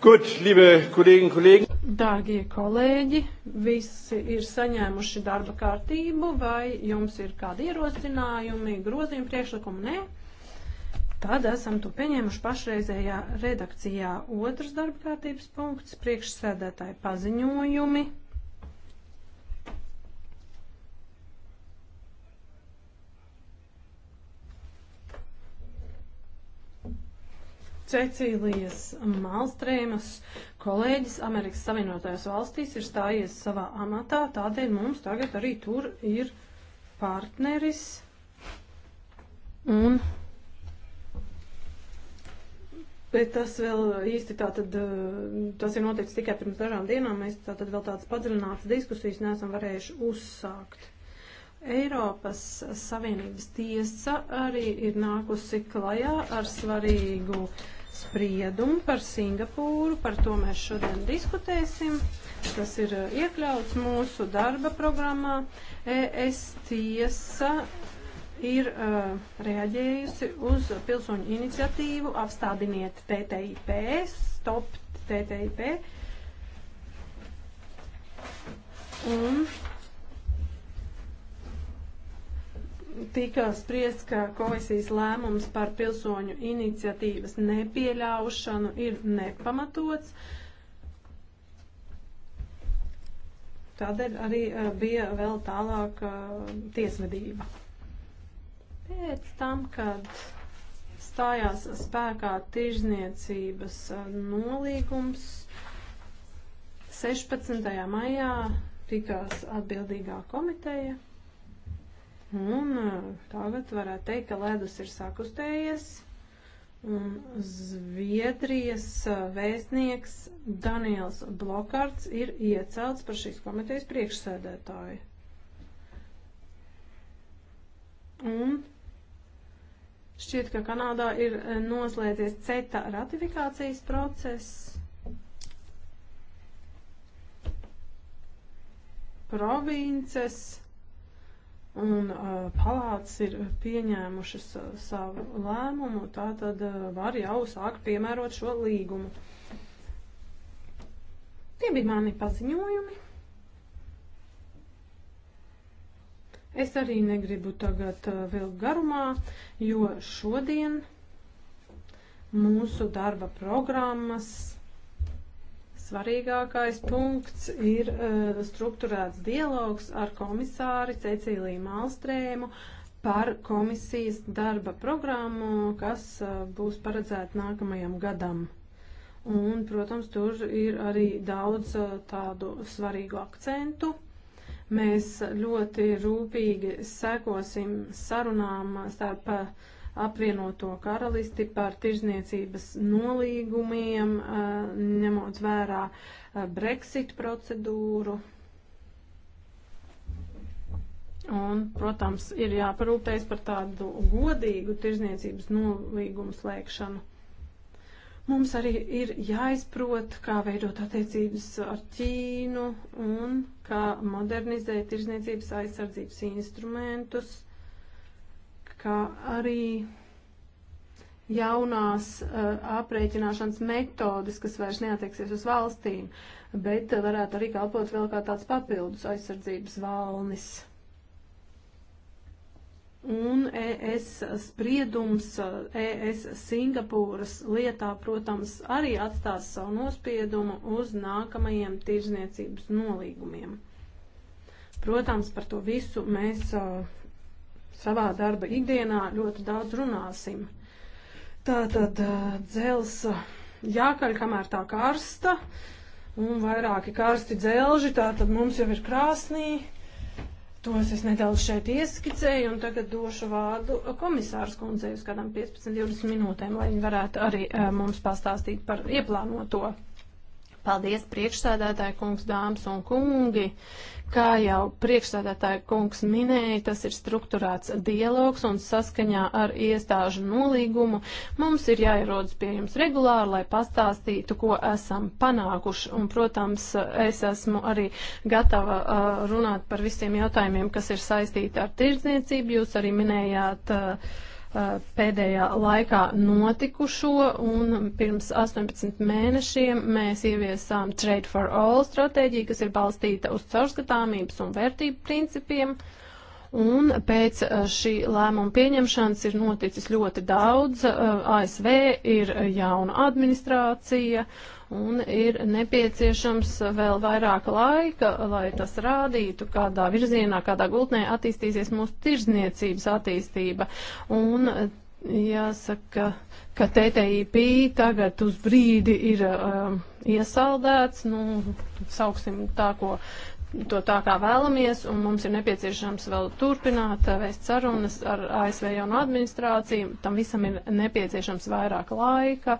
Gut, liebe Kolleginnen und Kollegen. Dārgie kolēģi, visi ir saņēmuši darba kārtību, vai jums ir kādi ierosinājumi, grozījumi, priekšlikumi? Nē. Tad esam to pieņēmuši pašreizējā redakcijā. Otrs darba kārtības punkts - priekšsēdētāji paziņojumi. Cecīlijas Malstrēmas kolēģis Amerikas Savienotajās valstīs ir stājies savā amatā, tādēļ mums tagad arī tur ir partneris un. Bet tas vēl īsti tā tad, tas ir noticis tikai pirms dažām dienām, mēs tā tad vēl tādas padziļinātas diskusijas neesam varējuši uzsākt. Eiropas Savienības tiesa arī ir nākusi klajā ar svarīgu uh, spriedumu par Singapūru, par to mēs šodien diskutēsim. Tas ir uh, iekļauts mūsu darba programmā. ES tiesa ir uh, reaģējusi uz pilsoņu iniciatīvu apstādiniet TTIP, stop TTIP. Un tika spriests, ka komisijas lēmums par pilsoņu iniciatīvas nepieļaušanu ir nepamatots. Tādēļ arī eh, bija vēl tālāk eh, tiesvedība. Pēc tam, kad stājās spēkā tirzniecības eh, nolīgums, 16. maijā tikās atbildīgā komiteja Un e, tagad varētu teikt, ka ledus ir sakustējies. Un Zviedrijas e, vēstnieks Daniels Blokārds ir iecelts par šīs komitejas priekšsēdētāju. Un šķiet, ka Kanādā ir e, noslēdzies CETA ratifikācijas process. Provinces un uh, palāts ir pieņēmušas uh, savu lēmumu, tā tad uh, var jau sākt piemērot šo līgumu. Tie bija mani paziņojumi. Es arī negribu tagad uh, vēl garumā, jo šodien mūsu darba programmas svarīgākais punkts ir uh, eh, struktūrēts dialogs ar komisāri Cecīliju Malstrēmu par komisijas darba programmu, kas uh, būs paredzēta nākamajam gadam. Un, protams, tur ir arī daudz uh, tādu svarīgu akcentu. Mēs ļoti rūpīgi sekosim sarunām starp uh, apvienoto karalisti par tirzniecības nolīgumiem, ņemot vērā Brexit procedūru. Un, protams, ir jāparūpējas par tādu godīgu tirzniecības nolīgumu slēgšanu. Mums arī ir jāizprot, kā veidot attiecības ar Ķīnu un kā modernizēt tirzniecības aizsardzības instrumentus kā arī jaunās uh, aprēķināšanas metodes, kas vairs neatieksies uz valstīm, bet eh, varētu arī kalpot vēl kā tāds papildus aizsardzības valnis. Un ES spriedums, ES eh, e Singapūras lietā, protams, arī atstās savu nospiedumu uz nākamajiem tirzniecības nolīgumiem. Protams, par to visu mēs uh, savā darba ikdienā ļoti daudz runāsim. Tātad dzels jākaļ, kamēr tā karsta, un vairāki karsti dzelži, tātad mums jau ir krāsnī, Tos es nedaudz šeit ieskicēju, un tagad došu vārdu komisārs kundzei uz kādām 15-20 minūtēm, lai viņi varētu arī mums pastāstīt par ieplānoto. Paldies, priekšsēdētāji kungs, dāmas un kungi. Kā jau priekšsēdētāji kungs minēja, tas ir strukturēts dialogs un saskaņā ar iestāžu nolīgumu. Mums ir jāierodas pie jums regulāri, lai pastāstītu, ko esam panākuši. Un, protams, es esmu arī gatava uh, runāt par visiem jautājumiem, kas ir saistīti ar tirdzniecību. Jūs arī minējāt. Uh, Eh, pēdējā laikā notikušo, un pirms 18 mēnešiem mēs ieviesām Trade for All stratēģiju, kas ir balstīta uz caurskatāmības un vērtību principiem. Un pēc eh, šī lēmuma pieņemšanas ir noticis ļoti daudz. Eh, ASV ir jauna administrācija, uh, un ir nepieciešams vēl vairāk laika, lai tas rādītu, kādā virzienā, kādā gultnē attīstīsies mūsu tirzniecības attīstība. Un eh, jāsaka, ka TTIP tagad uz brīdi ir um, iesaldēts, nu, sauksim tā, ko to tā kā vēlamies, un mums ir nepieciešams vēl turpināt eh, vēst sarunas ar ASV jaunu administrāciju. Tam visam ir nepieciešams vairāk laika,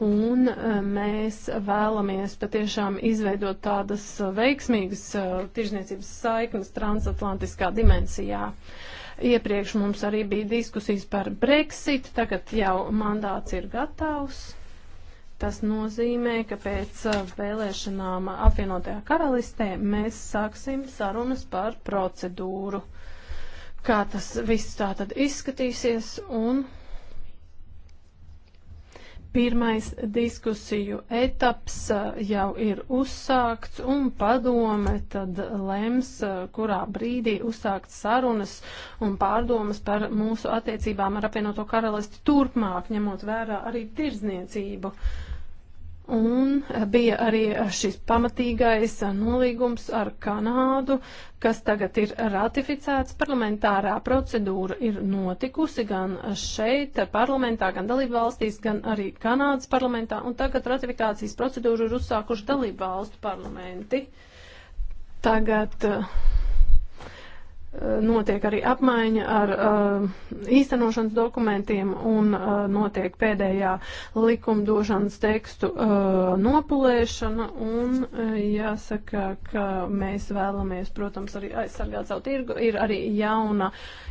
un eh, mēs vēlamies patiešām izveidot tādas eh, veiksmīgas eh, tirzniecības saiknes transatlantiskā dimensijā. Iepriekš mums arī bija diskusijas par Brexit, tagad jau mandāts ir gatavs. Tas nozīmē, ka pēc vēlēšanām apvienotajā karalistē mēs sāksim sarunas par procedūru, kā tas viss tā tad izskatīsies un Pirmais diskusiju etaps jau ir uzsākts, un padome tad lems, kurā brīdī uzsākt sarunas un pārdomas par mūsu attiecībām ar apvienoto karalisti turpmāk, ņemot vērā arī tirzniecību. Uh, Un bija arī šis pamatīgais nolīgums ar Kanādu, kas tagad ir ratificēts. Parlamentārā procedūra ir notikusi gan šeit, parlamentā, gan dalību valstīs, gan arī Kanādas parlamentā. Un tagad ratifikācijas procedūru ir uzsākuši dalību valstu parlamenti. Tagad. Uh, notiek arī apmaiņa ar uh, īstenošanas dokumentiem un uh, notiek pēdējā likumdošanas tekstu uh, nopulēšana un uh, jāsaka, ka mēs vēlamies, protams, arī aizsargāt savu tirgu. Ir arī jauna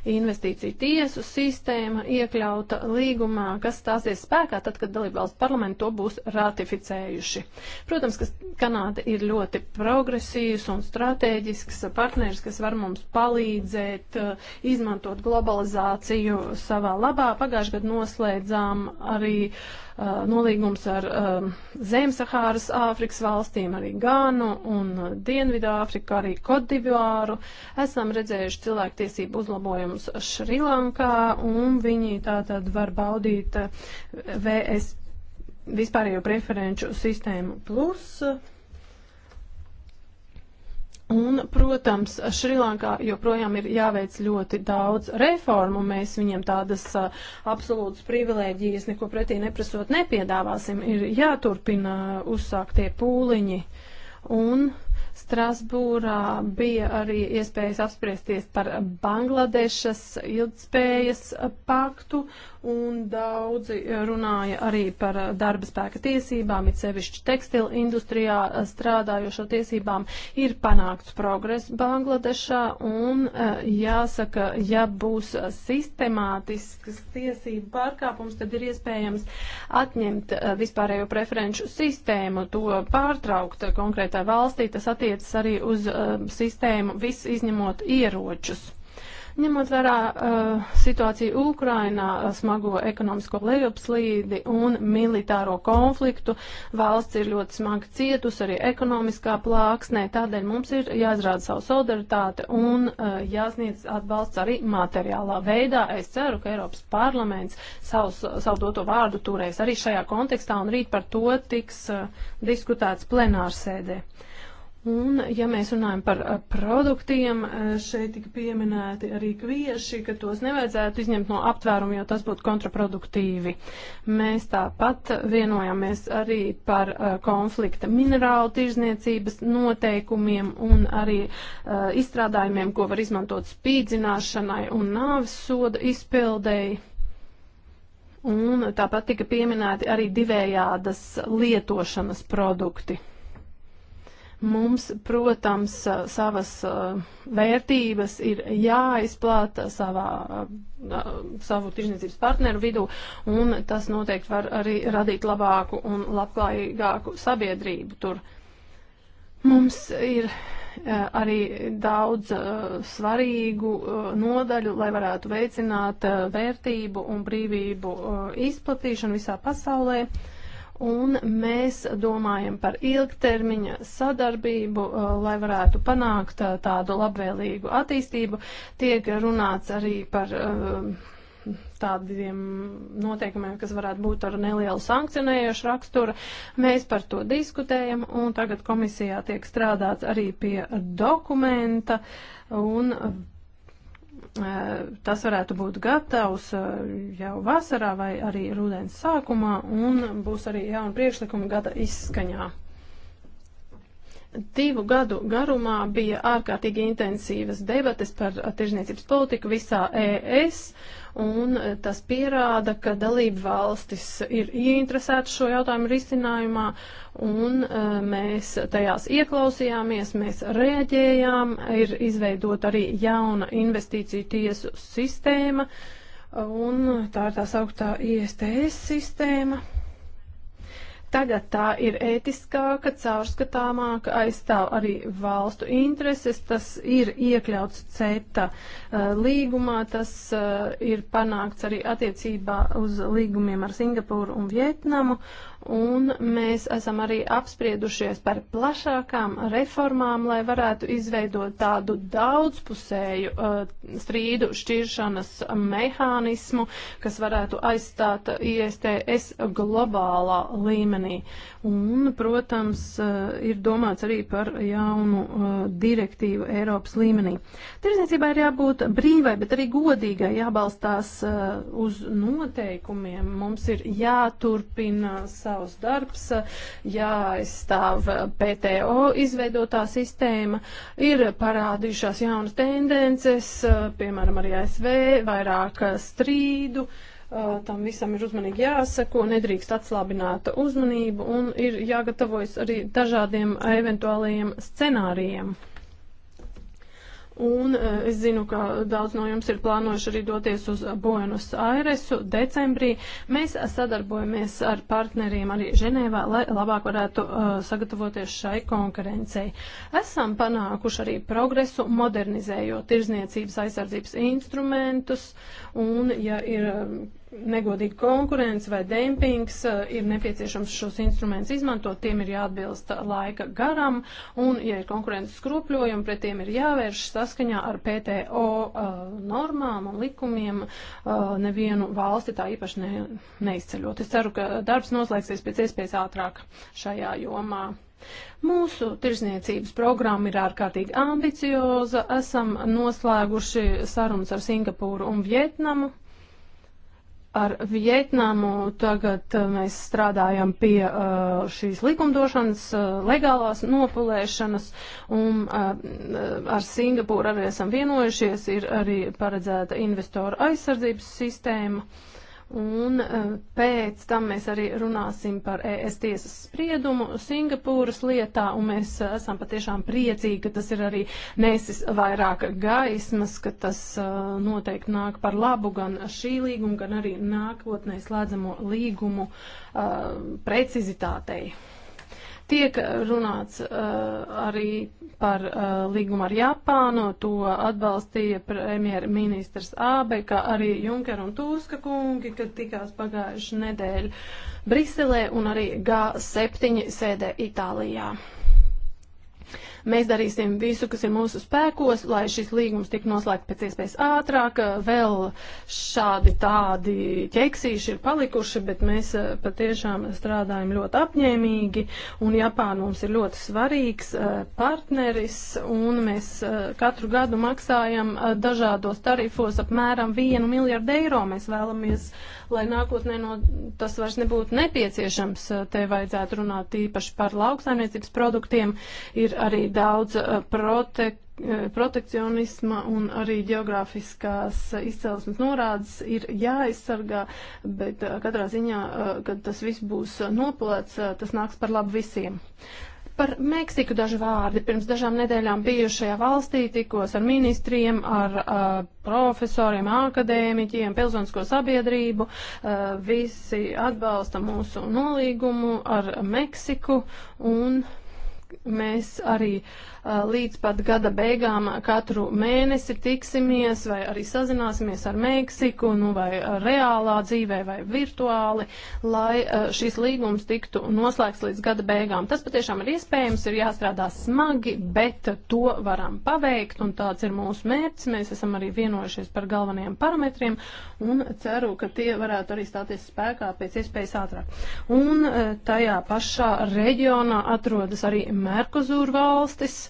investīcija tiesu sistēma iekļauta līgumā, kas stāsies spēkā tad, kad dalībvalsts parlamenti to būs ratificējuši. Protams, ka Kanāda ir ļoti progresīvs un strateģisks partners, kas var mums palīdzēt palīdzēt eh, izmantot globalizāciju savā labā. Pagājušajā gadā noslēdzām arī uh, nolīgums ar um, eh, Zemesahāras Āfrikas valstīm, arī Gānu un Dienvidāfriku, arī Kodivuāru. Esam redzējuši cilvēktiesību uzlabojumus Šrilankā un viņi tātad var baudīt VS vispārējo preferenču sistēmu plus. Uh, Un, protams, Šrilankā joprojām ir jāveic ļoti daudz reformu. Mēs viņiem tādas a, absolūtas privilēģijas neko pretī neprasot nepiedāvāsim. Ir jāturpina uzsāktie pūliņi. Un, uh, Strasbūrā bija arī iespējas apspriesties par Bangladešas ilgspējas paktu, un daudzi runāja arī par darba spēka tiesībām, it sevišķi tekstilu industrijā strādājošo tiesībām. Ir panākts progress Bangladešā, un e, jāsaka, ja būs sistemātisks tiesību pārkāpums, tad ir iespējams atņemt e, vispārējo preferenču sistēmu, to pārtraukt konkrētai valstī. Tas attiec attiecas arī uz uh, sistēmu, viss izņemot ieročus. Ņemot vērā uh, situāciju Ukrainā, uh, smago ekonomisko lejupslīdi un militāro konfliktu, valsts ir ļoti smagi cietus arī ekonomiskā plāksnē, tādēļ mums ir jāizrāda savu solidaritāti un uh, jāsniedz atbalsts arī materiālā veidā. Es ceru, ka Eiropas parlaments savus, savu doto vārdu turēs arī šajā kontekstā un rīt par to tiks uh, diskutēts plenārsēdē. Ar Un, ja mēs runājam par eh, produktiem, eh, šeit tika pieminēti arī kvieši, ka tos nevajadzētu izņemt no aptvērumu, jo tas būtu kontraproduktīvi. Mēs tāpat vienojamies arī par eh, konflikta minerālu tirzniecības noteikumiem un arī uh, izstrādājumiem, ko var izmantot spīdzināšanai un nāves soda izpildēji. Un tāpat tika pieminēti arī divējādas lietošanas produkti. Mums, protams, savas vērtības ir jāizplāta savā, savu tirzniecības partneru vidū, un tas noteikti var arī radīt labāku un labklājīgāku sabiedrību tur. Mums ir arī daudz uh, svarīgu uh, nodaļu, lai varētu veicināt uh, vērtību un brīvību izplatīšanu visā pasaulē. Uh, un mēs domājam par ilgtermiņa sadarbību, uh, lai varētu panākt uh, tādu labvēlīgu attīstību. Tiek runāts arī par uh, tādiem noteikumiem, kas varētu būt ar nelielu sankcionējošu raksturu. Mēs par to diskutējam, un tagad komisijā tiek strādāts arī pie dokumenta, un tas varētu būt gatavs jau vasarā vai arī rudens sākumā un būs arī jauna priekšlikuma gada izskaņā. Divu gadu garumā bija ārkārtīgi intensīvas debates par tirzniecības politiku visā ES. Uh, un eh, tas pierāda, ka dalība valstis ir ieinteresēta šo jautājumu risinājumā, un eh, mēs tajās ieklausījāmies, mēs reaģējām, ir izveidot arī jauna investīciju tiesu sistēma, un tā ir tā sauktā ISTS sistēma Tagad tā ir ētiskāka, caurskatāmāka, aizstāv arī valstu intereses, tas ir iekļauts CETA uh, līgumā, tas uh, ir panākts arī attiecībā uz līgumiem ar Singapūru un Vietnamu, un mēs esam arī apspriedušies par plašākām reformām, lai varētu izveidot tādu daudzpusēju uh, strīdu šķiršanas mehānismu, kas varētu aizstāt ISTS globālā līmenī. Un, protams, uh, ir domāts arī par jaunu uh, direktīvu Eiropas līmenī. Tirzniecībai ir jābūt brīvai, bet arī godīgai, jābalstās uh, uz noteikumiem. Mums ir jāturpina sa savs darbs, jāaizstāv PTO izveidotā sistēma, ir parādījušās jaunas tendences, piemēram, arī ASV, vairāk strīdu. Tam visam ir uzmanīgi jāsako, nedrīkst atslābināt uzmanību un ir jāgatavojas arī dažādiem eventuālajiem scenārijiem. Un eh, es zinu, ka daudz no jums ir plānojuši arī doties uz Buenos Airesu decembrī. Mēs sadarbojamies ar partneriem arī Ženēvā, lai labāk varētu uh, sagatavoties šai konkurencei. Esam panākuši arī progresu, modernizējot tirzniecības aizsardzības instrumentus, un ja ir negodīga konkurence vai dempings, eh, ir nepieciešams šos instrumentus izmantot, tiem ir jāatbilst laika garam, un, ja ir konkurences skrupļojumi, pret tiem ir jāvērš saskaņā ar PTO uh, eh, normām un likumiem, uh, nevienu valsti tā īpaši ne, neizceļot. Es ceru, ka darbs noslēgsies pēc iespējas ātrāk šajā jomā. Mūsu tirsniecības programma ir ārkārtīgi ambicioza. Esam noslēguši sarunas ar Singapūru un Vietnamu ar Vietnamu tagad uh, mēs strādājam pie uh, šīs likumdošanas, uh, legālās nopulēšanas, un uh, ar Singapūru arī esam vienojušies, ir arī paredzēta investoru aizsardzības sistēma. Un eh, pēc tam mēs arī runāsim par ES tiesas spriedumu Singapūras lietā, un mēs eh, esam patiešām priecīgi, ka tas ir arī nesis vairāk gaismas, ka tas eh, noteikti nāk par labu gan šī līguma, gan arī nākotnē slēdzamo līgumu uh, precizitātei. Tiek runāts uh, arī par uh, līgumu ar Japānu, to atbalstīja premjerministrs Ābe, kā arī Junker un Tūska kungi, kad tikās pagājuši nedēļu Briselē un arī G7 sēdē Itālijā. Mēs darīsim visu, kas ir mūsu spēkos, lai šis līgums tik noslēgts pēc iespējas ātrāk. Vēl šādi tādi ķeksīši ir palikuši, bet mēs eh, patiešām strādājam ļoti apņēmīgi, un Japāna mums ir ļoti svarīgs eh, partneris, un mēs eh, katru gadu maksājam dažādos tarifos apmēram 1 miljardu eiro. Mēs vēlamies uh, lai nākotnē no tas vairs nebūtu nepieciešams. Eh, te vajadzētu runāt īpaši par lauksaimniecības produktiem. Ir arī daudz eh, protek eh, protekcionisma un arī geogrāfiskās izcelsmes norādes ir jāaizsargā, bet katrā ziņā, kad tas viss būs nopulēts, tas nāks par labu visiem. Par Meksiku daži vārdi. Pirms dažām nedēļām biju šajā valstī, tikos ar ministriem, ar uh, profesoriem, akadēmiķiem, pilsonisko sabiedrību. Uh, visi atbalsta mūsu nolīgumu ar Meksiku un mēs arī uh, Eh, līdz pat gada beigām katru mēnesi tiksimies vai arī sazināsimies ar Meksiku, nu vai eh, reālā dzīvē vai virtuāli, lai eh, šis līgums tiktu noslēgts līdz gada beigām. Tas patiešām ir iespējams, ir jāstrādā smagi, bet to varam paveikt un tāds ir mūsu mērķis. Mēs esam arī vienojušies par galvenajiem parametriem un ceru, ka tie varētu arī stāties spēkā pēc iespējas ātrāk. Un tajā pašā reģionā atrodas arī Merkozūra valstis.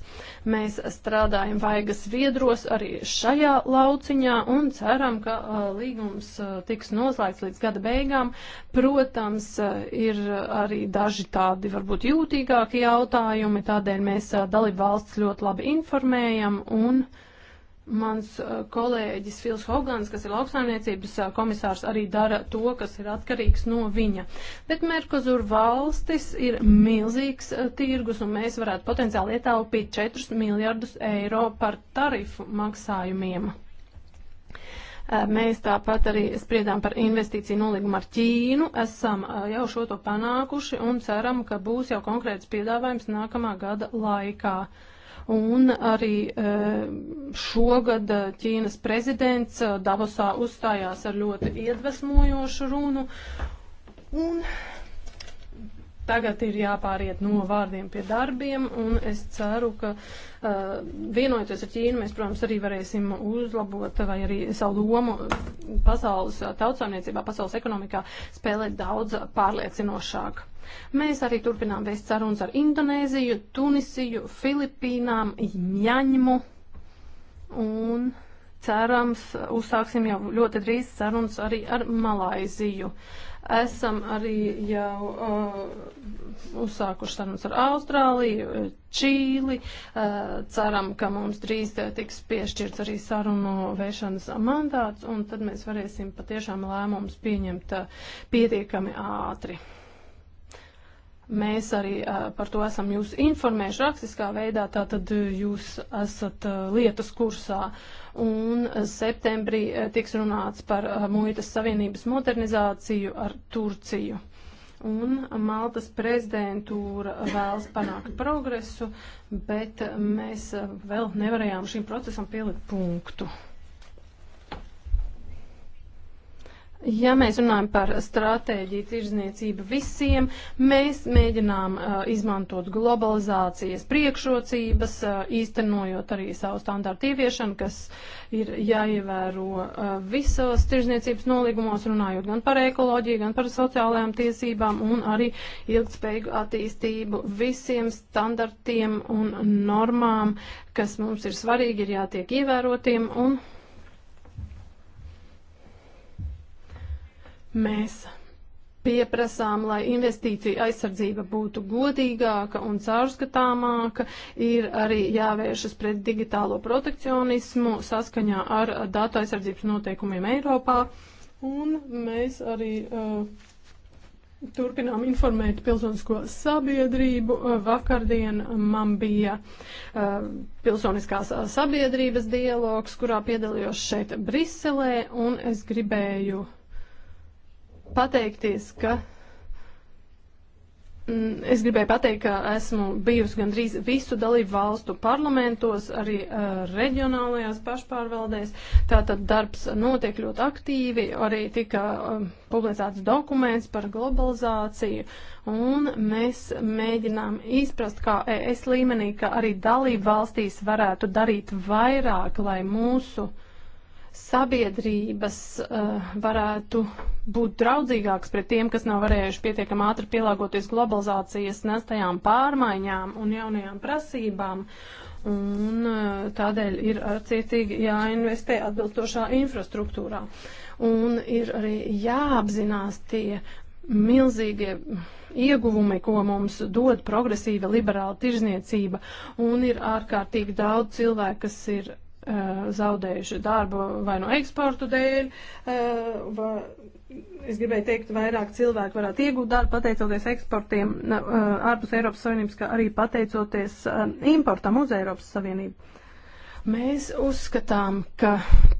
Mēs strādājam vaigas viedros arī šajā lauciņā un ceram, ka uh, līgums uh, tiks noslēgts līdz gada beigām. Protams, uh, ir arī daži tādi varbūt jūtīgāki jautājumi, tādēļ mēs uh, dalību valsts ļoti labi informējam un uh, Mans uh, kolēģis Fils Hogans, kas ir lauksaimniecības uh, komisārs, arī dara to, kas ir atkarīgs no viņa. Bet Merkozur valstis ir milzīgs uh, tirgus, un mēs varētu potenciāli ietaupīt 4 miljardus eiro par tarifu maksājumiem. Mēs tāpat arī spriedām par investīciju nolīgumu ar Ķīnu, esam jau šo to panākuši un ceram, ka būs jau konkrēts piedāvājums nākamā gada laikā. Uh, Un arī e, šogad e, Ķīnas prezidents e, Davosā uzstājās ar ļoti iedvesmojošu runu. Un Tagad ir jāpāriet no vārdiem pie darbiem, un es ceru, ka uh, vienojoties ar Ķīnu, mēs, protams, arī varēsim uzlabot vai arī savu lomu pasaules tautsāniecībā, pasaules ekonomikā spēlēt daudz pārliecinošāk. Mēs arī turpinām vēst sarunas ar Indonēziju, Tunisiju, Filipīnām, Ņaņmu un cerams uzsāksim jau ļoti drīz sarunas arī ar Malaiziju. Uh, Esam arī jau uh, uzsākuši sarunas ar Austrāliju, Čīli. Uh, ceram, ka mums drīz tiks piešķirts arī sarunu vēšanas mandāts, un tad mēs varēsim patiešām lēmumus pieņemt uh, pietiekami ātri. Mēs arī uh, par to esam jūs informējuši rakstiskā veidā, tātad jūs esat uh, lietas kursā. Uh, un eh, septembrī eh, tiks runāts par eh, muitas savienības modernizāciju ar Turciju. Un Maltas prezidentūra vēlas panākt progresu, bet mēs vēl nevarējām šim procesam pielikt punktu. Ja mēs runājam par stratēģiju tirzniecību visiem, mēs mēģinām uh, izmantot globalizācijas priekšrocības, uh, īstenojot arī savu standartu ieviešanu, kas ir jāievēro uh, visos tirzniecības nolīgumos, runājot gan par ekoloģiju, gan par sociālajām tiesībām un arī ilgspējīgu attīstību visiem standartiem un normām, kas mums ir svarīgi, ir jātiek ievērotiem un Mēs pieprasām, lai investīcija aizsardzība būtu godīgāka un caurskatāmāka, ir arī jāvēršas pret digitālo protekcionismu saskaņā ar datu aizsardzības noteikumiem Eiropā. Un mēs arī uh, Turpinām informēt pilsonisko sabiedrību. Uh, vakardien man bija uh, pilsoniskās uh, sabiedrības dialogs, kurā piedalījos šeit Briselē, un es gribēju pateikties, ka mm, Es gribēju pateikt, ka esmu bijusi gandrīz visu dalību valstu parlamentos, arī uh, reģionālajās pašpārvaldēs. Tātad darbs notiek ļoti aktīvi, arī tika uh, publicēts dokuments par globalizāciju, un mēs mēģinām izprast, kā ES līmenī, ka arī dalību valstīs varētu darīt vairāk, lai mūsu uh, sabiedrības uh, varētu būt draudzīgāks pret tiem, kas nav varējuši pietiekami ātri pielāgoties globalizācijas nestajām pārmaiņām un jaunajām prasībām. Un uh, tādēļ ir cietīgi jāinvestē atbilstošā infrastruktūrā. Un ir arī jāapzinās tie milzīgie ieguvumi, ko mums dod progresīva liberāla tirzniecība. Un ir ārkārtīgi daudz cilvēku, kas ir Uh, zaudējuši darbu vai no eksportu dēļ. Uh, vai, es gribēju teikt, vairāk cilvēku varētu iegūt darbu pateicoties eksportiem uh, ārpus Eiropas Savienības, kā arī pateicoties importam uz Eiropas Savienību. Mēs uzskatām, ka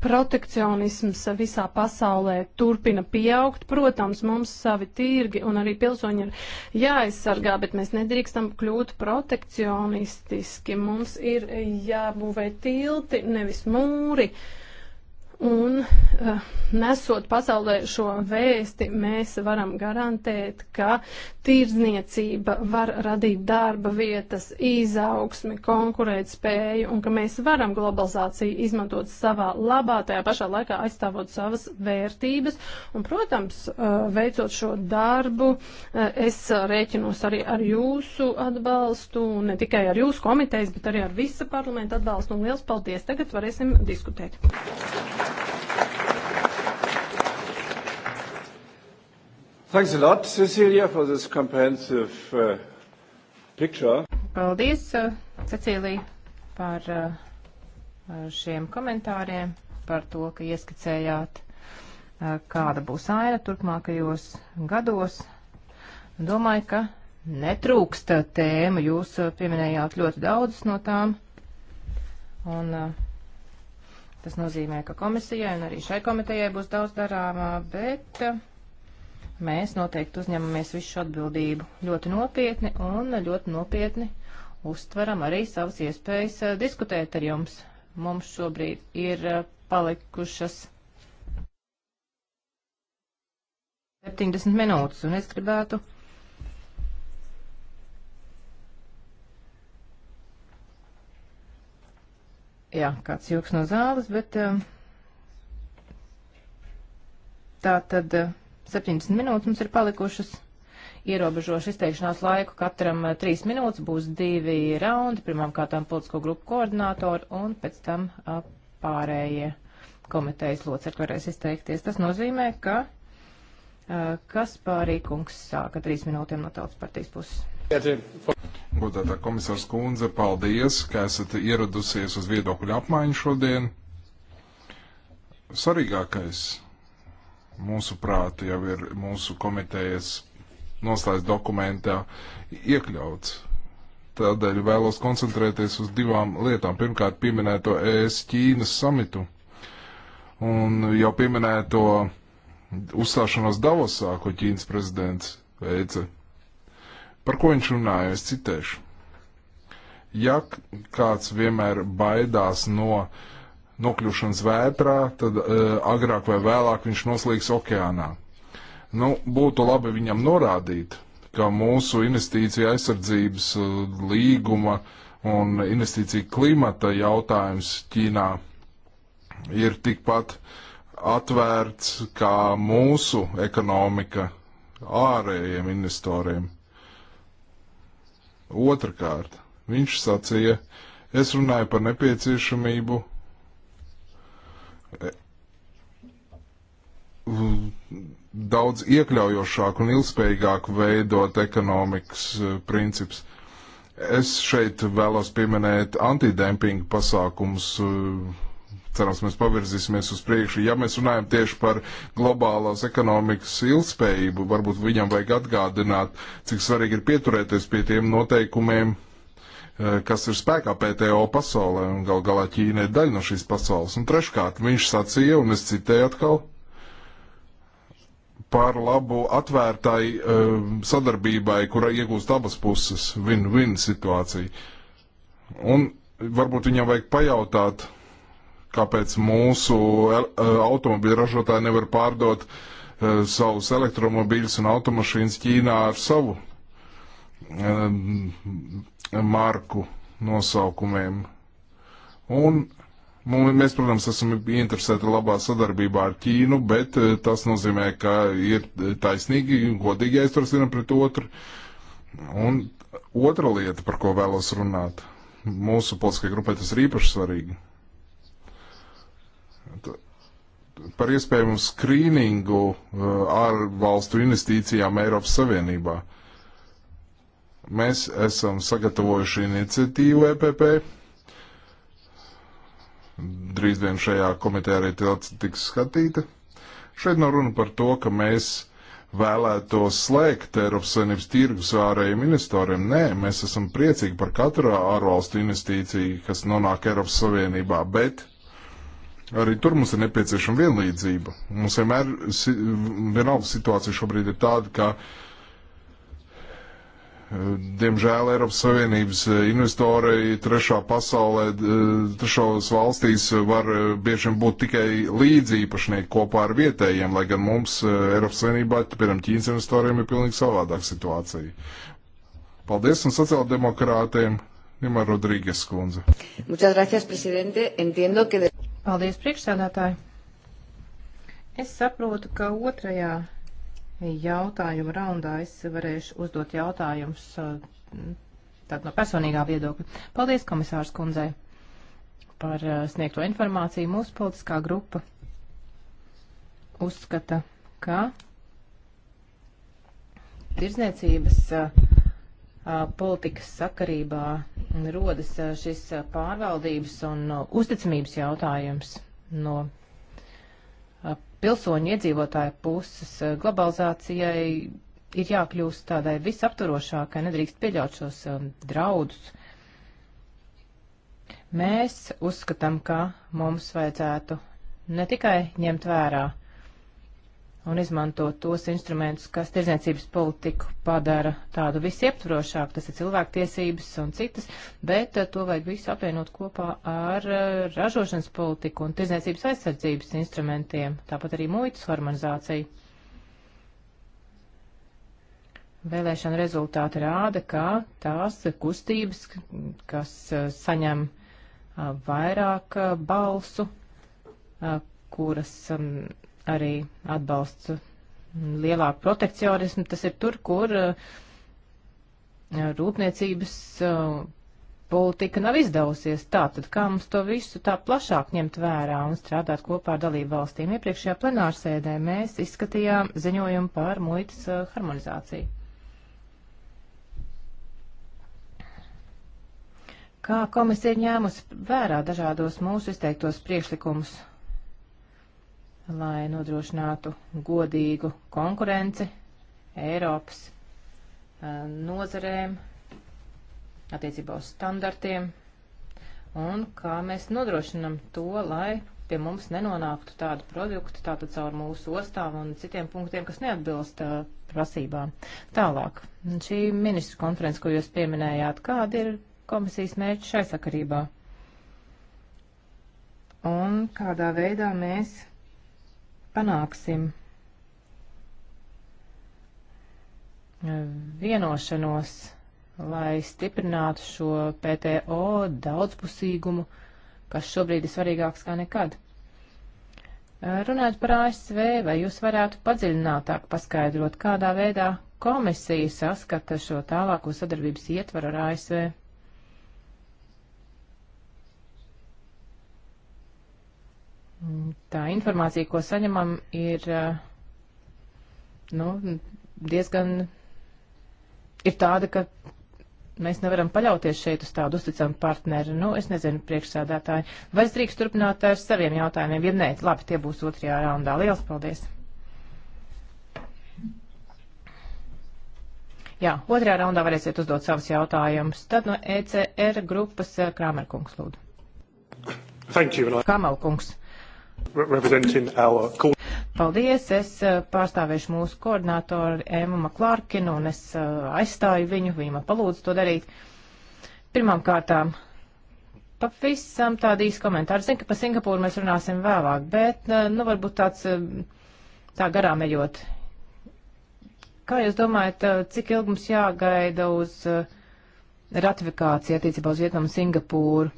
protekcionisms visā pasaulē turpina pieaugt. Protams, mums savi tirgi un arī pilsoņi ir jāaizsargā, bet mēs nedrīkstam kļūt protekcionistiski. Mums ir jābūvē tilti, nevis mūri. Uh, Un uh, nesot pasaulē šo vēsti, mēs varam garantēt, ka tirdzniecība var radīt darba vietas, izaugsmi, konkurēt spēju un ka mēs varam globalizāciju izmantot savā labā, tajā pašā laikā aizstāvot savas vērtības. Un, protams, uh, veicot šo darbu, uh, es rēķinos arī ar jūsu atbalstu, ne tikai ar jūsu komitejas, bet arī ar visa parlamenta atbalstu. Un liels paldies! Tagad varēsim diskutēt. Thank you. Thanks a lot, Cecilia, for this comprehensive uh, picture. Paldies, uh, Cecīlija, par uh, uh, šiem komentāriem, par to, ka ieskicējāt, uh, kāda būs aina turpmākajos gados. Domāju, ka netrūkst uh, tēma, jūs uh, pieminējāt ļoti daudzas no tām. Un, uh, Tas nozīmē, ka komisijai un arī šai komitejai būs daudz darāmā, bet uh, Mēs noteikti uzņemamies visu atbildību ļoti nopietni un ļoti nopietni uztveram arī savas iespējas eh, diskutēt ar jums. Mums šobrīd ir eh, palikušas 70 minūtes, un es gribētu Jā, kāds jūks no zāles, bet eh, tā tad 70 minūtes mums ir palikušas. Ierobežošu izteikšanās laiku katram 3 eh, minūtes būs divi raundi, pirmām kārtām politisko grupu koordinātori un pēc tam eh, pārējie komitejas locekļi varēs izteikties. Tas nozīmē, ka eh, Kaspārī kungs sāka 3 minūtēm no tautas partijas puses. Godātā komisārs Kunze, paldies, ka esat ieradusies uz viedokļu apmaiņu šodien. Svarīgākais mūsuprāt, jau ir mūsu komitejas noslēdz dokumentā iekļauts. Tādēļ vēlos koncentrēties uz divām lietām. Pirmkārt, pieminēto ES-Ķīnas samitu un jau pieminēto uzstāšanos Davosā, ko Ķīnas prezidents veica. Par ko viņš runāja, es citēšu. Ja kāds vienmēr baidās no uh, nokļūšanas vētrā, tad e, agrāk vai vēlāk viņš noslīgs okeānā. Nu, būtu labi viņam norādīt, ka mūsu investīcija aizsardzības e, līguma un investīcija klimata jautājums Ķīnā ir tikpat atvērts kā mūsu ekonomika ārējiem investoriem. Otrakārt, viņš sacīja, es runāju par nepieciešamību daudz iekļaujošāk un ilgspējīgāk veidot ekonomikas eh, princips. Es šeit vēlos pieminēt antidempinga pasākums. Eh, cerams, mēs pavirzīsimies uz priekšu. Ja mēs runājam tieši par globālās ekonomikas ilgspējību, varbūt viņam vajag atgādināt, cik svarīgi ir pieturēties pie tiem noteikumiem, Eh, kas ir spēkā PTO pasaulē, un gal galā Ķīna ir daļa no šīs pasaules. Un treškārt, viņš sacīja, un es citēju atkal, par labu atvērtai uh, sadarbībai, kura iegūst abas puses, win-win situācija. Un varbūt viņam vajag pajautāt, kāpēc mūsu uh, automobīļu ražotāji nevar pārdot uh, savus elektromobīļus un automašīnas Ķīnā ar savu um, marku nosaukumiem. Un nu, mēs, protams, esam interesēti labā sadarbībā ar Ķīnu, bet eh, tas nozīmē, ka ir taisnīgi un godīgi jāizturas vienam pret otru. Un otra lieta, par ko vēlos runāt, mūsu politiskajai grupai tas ir īpaši svarīgi. Par iespējamu skrīningu ārvalstu eh, investīcijām Eiropas Savienībā. Uh, Mēs esam sagatavojuši iniciatīvu EPP. Drīz vien šajā komitē arī tiks skatīta. Šeit nav runa par to, ka mēs vēlētos slēgt Eiropas Savienības tirgus ārējiem investoriem. Nē, mēs esam priecīgi par katru ārvalstu investīciju, kas nonāk Eiropas Savienībā, bet arī tur mums ir nepieciešama vienlīdzība. Mums vienmēr, vienalga situācija šobrīd ir tāda, ka Diemžēl Eiropas Savienības eh, investori trešā pasaulē, eh, trešos valstīs var eh, bieži vien būt tikai līdzīpašnieki kopā ar vietējiem, lai gan mums Eiropas Savienībā, piemēram, Ķīnas investoriem ir pilnīgi savādāka situācija. Paldies un sociāldemokrātiem, Nima Rodrīgas kundze. Muchas gracias, presidente. Entiendo, ka... Paldies, priekšsēdētāji. Es saprotu, ka otrajā jautājumu raundā es varēšu uzdot jautājumus eh, tātad no personīgā viedokļa. Paldies komisārs kundzei par eh, sniegto informāciju. Mūsu politiskā grupa uzskata, ka tirzniecības eh, politikas sakarībā rodas šis pārvaldības un uzticamības jautājums no pilsoņu iedzīvotāju puses eh, globalizācijai ir jākļūst tādai visapturošākai, nedrīkst pieļaut šos um, draudus. Mēs uzskatām, ka mums vajadzētu ne tikai ņemt vērā un izmantot tos instrumentus, kas tirdzniecības politiku padara tādu visieptvarošāku, tas ir cilvēktiesības un citas, bet eh, to vajag visu apvienot kopā ar eh, ražošanas politiku un tirdzniecības aizsardzības instrumentiem, tāpat arī muitas harmonizāciju. Vēlēšana rezultāti rāda, ka tās kustības, kas eh, saņem vairāk balsu, kuras mm, arī atbalsts lielāku protekcionismu. Tas ir tur, kur eh, rūpniecības eh, politika nav izdevusies. Tātad, kā mums to visu tā plašāk ņemt vērā un strādāt kopā ar dalību valstīm? Iepriekšējā plenārsēdē mēs izskatījām ziņojumu par muitas eh, harmonizāciju. Kā komisija ņēmusi vērā dažādos mūsu izteiktos priekšlikumus lai nodrošinātu godīgu konkurenci Eiropas eh, nozarēm attiecībā uz standartiem un kā mēs nodrošinam to, lai pie mums nenonāktu tādu produktu, tātad caur mūsu ostām un citiem punktiem, kas neatbilst uh, prasībām. Tālāk, šī ministru konference, ko jūs pieminējāt, kāda ir komisijas mērķi šai sakarībā? Un kādā veidā mēs panāksim vienošanos, lai stiprinātu šo PTO daudzpusīgumu, kas šobrīd ir svarīgāks kā nekad. Runājot par ASV, vai jūs varētu padziļinātāk paskaidrot, kādā veidā komisija saskata šo tālāko sadarbības ietvaru ar ASV? tā informācija, ko saņemam, ir eh, nu, diezgan ir tāda, ka mēs nevaram paļauties šeit uz tādu uzticamu partneri. Nu, es nezinu, priekšsādātāji, vai es drīkst turpināt ar saviem jautājumiem, ja nē, labi, tie būs otrajā raundā. Lielas paldies! Jā, otrajā raundā varēsiet uzdot savus jautājumus. Tad no ECR grupas eh, Krāmerkungs lūdzu. Thank you. Kamalkungs. Paldies, es eh, pārstāvēšu mūsu koordinātoru Ēmu Maklārkinu un es eh, aizstāju viņu, viņa man palūdza to darīt. Pirmām kārtām, pavisam tāda īsa komentāra. Zinu, ka par Singapūru mēs runāsim vēlāk, bet, eh, nu, varbūt tāds tā garām ejot. Kā jūs domājat, cik ilgi mums jāgaida uz ratifikāciju attiecībā uz Vietnamu un Singapūru?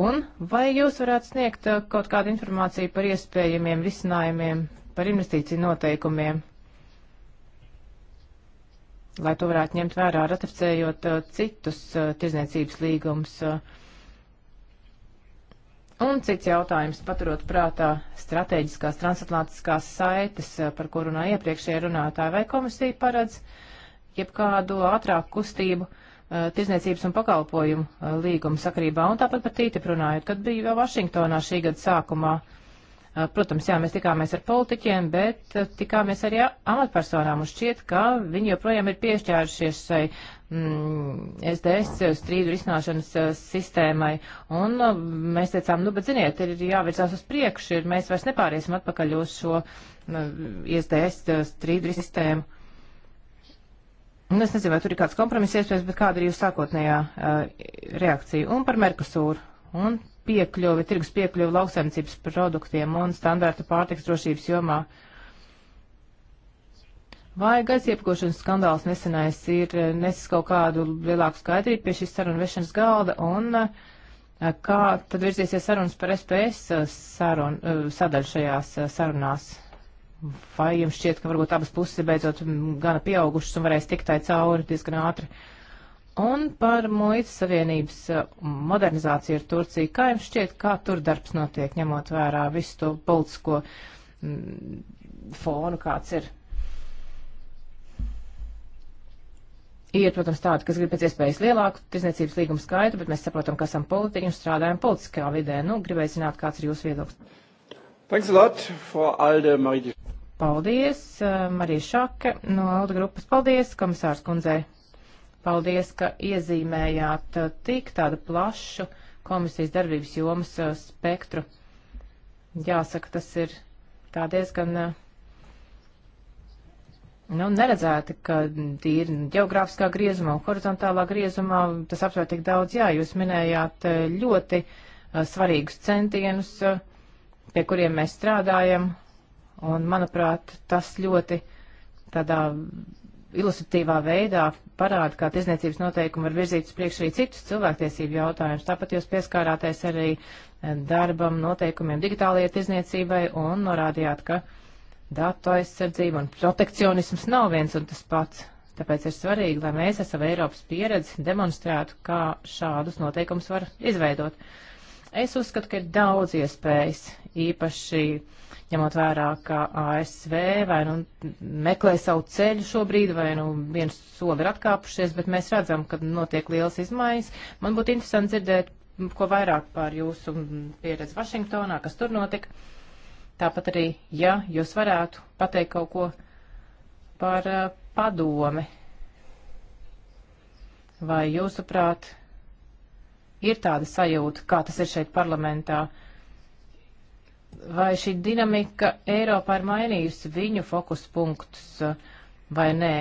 Un vai jūs varētu sniegt uh, kaut kādu informāciju par iespējamiem risinājumiem, par investīciju noteikumiem, lai to varētu ņemt vērā, ratificējot uh, citus uh, tirzniecības līgumus? Uh, Un cits jautājums, paturot prātā strateģiskās transatlantiskās saites, uh, par ko runāja iepriekšējā runātāja, vai komisija paredz jebkādu ātrāku kustību uh, Uh, tirzniecības un pakalpojumu uh, līgumu sakarībā, un tāpat par TTIP runājot, kad biju vēl Vašingtonā šī gada sākumā. Uh, protams, jā, mēs tikāmies ar politiķiem, bet tikāmies arī amatpersonām, un šķiet, ka viņi joprojām ir piešķērušies šai mm, SDS strīdu risināšanas sistēmai, un mēs teicām, nu, bet ziniet, ir jāvirzās uz priekšu, ir mēs vairs nepāriesim atpakaļ uz šo mm, SDS strīdu risinājumu sistēmu. Nu, es nezinu, vai tur ir kāds kompromiss iespējams, bet kāda ir jūsu sākotnējā uh, reakcija? Un par Merkusūru un piekļuvi, tirgus piekļuvi lauksaimniecības produktiem un standārta pārtiks drošības jomā. Vai gaisa iepkošanas skandāls nesenais ir eh, nesis kaut kādu lielāku skaidrību pie šīs sarunu vešanas galda un uh, kā tad virzīsies sarunas par SPS sarun, uh, sadaļu šajās sarunās? Vai jums šķiet, ka varbūt abas puses ir beidzot gana pieaugušas un varēs tikt tai cauri diezgan ātri? Un par muitas savienības uh, modernizāciju ar Turciju. Kā jums šķiet, kā tur darbs notiek, ņemot vērā visu to politisko mm, fonu, kāds ir? Ir, protams, tādi, kas grib pēc iespējas lielāku tirzniecības līgumu skaitu, bet mēs saprotam, ka esam politiķi un strādājam politiskā vidē. Nu, gribēju zināt, kāds ir jūsu viedoklis. Thanks a lot for Alde eh, Marija. Paldies, Marija Šaka no Alde grupas. Paldies, komisārs kundzei. Paldies, ka iezīmējāt eh, tik tādu plašu komisijas darbības jomas eh, spektru. Jāsaka, tas ir tā diezgan nu, neredzēti, ka tīri geogrāfiskā griezumā un horizontālā griezumā tas aptver tik daudz. Jā, jūs minējāt ļoti svarīgus centienus. Uh, pie kuriem mēs strādājam, un, manuprāt, tas ļoti tādā ilustratīvā veidā parāda, kā tiesniecības noteikumi var virzīt uz priekšu arī citus cilvēktiesību jautājumus. Tāpat jūs pieskārāties arī eh, darbam, noteikumiem digitālajai tiesniecībai un norādījāt, ka datu aizsardzība un protekcionisms nav viens un tas pats. Tāpēc ir svarīgi, lai mēs ar savu Eiropas pieredzi demonstrētu, kā šādus noteikumus var izveidot. Uh, Es uzskatu, ka ir daudz iespējas, īpaši ņemot vērā, ka ASV vai nu meklē savu ceļu šobrīd, vai nu viens soli ir atkāpušies, bet mēs redzam, ka notiek liels izmaiņas. Man būtu interesanti dzirdēt, ko vairāk par jūsu pieredzi Vašingtonā, kas tur notika. Tāpat arī, ja jūs varētu pateikt kaut ko par uh, padomi, vai jūsuprāt ir tāda sajūta, kā tas ir šeit parlamentā. Vai šī dinamika Eiropā ir mainījusi viņu fokus punktus vai nē?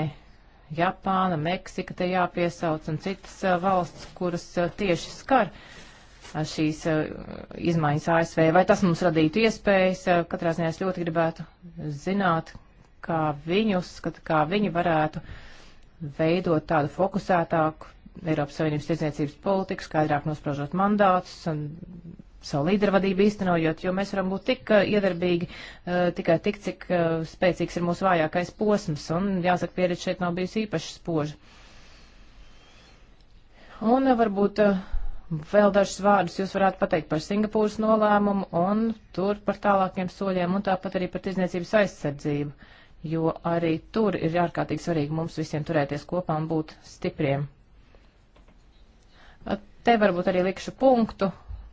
Japāna, Meksika te jāpiesauc un citas eh, valsts, kuras eh, tieši skar eh, šīs izmaiņas ASV. Vai tas mums radītu iespējas? Katrā ziņā es ļoti gribētu zināt, kā viņi uzskata, kā viņi varētu veidot tādu fokusētāku Eiropas Savienības tirdzniecības politiku, skaidrāk nosprožot mandātus un savu līdervadību īstenojot, jo mēs varam būt tik eh, iedarbīgi eh, tikai tik, cik eh, spēcīgs ir mūsu vājākais posms, un jāsaka, pieredze šeit nav bijusi īpaši spoža. Un varbūt vēl dažus vārdus jūs varētu pateikt par Singapūras nolēmumu un tur par tālākiem soļiem un tāpat arī par tirdzniecības aizsardzību, jo arī tur ir ārkārtīgi svarīgi mums visiem turēties kopā un būt stipriem. Te varbūt arī likšu punktu.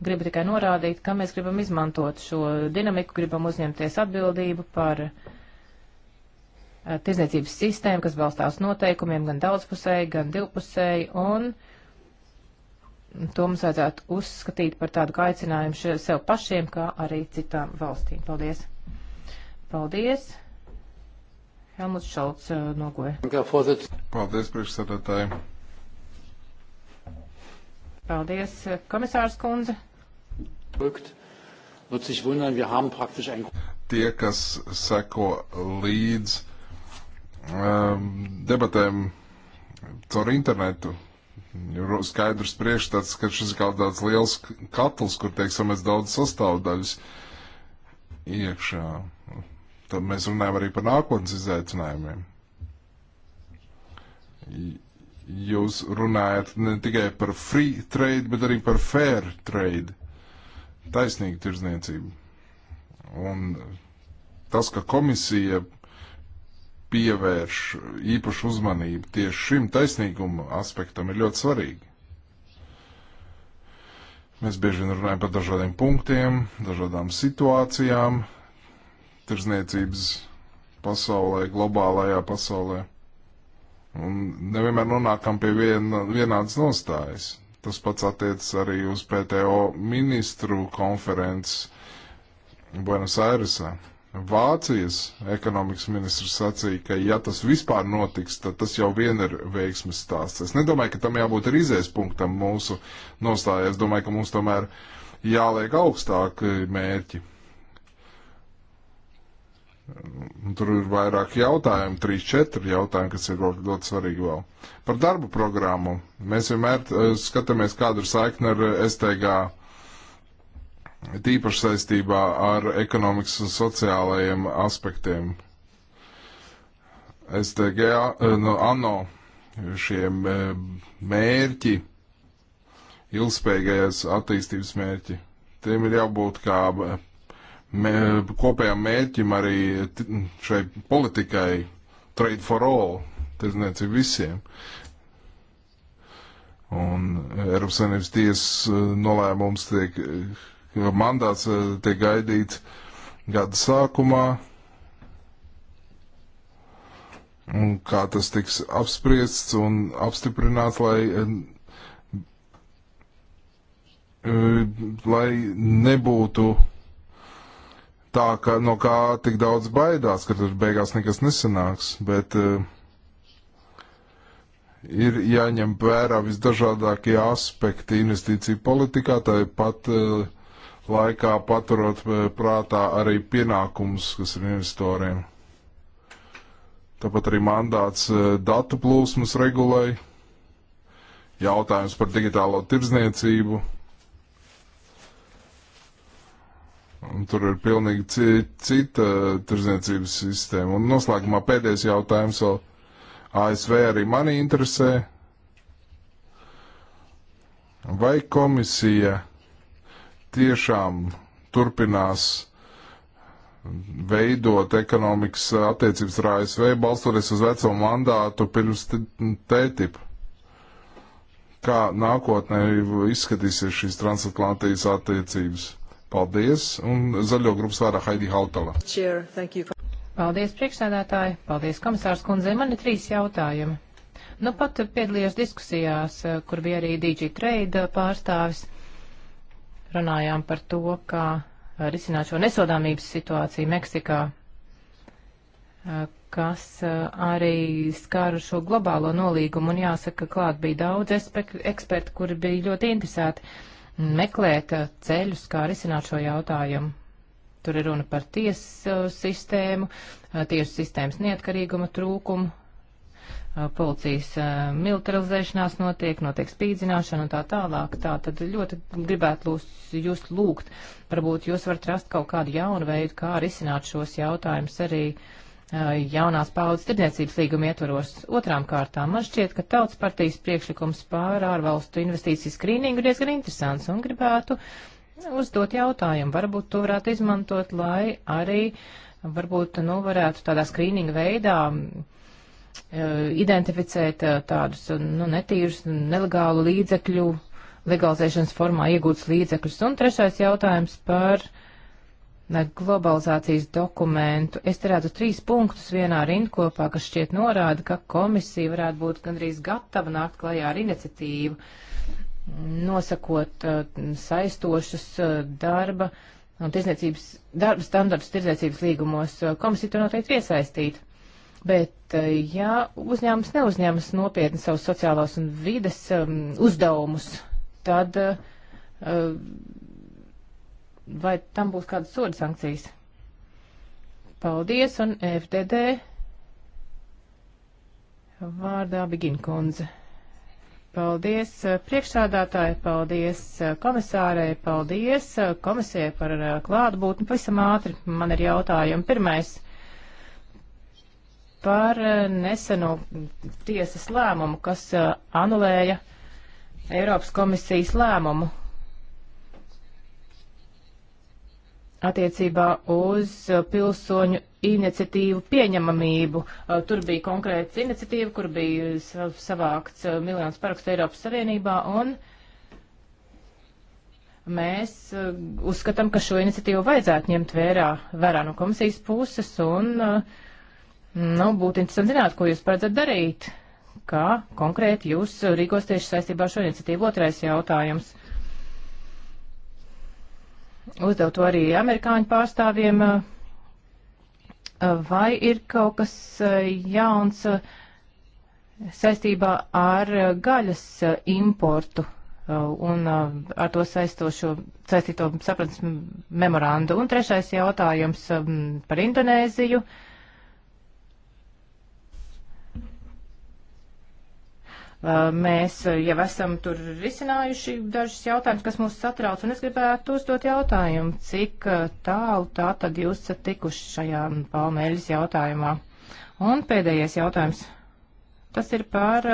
Gribu tikai norādīt, ka mēs gribam izmantot šo dinamiku, gribam uzņemties atbildību par eh, tirzniecības sistēmu, kas balstās noteikumiem gan daudzpusēji, gan divpusēji, un to mums vajadzētu uzskatīt par tādu kā aicinājumu sev pašiem, kā arī citām valstīm. Paldies! Paldies! Helmuts Šalts eh, nogoja. Paldies, priekšsēdētāji! Paldies, komisārs kundze. Tie, kas seko līdz um, debatēm caur internetu, ir skaidrs priekšstats, ka šis ir kaut kāds liels katls, kur tiek samets daudz sastāvdaļas iekšā. Tad mēs runājam arī par nākotnes izaicinājumiem jūs runājat ne tikai par free trade, bet arī par fair trade, taisnīgu tirzniecību. Un tas, ka komisija pievērš īpašu uzmanību tieši šim taisnīguma aspektam, ir ļoti svarīgi. Mēs bieži vien runājam par dažādiem punktiem, dažādām situācijām, tirzniecības pasaulē, globālajā pasaulē. Un nevienmēr nonākam pie vien, vienādas nostājas. Tas pats attiecas arī uz PTO ministru konferences Buenos Airesā. Vācijas ekonomikas ministrs sacīja, ka ja tas vispār notiks, tad tas jau vien ir veiksmes stāsts. Es nedomāju, ka tam jābūt ir izējas punktam mūsu nostājā. Es domāju, ka mums tomēr jāliek augstāk mērķi. Tur ir vairāk jautājumu, 3, 4 jautājumi, kas ir ļoti svarīgi vēl. Par darbu programmu. Mēs vienmēr eh, skatāmies, kāda ir saikne ar eh, STG, tīpaši saistībā ar ekonomikas un sociālajiem aspektiem. STG, eh, no ANO, šie mērķi, ilgspējīgais attīstības mērķi, tiem ir jābūt kā mē, kopējām mērķim arī šai politikai trade for all, tirdzniecība visiem. Un Eiropas Savienības tiesas eh, nolēmums tiek, eh, mandāts eh, tiek gaidīts gada sākumā. Un kā tas tiks apspriests un apstiprināts, lai lai nebūtu tā, ka no kā tik daudz baidās, ka tur beigās nekas nesanāks, bet uh, ir jāņem vērā visdažādākie aspekti investīciju politikā, tāpat uh, laikā paturot eh, prātā arī pienākumus, kas ir investoriem. Tāpat arī mandāts datu plūsmas regulai, jautājums par digitālo tirdzniecību Un tur ir pilnīgi cita tirdzniecības sistēma. Un noslēgumā pēdējais jautājums vēl ASV arī mani interesē. Vai komisija tiešām turpinās veidot ekonomikas attiecības ar ASV, balstoties uz veco mandātu pirms TTIP? Kā nākotnē izskatīsies šīs transatlantijas attiecības? Paldies, un zaļo grupas vārā Haidi Hautala. Paldies, priekšsēdētāji, paldies, komisārs kundzei. Man ir trīs jautājumi. Nu, pat piedalījos diskusijās, kur bija arī DG Trade pārstāvis. Runājām par to, kā risināt šo nesodāmības situāciju Meksikā, kas arī skāra šo globālo nolīgumu, un jāsaka, klāt bija daudz eksperti, kuri bija ļoti interesēti meklēt eh, ceļus, kā risināt šo jautājumu. Tur ir runa par tiesu eh, sistēmu, eh, tiesu sistēmas neatkarīguma trūkumu, policijas militarizēšanās notiek, notiek spīdzināšana un tā tālāk. Tā tad ļoti gribētu lūs, jūs lūgt, varbūt jūs varat rast kaut kādu jaunu veidu, kā risināt šos jautājumus arī uh, Eh, jaunās paudzes tirdzniecības līguma ietvaros. Otrām kārtām man šķiet, ka tautas partijas priekšlikums pār ārvalstu investīciju skrīningu ir diezgan interesants un gribētu uzdot jautājumu. Varbūt to varētu izmantot, lai arī varbūt, nu, varētu tādā skrīninga veidā eh, identificēt eh, tādus, nu, netīrus, nelegālu līdzekļu legalizēšanas formā iegūtas līdzekļus. Un trešais jautājums par uh, globalizācijas dokumentu. Es te redzu trīs punktus vienā rindkopā, kas šķiet norāda, ka komisija varētu būt gandrīz gatava nākt klajā ar iniciatīvu, nosakot uh, eh, saistošus uh, eh, darba un tirdzniecības, darba standartus tirdzniecības līgumos. Eh, komisija to noteikti iesaistīt. Bet, uh, ja uzņēmums neuzņemas nopietni savus sociālos un vides um, uzdevumus, tad uh, vai tam būs kādas soda sankcijas? Paldies, un FDD vārdā Bigina kundze. Paldies eh, priekšsādātāji, paldies eh, komisārai, paldies eh, komisijai par klātbūtni. Pavisam ātri man ir jautājumi. Pirmais par neseno tiesas lēmumu, kas anulēja Eiropas komisijas lēmumu attiecībā uz uh, pilsoņu iniciatīvu pieņemamību. Uh, tur bija konkrēts iniciatīva, kur bija savākts uh, miljonus parakstu Eiropas Savienībā, un mēs uzskatām, ka šo iniciatīvu vajadzētu ņemt vērā, vērā no komisijas puses, un nu, būtu interesanti zināt, ko jūs paredzat darīt, kā konkrēti jūs rīkosties saistībā ar šo iniciatīvu. Otrais jautājums. Uh, uzdevu to arī amerikāņu pārstāvjiem, uh, uh, vai ir kaut kas uh, jauns saistībā ar gaļas importu un ar to saistošo, saistīto sapratnes memorandu. Un trešais jautājums um, par Indonēziju. Uh, Mēs jau esam tur risinājuši dažus jautājumus, kas mūs satrauc, un es gribētu uzdot jautājumu, cik tālu tā tad jūs esat tikuši šajā palmeļas jautājumā. Un pēdējais jautājums. Tas ir par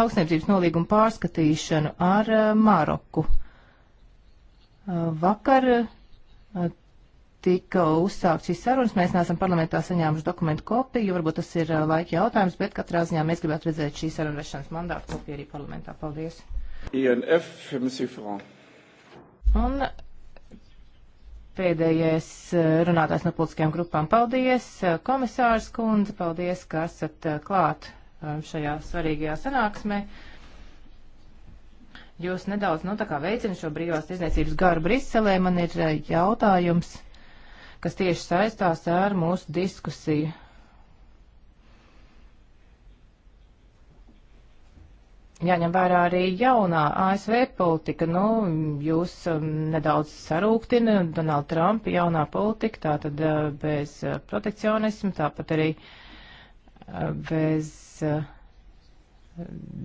lauksniecības nolīgumu pārskatīšanu ar Maroku. Vakar tika uzsākt šīs sarunas. Mēs neesam parlamentā saņēmuši dokumentu kopiju, varbūt tas ir laika jautājums, bet katrā ziņā mēs gribētu redzēt šīs sarunu vešanas mandātu kopiju arī parlamentā. Paldies. INF, Un pēdējais runātājs no politiskajām grupām. Paldies, komisārs kundze, paldies, ka esat klāt šajā svarīgajā sanāksmē. Jūs nedaudz, nu, tā kā veicina šo brīvās tiesniecības garu Briselē, man ir jautājums kas tieši saistās ar mūsu diskusiju. Jāņem vērā arī jaunā ASV politika, nu, jūs um, nedaudz sarūktina, Donald Trump, jaunā politika, tā tad uh, bez uh, protekcionismu, tāpat arī uh, bez uh,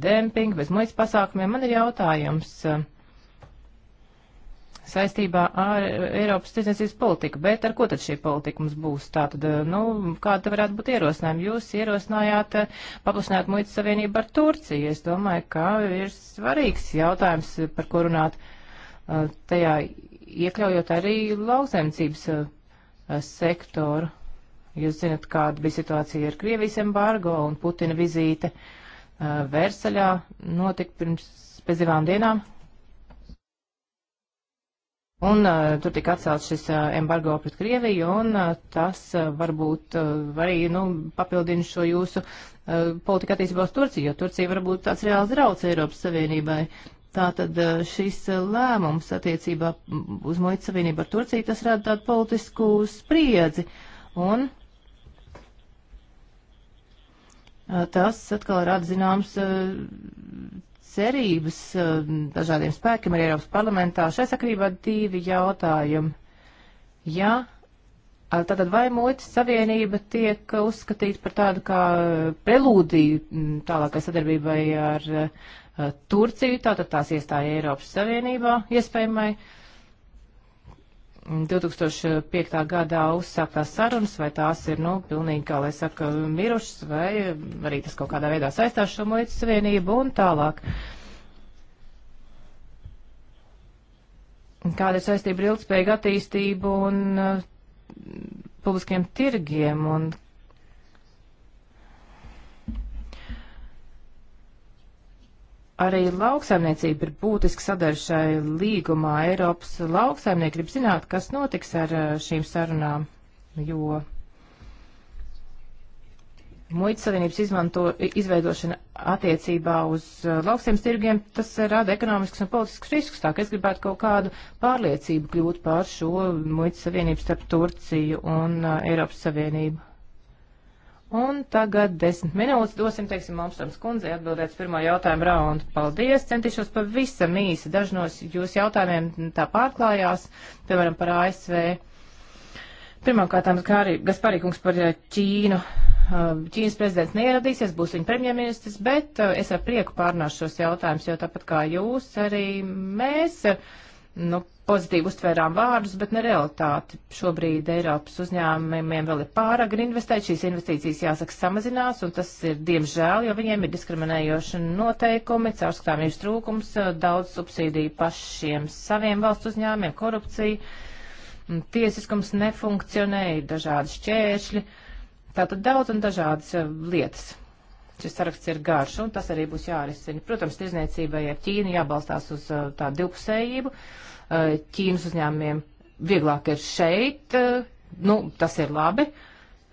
dempinga, bez muitas pasākumiem. Man ir jautājums. Uh, saistībā ar Eiropas tirdzniecības politiku. Bet ar ko tad šī politika mums būs? Tātad, eh, nu, kāda varētu būt ierosinājuma? Jūs ierosinājāt eh, paplašināt muitas savienību ar Turciju. Es domāju, ka ir svarīgs jautājums, eh, par ko runāt tajā iekļaujot arī lauksaimniecības sektoru. Jūs zinat, kāda bija situācija ar Krievijas embargo un Putina vizīte Versaļā notika pirms pēc divām dienām. Un uh, tur tika atcelts šis uh, embargo pret Krieviju, un uh, tas uh, varbūt uh, arī nu, papildina šo jūsu uh, politiku attiecībā uz Turciju, jo Turcija varbūt tāds reāls drauds Eiropas Savienībai. Tātad uh, šis uh, lēmums attiecībā uz Moitas Savienību ar Turciju, tas rada tādu politisku spriedzi. Un uh, tas atkal rada zināms uh, cerības eh, dažādiem spēkiem arī Eiropas parlamentā. Šai sakrībā divi jautājumi. Ja, tātad vai muitas savienība tiek uzskatīta par tādu kā prelūdiju tālākai sadarbībai ar eh, Turciju, tātad tās iestāja Eiropas Savienībā iespējamai? Uh, 2005. gadā uzsāktās sarunas, vai tās ir, nu, pilnīgi, kā lai saka, mirušas, vai arī tas kaut kādā veidā saistās šo muitas savienību un tālāk. Kāda ir saistība ar ilgspējīgu attīstību un uh, publiskiem tirgiem un Arī lauksaimniecība ir būtiski sadaļa šai līgumā. Eiropas lauksaimnieki grib zināt, kas notiks ar eh, šīm sarunām, jo muitas savienības izmanto, izveidošana attiecībā uz eh, lauksiem tirgiem, tas eh, rada ekonomiskus un politiskus riskus. Tā ka es gribētu kaut kādu pārliecību kļūt pār šo muitas savienību starp Turciju un Eiropas Savienību. Un tagad desmit minūtes dosim, teiksim, Malmstrāms kundzei atbildēt pirmā jautājuma raundu. Paldies, centīšos pavisam īsi. Dažnos jūs jautājumiem tā pārklājās, piemēram, par ASV. Pirmkārt, kā arī Gasparīkungs par eh, Ķīnu. Eh, Ķīnas prezidents neieradīsies, būs viņa premjerministrs, bet eh, es ar prieku pārnāšu šos jautājumus, jo tāpat kā jūs, arī mēs nu, pozitīvi uztvērām vārdus, bet ne realitāti. Šobrīd Eiropas uzņēmumiem vēl ir pārāk investēt, šīs investīcijas jāsaka samazinās, un tas ir diemžēl, jo viņiem ir diskriminējoši noteikumi, caurskatāmības trūkums, eh, daudz subsīdiju pašiem saviem valsts uzņēmumiem, korupcija, tiesiskums nefunkcionē, ir dažādi šķēršļi, tātad daudz un dažādas eh, lietas. Šis saraksts ir garš, un tas arī būs jārisina. Protams, tirzniecībai ar Ķīnu jābalstās uz uh, tā divpusējību. Uh, Ķīnas uzņēmumiem vieglāk ir šeit, uh, nu, tas ir labi.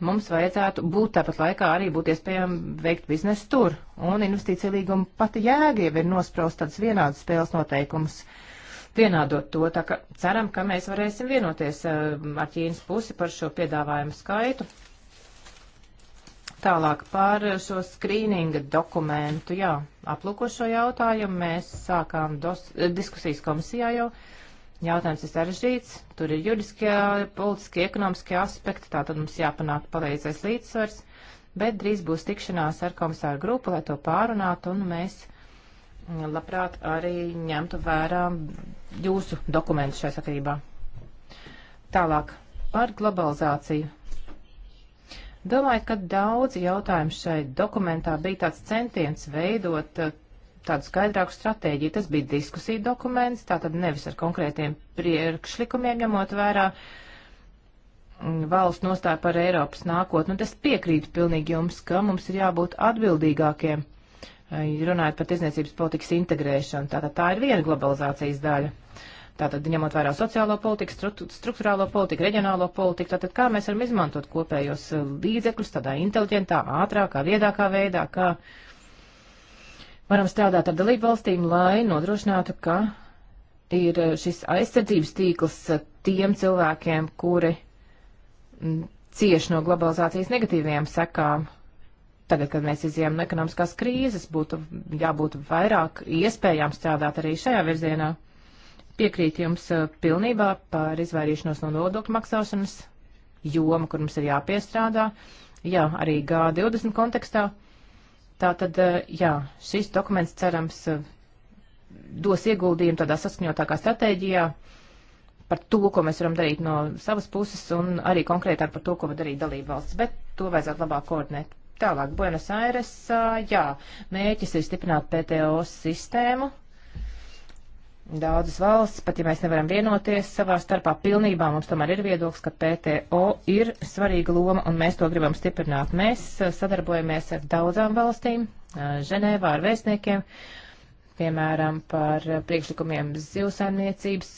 Mums vajadzētu būt tāpat laikā arī būt iespējām veikt biznesu tur. Un investīcija līguma pati jēga jau ir nospraust tādas vienādas spēles noteikumus, vienādot to. Tā ka ceram, ka mēs varēsim vienoties ar Ķīnas pusi par šo piedāvājumu skaitu. Tālāk par šo skrīninga dokumentu. Jā, aplūko šo jautājumu. Mēs sākām dos, diskusijas komisijā jau. Jautājums ir sarežģīts. Tur ir juridiskie, politiskie, ekonomiskie aspekti. Tātad mums jāpanāk pareizais līdzsvars. Bet drīz būs tikšanās ar komisāru grupu, lai to pārunātu. Un mēs labprāt arī ņemtu vērā jūsu dokumentu šajā sakarībā. Tālāk par globalizāciju Domāju, ka daudzi jautājumi šai dokumentā bija tāds centiens veidot eh, tādu skaidrāku stratēģiju. Tas bija diskusija dokuments, tātad nevis ar konkrētiem priekšlikumiem ņemot vērā mm, valsts nostāja par Eiropas nākotni. Un es piekrītu pilnīgi jums, ka mums ir jābūt atbildīgākiem, eh, runājot par tiesniecības politikas integrēšanu. Tātad tā ir viena globalizācijas daļa. Tātad, ņemot vērā sociālo politiku, stru, struktūrālo politiku, reģionālo politiku, tātad kā mēs varam izmantot kopējos eh, līdzekļus tādā inteliģentā, ātrākā, viedākā veidā, kā varam strādāt ar dalību valstīm, lai nodrošinātu, ka ir eh, šis aizsardzības tīkls eh, tiem cilvēkiem, kuri mm, cieši no globalizācijas negatīvajām sekām. Tagad, kad mēs izjām no ekonomiskās krīzes, būtu jābūt vairāk iespējām strādāt arī šajā virzienā. Piekrīt jums uh, pilnībā par izvairīšanos no nodokļu maksāšanas joma, kur mums ir jāpiestrādā. Jā, arī G20 kontekstā. Tātad, uh, jā, šis dokuments cerams uh, dos ieguldījumu tādā saskaņotākā stratēģijā par to, ko mēs varam darīt no savas puses un arī konkrētāk par to, ko var darīt dalība valsts, bet to vajadzētu labāk koordinēt. Tālāk, Buenos Aires, jā, mēķis ir stiprināt PTO sistēmu, Daudzas valsts, pat ja mēs nevaram vienoties savā starpā pilnībā, mums tomēr ir viedoklis, ka PTO ir svarīga loma un mēs to gribam stiprināt. Mēs eh, sadarbojamies ar daudzām valstīm, eh, Ženēvā ar vēstniekiem, piemēram, par eh, priekšlikumiem zivsaimniecības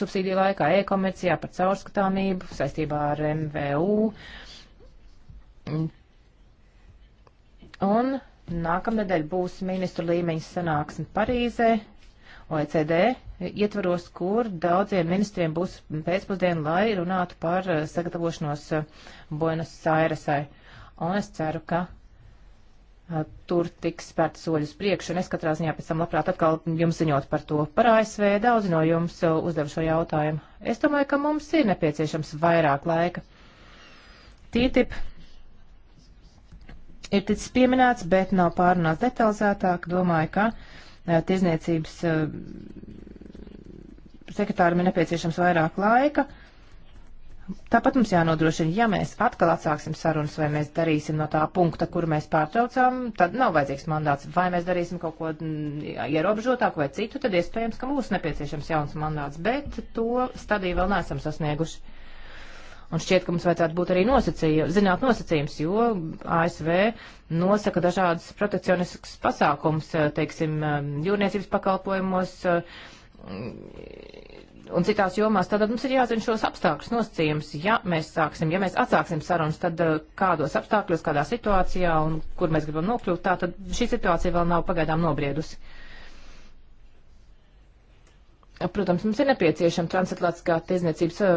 subsīdiju laikā, e-komercijā, par caurskatāmību saistībā ar MVU. Un nākamnedēļ būs ministru līmeņa sanāksme Parīzē, OECD ietvaros, kur daudziem ministriem būs pēcpusdiena, lai runātu par eh, sagatavošanos eh, Buenas Airesai. Un es ceru, ka eh, tur tiks spērta soļus priekšu, un es katrā ziņā pēc tam labprāt atkal jums ziņot par to. Par ASV daudzi no jums uzdevu šo jautājumu. Es domāju, ka mums ir nepieciešams vairāk laika. TTIP ir ticis pieminēts, bet nav pārunāts detalizētāk. Domāju, ka Eh, tirzniecības eh, sekretāram ir nepieciešams vairāk laika. Tāpat mums jānodrošina, ja mēs atkal atsāksim sarunas, vai mēs darīsim no tā punkta, kur mēs pārtraucām, tad nav vajadzīgs mandāts. Vai mēs darīsim kaut ko mm, ierobežotāku vai citu, tad iespējams, ka mums nepieciešams jauns mandāts, bet to stadiju vēl neesam sasnieguši. Un šķiet, ka mums vajadzētu būt arī nosacījums, zināt nosacījums, jo ASV nosaka dažādas protekcioniskas pasākums, eh, teiksim, eh, jūrniecības pakalpojumos eh, un citās jomās. Tātad mums ir jāzina šos apstākļus nosacījums, ja mēs sāksim, ja mēs atsāksim sarunas, tad kādos apstākļos, kādā situācijā un kur mēs gribam nokļūt, tātad šī situācija vēl nav pagaidām nobriedusi. Protams, mums ir nepieciešama transatlantiskā tirzniecības eh,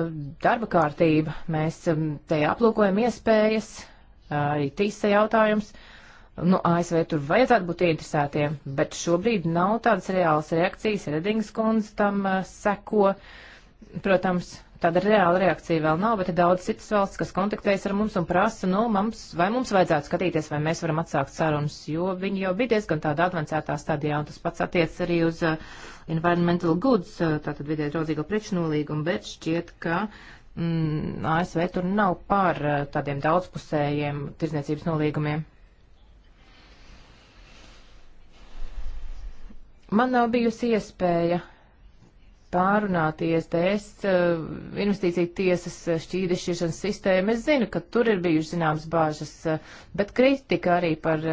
darba kārtība. Mēs eh, tajā aplūkojam iespējas, eh, arī tīsa jautājums. Nu, ASV tur vajadzētu būt interesētiem, bet šobrīd nav tādas reālas reakcijas. Redings kundze tam seko. Uh, Protams, tāda reāla reakcija vēl nav, bet ir daudz citas valsts, kas kontaktējas ar mums un prasa, nu, mums, vai mums vajadzētu skatīties, vai mēs varam atsākt sarunas, jo viņi jau bija diezgan tādā advancētā stadijā, un tas pats attiec arī uz uh, environmental goods, uh, tātad vidē draudzīgo priekšnolīgumu, bet šķiet, ka mm, ASV tur nav pār uh, tādiem daudzpusējiem tirdzniecības nolīgumiem. Man nav bijusi iespēja pārunāt ISDS eh, investīciju tiesas eh, šķīdišķiešanas sistēmu. Es zinu, ka tur ir bijuši zināmas bāžas, eh, bet kritika arī par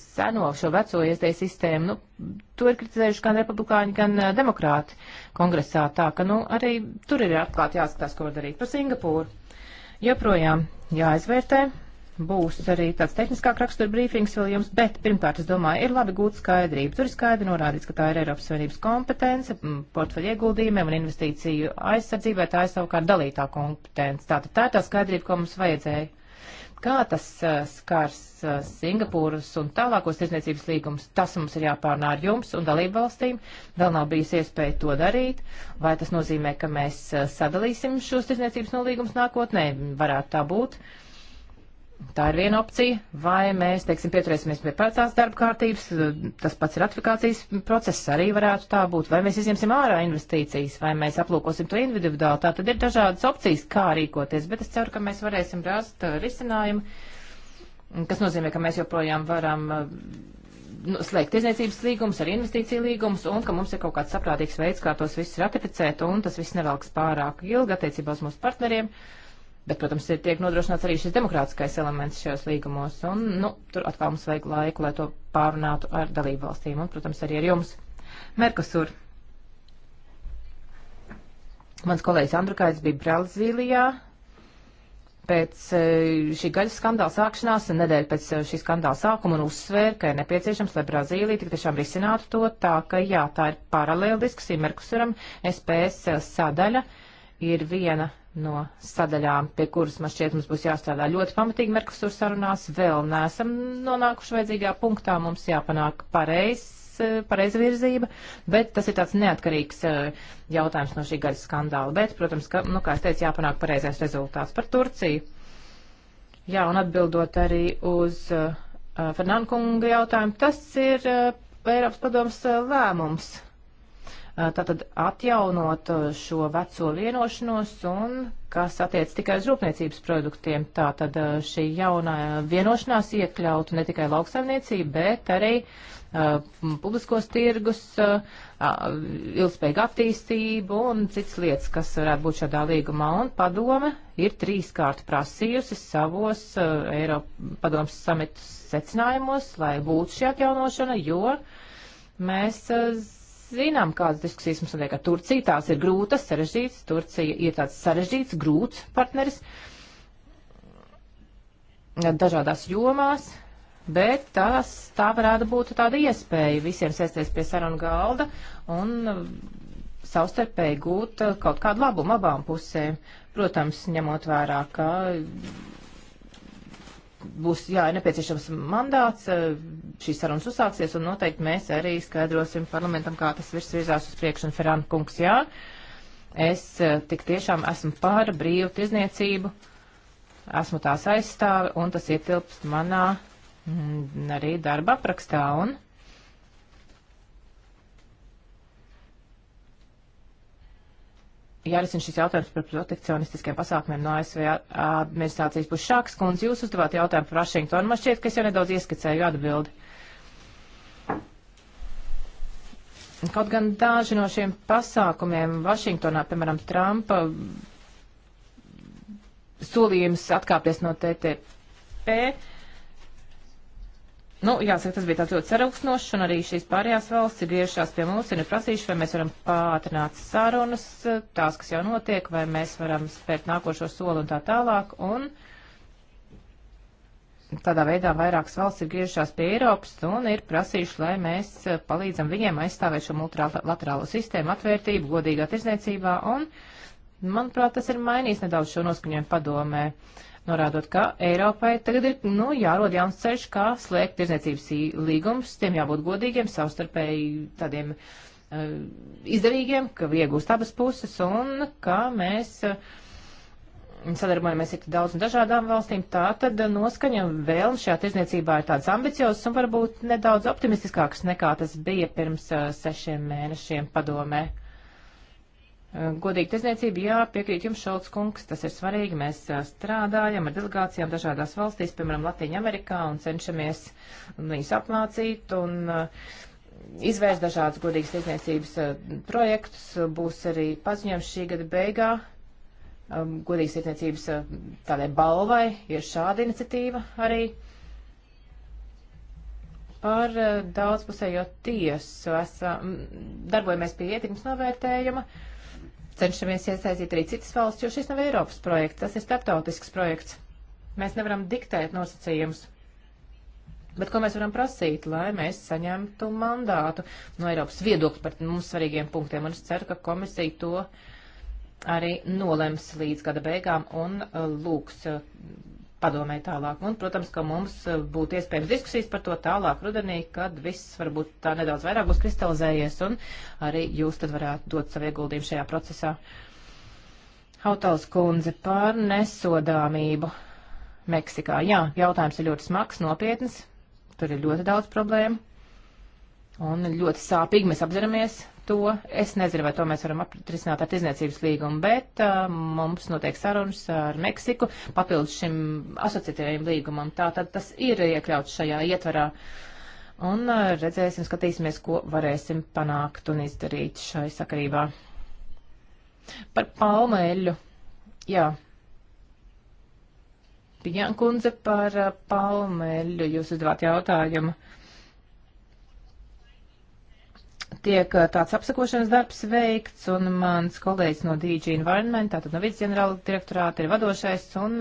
seno šo veco ISDS sistēmu, nu, to ir kritizējuši gan republikāņi, gan demokrāti kongresā, tā ka, nu, arī tur ir atklāti jāskatās, ko darīt par Singapūru. Joprojām jāizvērtē būs arī tāds tehniskāk rakstura brīfings vēl jums, bet pirmkārt, es domāju, ir labi gūt skaidrību. Tur ir skaidri norādīts, ka tā ir Eiropas Savienības kompetence, portfeļa ieguldījumiem un investīciju aizsardzībai, tā ir savukārt dalītā kompetence. Tātad tā ir tā skaidrība, ko mums vajadzēja. Kā tas uh, skars uh, Singapūras un tālākos tirsniecības līgumus, tas mums ir jāpārnā ar jums un dalību valstīm. Vēl nav bijis iespēja to darīt. Vai tas nozīmē, ka mēs uh, sadalīsim šos tirsniecības nolīgumus nākotnē? Varētu tā būt. Uh, Tā ir viena opcija, vai mēs, teiksim, pieturēsimies pie pēcās darba kārtības, tas pats ratifikācijas process arī varētu tā būt, vai mēs izņemsim ārā investīcijas, vai mēs aplūkosim to individuāli. Tā tad ir dažādas opcijas, kā rīkoties, bet es ceru, ka mēs varēsim rast uh, risinājumu, kas nozīmē, ka mēs joprojām varam uh, nu, slēgt izniecības līgumus ar investīciju līgumus un ka mums ir kaut kāds saprātīgs veids, kā tos visus ratificēt, un tas viss nevelks pārāk ilgi attiecībā uz mūsu partneriem. Uh, Bet, protams, ir tiek nodrošināts arī šis demokrātiskais elements šajos līgumos. Un, nu, tur atkal mums vajag laiku, lai to pārunātu ar dalību valstīm un, protams, arī ar jums. Merkosur. Mans kolēģis Andrukaitis bija Brazīlijā. Pēc e, šī gaļas skandāla sākšanās, nedēļa pēc e, šī skandāla sākuma, un uzsvēra, ka ir nepieciešams, lai Brazīlija tik tiešām risinātu to tā, ka jā, tā ir paralēla diskusija Merkusuram. SPS sadaļa ir viena no sadaļām, pie kuras man šķiet mums būs jāstrādā ļoti pamatīgi Merkusur sarunās. Vēl neesam nonākuši vajadzīgā punktā, mums jāpanāk pareiz, pareiz virzība, bet tas ir tāds neatkarīgs eh, jautājums no šī gada skandāla. Bet, protams, ka, nu, kā es teicu, jāpanāk pareizais rezultāts par Turciju. Jā, un atbildot arī uz uh, Fernankunga jautājumu, tas ir uh, Eiropas padomas uh, lēmums tātad atjaunot šo veco vienošanos un kas attiec tikai uz rūpniecības produktiem. Tātad šī jaunā vienošanās iekļautu ne tikai lauksaimniecību, bet arī uh, publiskos tirgus, uh, ilgspējīgu attīstību un citas lietas, kas varētu būt šādā līgumā. Un padome ir trīskārt prasījusi savos uh, Eiropa padomas samitu secinājumos, lai būtu šī atjaunošana, jo mēs zinām, kādas diskusijas mums notiek ar Turciju. Tās ir grūtas, sarežģītas. Turcija ir tāds sarežģīts, grūts partneris dažādās jomās, bet tās, tā varētu būt tāda iespēja visiem sēsties pie sarunu galda un uh, savstarpēji gūt uh, kaut kādu labumu abām pusēm. Protams, ņemot vērā, ka būs jā, nepieciešams mandāts, eh, šīs sarunas uzsāksies, un noteikti mēs arī skaidrosim parlamentam, kā tas viss virzās uz priekšu, un Ferāna kungs, jā, es eh, tik tiešām esmu pār brīvu tirzniecību, esmu tās aizstāve, un tas ietilpst manā m, mm, arī darba aprakstā, un jārisina šis jautājums par protekcionistiskiem pasākumiem no ASV administrācijas puses. Šāks kundze, jūs uzdevāt jautājumu par Vašingtonu. Man šķiet, ka es jau nedaudz ieskicēju atbildi. Kaut gan daži no šiem pasākumiem Vašingtonā, piemēram, Trumpa solījums atkāpties no TTP, Nu, jāsaka, tas bija tāds ļoti sarūksnošs, un arī šīs pārējās valsts ir griežās pie mums un ir prasījuši, vai mēs varam pātrināt sarunas, eh, tās, kas jau notiek, vai mēs varam spērt nākošo soli un tā tālāk. Un tādā veidā vairākas valsts ir griežās pie Eiropas un ir prasījuši, lai mēs eh, palīdzam viņiem aizstāvēt šo multilaterālo sistēmu, atvērtību, godīgā tirzniecībā, un, manuprāt, tas ir mainījis nedaudz šo noskaņojumu padomē. Uh, norādot, ka Eiropai tagad ir nu, jārod jauns ceļš, kā slēgt tirzniecības līgumus, tiem jābūt godīgiem, savstarpēji tādiem uh, izdevīgiem, ka iegūst abas puses un ka mēs. Uh, sadarbojamies ar daudz un dažādām valstīm, tā tad noskaņa vēlme šajā tirzniecībā ir tāds ambiciozs un varbūt nedaudz optimistiskāks nekā tas bija pirms uh, sešiem mēnešiem padomē. Eh, godīgi tiesniecība, jā, piekrīt jums, Šalts kungs, tas ir svarīgi. Mēs eh, strādājam ar delegācijām dažādās valstīs, piemēram, Latvijā, Amerikā, un cenšamies viņus apmācīt un eh, izvērst dažādas godīgas tiesniecības projektus. Būs arī paziņojums šī gada beigā. Um, godīgas tiesniecības tādai balvai ir šāda iniciatīva arī. Par daudzpusējo tiesu esam, darbojamies pie ietekmes novērtējuma. Uh, cenšamies iesaistīt arī citas valsts, jo šis nav Eiropas projekts, tas ir starptautisks projekts. Mēs nevaram diktēt nosacījumus. Bet ko mēs varam prasīt, lai mēs saņemtu mandātu no Eiropas viedokļa par mums svarīgiem punktiem? Un es ceru, ka komisija to arī nolems līdz gada beigām un uh, lūgs uh, padomē tālāk. Un, protams, ka mums e, būtu iespējams diskusijas par to tālāk rudenī, kad viss varbūt tā nedaudz vairāk būs kristalizējies un arī jūs tad varētu dot savu ieguldījumu šajā procesā. Hautals kundze par nesodāmību Meksikā. Jā, jautājums ir ļoti smags, nopietns. Tur ir ļoti daudz problēmu. Un ļoti sāpīgi mēs apzināmies, to es nezinu, vai to mēs varam atrisināt ar tirzniecības līgumu, bet uh, mums notiek sarunas ar Meksiku papildus šim asociatīvajam līgumam. Tātad tas ir iekļauts šajā ietvarā. Un uh, redzēsim, skatīsimies, ko varēsim panākt un izdarīt šai sakarībā. Par palmeļu. Jā. Pijankundze par uh, palmeļu. Jūs uzdevāt jautājumu. Uh, tiek tāds apsakošanas darbs veikts, un mans kolēģis no DG Environment, tātad no vidas ģenerāla direktorāta, ir vadošais, un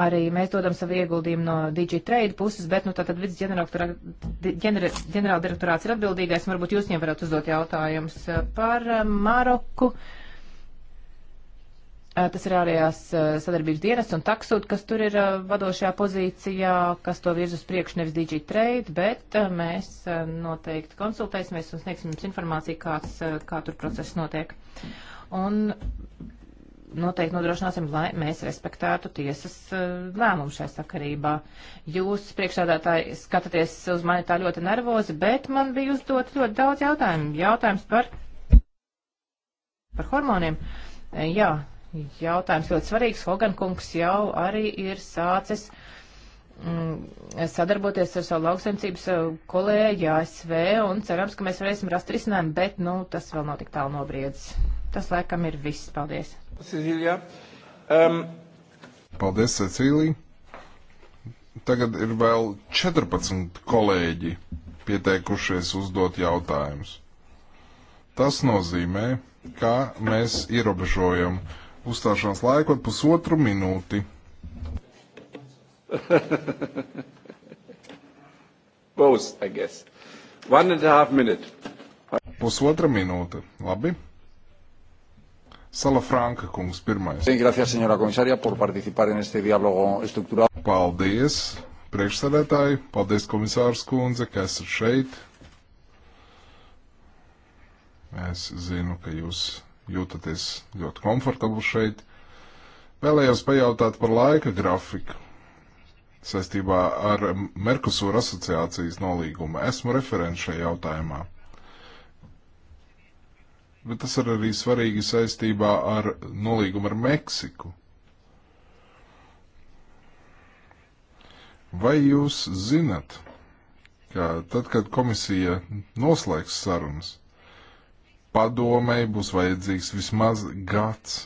arī mēs dodam savu ieguldījumu no DG Trade puses, bet, nu, tātad vidas ģenerāla direktorāts ir atbildīgais, varbūt jūs viņiem varat uzdot jautājumus par Maroku. Uh, Eh, tas ir ārējās eh, sadarbības dienas un taksūt, kas tur ir eh, vadošajā pozīcijā, kas to virz uz priekšu nevis DG trade, bet mēs noteikti konsultēsimies un sniegsim jums informāciju, kāds, kā tur process notiek. Un noteikti nodrošināsim, lai mēs respektētu tiesas lēmumu šai sakarībā. Jūs, priekšsādātāji, skatāties uz mani tā ļoti nervozi, bet man bija uzdot ļoti daudz jautājumu. Jautājums par, par hormoniem. Jā, jautājums ļoti svarīgs. Hogan kungs jau arī ir sācis mm, sadarboties ar savu lauksaimniecības eh, kolēģi ASV un cerams, ka mēs varēsim rast risinājumu, bet, nu, tas vēl nav tik tālu nobriedzis. Tas laikam ir viss. Paldies. Cecīlijā. Um... Paldies, Cecīlija. Tagad ir vēl 14 kolēģi pieteikušies uzdot jautājumus. Tas nozīmē, ka mēs ierobežojam uh, uzstāšanās laiku ar pusotru minūti. Both, I guess. One and a half minute. Pusotra minūte. Labi. Sala Franka kungs pirmais. Gracias, señora komisārija, por participar en este diálogo estructurado. Paldies, priekšsēdētāji. Paldies, komisārs kundze, ka esat šeit. Es zinu, ka jūs jūtaties ļoti komfortabli šeit. Vēlējos pajautāt par laika grafiku saistībā ar Merkusūra asociācijas nolīgumu. Esmu referents šajā jautājumā. Bet tas ir arī svarīgi saistībā ar nolīgumu ar Meksiku. Vai jūs zinat, ka tad, kad komisija noslēgs sarunas, padomei būs vajadzīgs vismaz gads,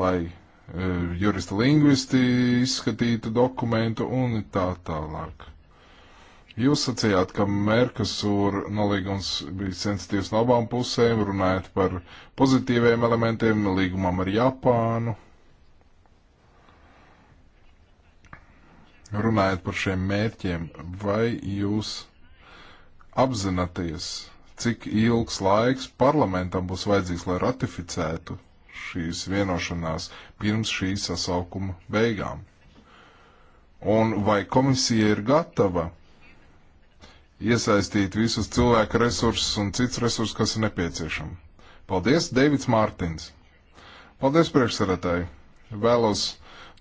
lai e, juristi lingvisti izskatītu dokumentu un tā tālāk. Jūs sacījāt, ka Merkusūra nolīgums bija sensitīvs no abām pusēm, runājot par pozitīviem elementiem līgumam ar Japānu. Runājot par šiem mērķiem, vai jūs apzināties, cik ilgs laiks parlamentam būs vajadzīgs, lai ratificētu šīs vienošanās pirms šī sasaukuma beigām. Un vai komisija ir gatava iesaistīt visus cilvēku resursus un cits resursus, kas ir nepieciešami? Paldies, Deivids Mārtins. Paldies, priekšsarētāji. Vēlos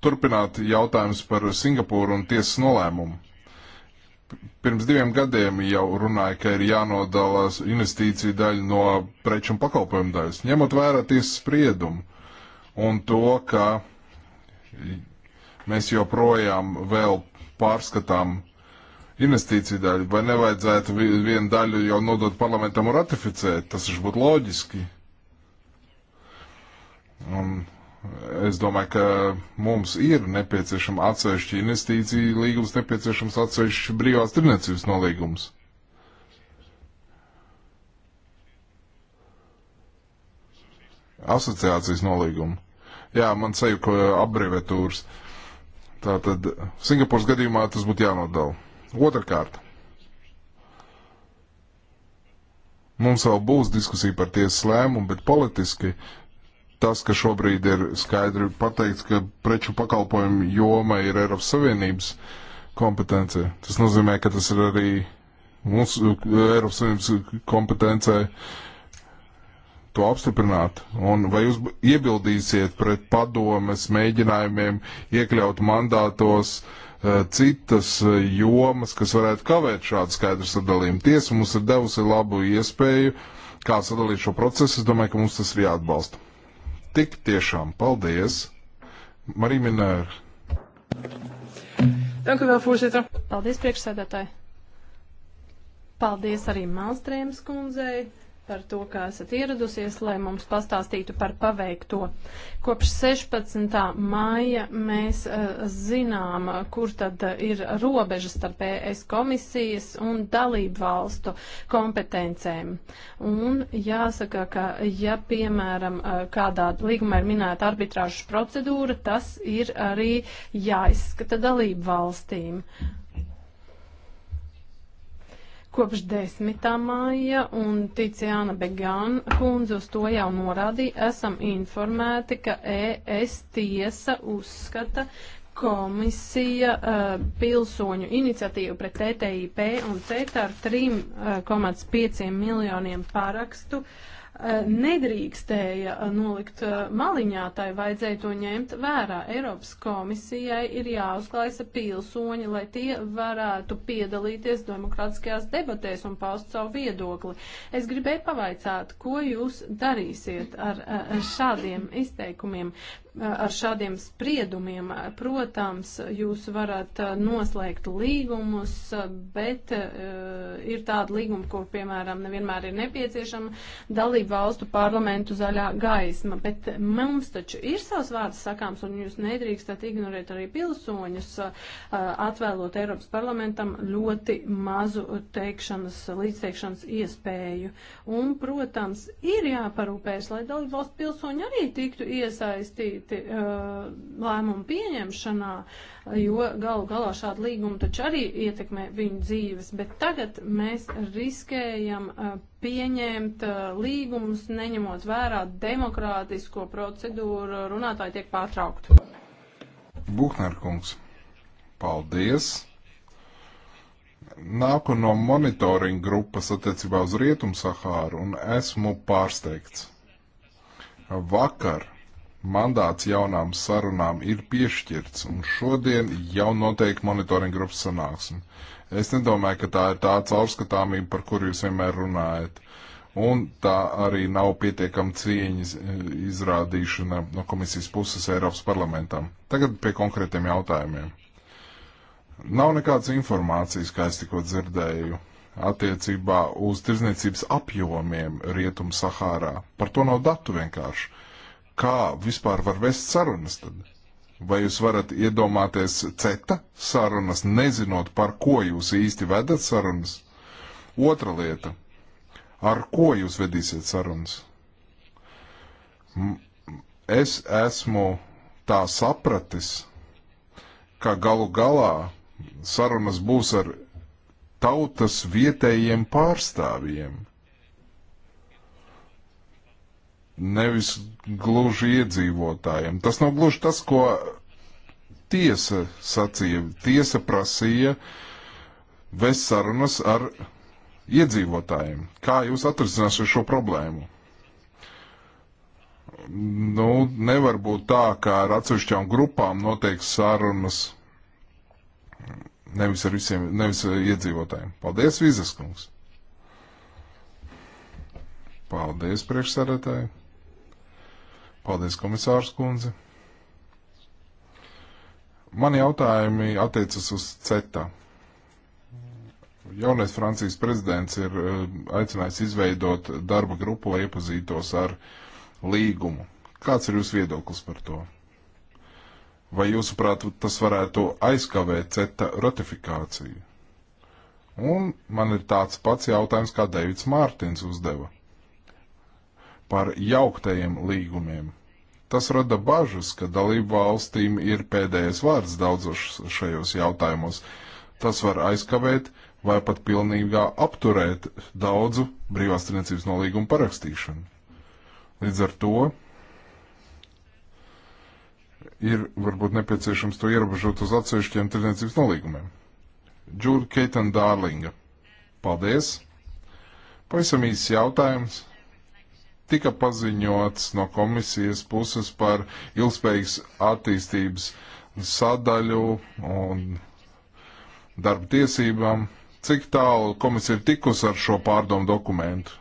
turpināt jautājumus par Singapūru un tiesas nolēmumu pirms diviem gadiem jau runāja, ka ir jānodalās investīcija daļa no preču un pakalpojumu daļas, ņemot vērā tiesas spriedumu un to, ka mēs joprojām vēl pārskatām investīciju daļu, vai nevajadzētu vienu daļu jau nodot parlamentam un ratificēt, tas taču būtu loģiski. Un Es domāju, ka mums ir nepieciešama atsevišķa investīcija līgums, nepieciešams atsevišķa brīvās tirniecības nolīgums. Asociācijas nolīgumu. Jā, man sajūta abreviatūras. Tātad Singapūras gadījumā tas būtu jānodala. Otrakārt. Mums vēl būs diskusija par tiesas lēmumu, bet politiski uh, tas, ka šobrīd ir skaidri pateikts, ka preču pakalpojumu joma ir Eiropas Savienības kompetence. Tas nozīmē, ka tas ir arī mūsu Eiropas Savienības kompetencē to apstiprināt. Un vai jūs iebildīsiet pret padomes mēģinājumiem iekļaut mandātos uh, citas eh, jomas, kas varētu kavēt šādu skaidru sadalījumu? Tiesa mums ir devusi labu iespēju, kā sadalīt šo procesu. Es domāju, ka mums tas ir jāatbalsta. Tik tiešām paldies, Marija Minēra. Paldies, priekšsēdētāji. Paldies arī Malstrēmas kundzei par to, ka esat ieradusies, lai mums pastāstītu par paveikto. Kopš 16. māja mēs uh, zinām, kur tad ir robežas starp ES komisijas un dalību valstu kompetencēm. Un jāsaka, ka ja, piemēram, eh, kādā līgumā ir minēta arbitrāžas procedūra, tas ir arī jāizskata dalību valstīm. Uh, kopš 10. māja, un Ticiāna Began kundze uz to jau norādīja, esam informēti, ka ES tiesa uzskata, komisija uh, pilsoņu iniciatīvu pret e TTIP un CETA ar 3,5 uh, eh, miljoniem parakstu uh, Eh, nedrīkstēja eh, nolikt eh, maliņā, tai vajadzēja to ņemt vērā. Eiropas komisijai ir jāuzklaisa pilsoņi, lai tie varētu piedalīties demokrātiskajās debatēs un paust savu viedokli. Es gribēju pavaicāt, ko jūs darīsiet ar šādiem izteikumiem ar šādiem spriedumiem, protams, jūs varat eh, noslēgt līgumus, eh, bet eh, ir tāda līguma, kur, piemēram, nevienmēr ir nepieciešama dalību valstu parlamentu zaļā gaisma, bet mums taču ir savs vārds sakāms, un jūs nedrīkstat ignorēt arī pilsoņus, atvēlot Eiropas parlamentam ļoti mazu teikšanas, līdzteikšanas iespēju. Un, protams, ir jāparūpēs, lai dalību valstu pilsoņi arī tiktu iesaistīti iesaistīti uh, lēmumu pieņemšanā, jo galu galā šāda līguma taču arī ietekmē viņu dzīves, bet tagad mēs riskējam uh, pieņemt uh, līgumus, neņemot vērā demokrātisko procedūru, runātāji tiek pārtraukti. Buhnērkungs, paldies! nāku no monitoringa grupas attiecībā uz Rietumu Sahāru un esmu pārsteigts. Vakar mandāts jaunām sarunām ir piešķirts, un šodien jau notiek monitoringa grupas sanāksme. Es nedomāju, ka tā ir tā caurskatāmība, par kuru jūs vienmēr runājat. Un tā arī nav pietiekama cieņas izrādīšana no komisijas puses Eiropas parlamentam. Tagad pie konkrētiem jautājumiem. Nav nekādas informācijas, kā es tikko dzirdēju, attiecībā uz tirzniecības apjomiem Rietum Sahārā. Par to nav datu vienkārši kā vispār var vest sarunas tad? Vai jūs varat iedomāties ceta sarunas, nezinot, par ko jūs īsti vedat sarunas? Otra lieta - ar ko jūs vedīsiet sarunas? Es esmu tā sapratis, ka galu galā sarunas būs ar tautas vietējiem pārstāvjiem nevis gluži iedzīvotājiem. Tas nav gluži tas, ko tiesa sacīja. Tiesa prasīja vest sarunas ar iedzīvotājiem. Kā jūs atrisināsiet šo problēmu? Nu, nevar būt tā, ka ar atsevišķām grupām notiek sarunas nevis ar visiem, nevis ar iedzīvotājiem. Paldies, Vīzes kungs! Paldies, priekšsēdētāji! Paldies, komisārs kundze. Mani jautājumi attiecas uz CETA. Jaunais Francijas prezidents ir eh, aicinājis izveidot darba grupu, lai iepazītos ar līgumu. Kāds ir jūsu viedoklis par to? Vai jūsuprāt, tas varētu aizkavēt CETA ratifikāciju? Un man ir tāds pats jautājums, kā Deivids Mārtins uzdeva par jauktajiem līgumiem. Tas rada bažas, ka dalību valstīm ir pēdējais vārds daudzos šajos jautājumos. Tas var aizkavēt vai pat pilnībā apturēt daudzu brīvās tirniecības nolīgumu parakstīšanu. Līdz ar to ir varbūt nepieciešams to ierobežot uz atsevišķiem tirniecības nolīgumiem. Džūda Keitena Dārlinga. Paldies! Pavisam īsts jautājums tika paziņots no komisijas puses par ilgspējīgas attīstības sadaļu un darba tiesībām. Cik tālu komisija ir tikus ar šo pārdomu dokumentu?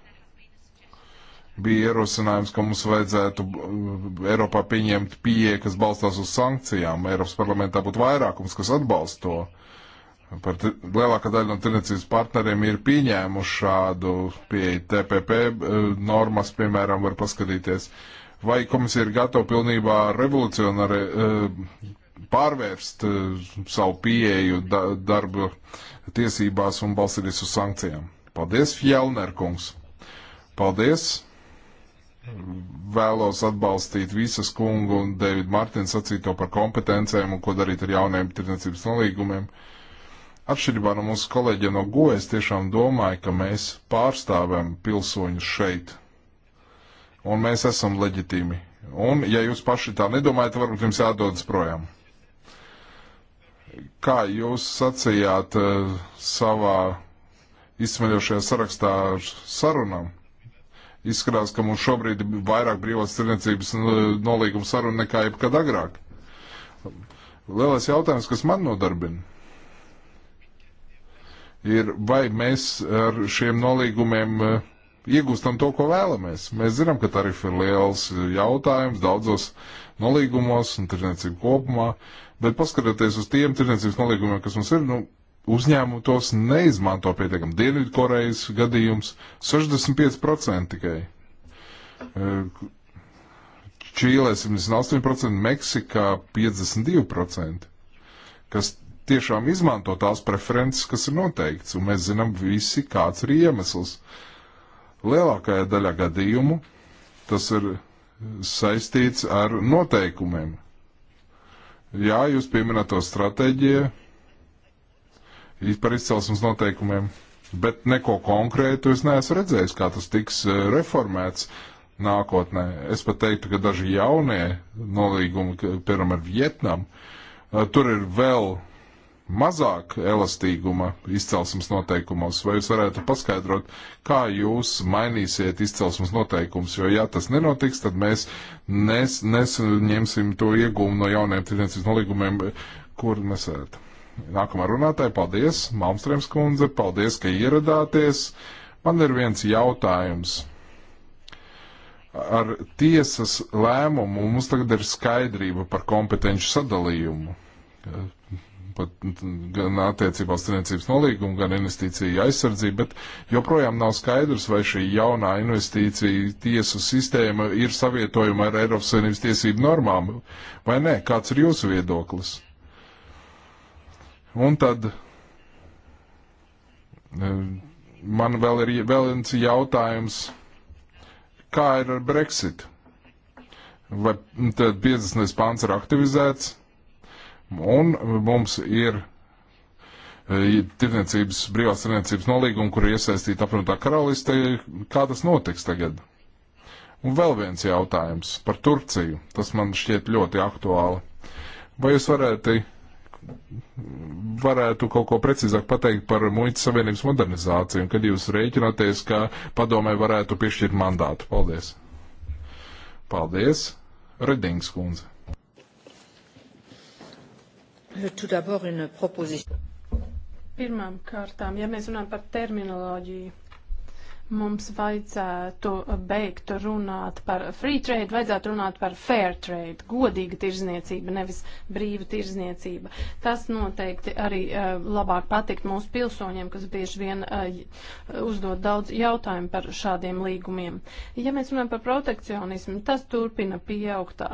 Bija ierosinājums, ka mums vajadzētu uh, Eiropā pieņemt pieeja, kas balstās uz sankcijām. Eiropas parlamentā būtu vairākums, kas atbalsta to par lielākā daļa no tirniecības partneriem ir pieņēmuši šādu pieeju. TPP eh, normas, piemēram, var paskatīties, vai komisija ir gatava pilnībā revolucionāri eh, pārvērst eh, savu pieeju darba tiesībās un balstīties uz sankcijām. Paldies, Fjellner kungs! Paldies! Vēlos atbalstīt visas kungu un Davida Martina sacīto par kompetencēm un ko darīt ar jauniem tirdzniecības nolīgumiem. Uh, Atšķirībā no mūsu kolēģiem no GO, es tiešām domāju, ka mēs pārstāvam pilsoņus šeit. Un mēs esam leģitīmi. Un, ja jūs paši tā nedomājat, varbūt jums jādodas projām. Kā jūs sacījāt eh, savā izsmeļošajā sarakstā ar sarunām? Izskatās, ka mums šobrīd ir vairāk brīvās tirniecības eh, nolīguma saruna nekā jebkad agrāk. Lielais jautājums, kas man nodarbina ir, vai mēs ar šiem nolīgumiem eh, iegūstam to, ko vēlamies. Mēs zinām, ka tarifa ir liels jautājums daudzos nolīgumos un tirniecību kopumā, bet paskatoties uz tiem tirniecības nolīgumiem, kas mums ir, nu, uzņēmumi tos neizmanto pietiekami. Dienvidkorejas gadījums 65% tikai. Eh, Čīlē 78%, Meksikā 52%, kas tiešām izmanto tās preferences, kas ir noteikts, un mēs zinām visi, kāds ir iemesls. Lielākajā daļā gadījumu tas ir saistīts ar noteikumiem. Jā, jūs pieminat to stratēģiju par izcelsmes noteikumiem, bet neko konkrētu es neesmu redzējis, kā tas tiks e, reformēts nākotnē. Es pat teiktu, ka daži jaunie nolīgumi, piemēram, ar Vietnamu, e, tur ir vēl mazāk elastīguma izcelsmes noteikumos, vai jūs varētu paskaidrot, kā jūs mainīsiet izcelsmes noteikumus, jo ja tas nenotiks, tad mēs nes, nesņemsim to iegūmu no jauniem tirdzniecības nolīgumiem, kur mēs ētu. Nākamā runātāja, paldies, Malmstrēms kundze, paldies, ka ieradāties. Man ir viens jautājums. Ar tiesas lēmumu mums tagad ir skaidrība par kompetenci sadalījumu pat gan attiecībā uz tirniecības nolīgumu, gan investīciju aizsardzību, bet joprojām nav skaidrs, vai šī jaunā investīcija tiesu sistēma ir savietojuma ar Eiropas Savienības tiesību normām, vai nē, kāds ir jūsu viedoklis? Un tad e, man vēl ir vēl viens jautājums, kā ir ar Brexit? Vai tad 50. pāns ir aktivizēts? Un mums ir e, tirniecības, brīvās tirniecības nolīguma, kur iesaistīta apvienotā karaliste, kā tas notiks tagad? Un vēl viens jautājums par Turciju. Tas man šķiet ļoti aktuāli. Vai jūs varētu, varētu kaut ko precīzāk pateikt par muitas savienības modernizāciju, kad jūs rēķināties, ka padomē varētu piešķirt mandātu? Paldies! Paldies! Redings kundze! Nu, Pirmām kārtām, ja mēs runājam par terminoloģiju, Mums vajadzētu beigt runāt par free trade, vajadzētu runāt par fair trade, godīga tirzniecība, nevis brīva tirzniecība. Tas noteikti arī uh, labāk patikt mūsu pilsoņiem, kas bieži vien uh, uzdod daudz jautājumu par šādiem līgumiem. Ja mēs runājam par protekcionismu, tas turpina pieaugt uh,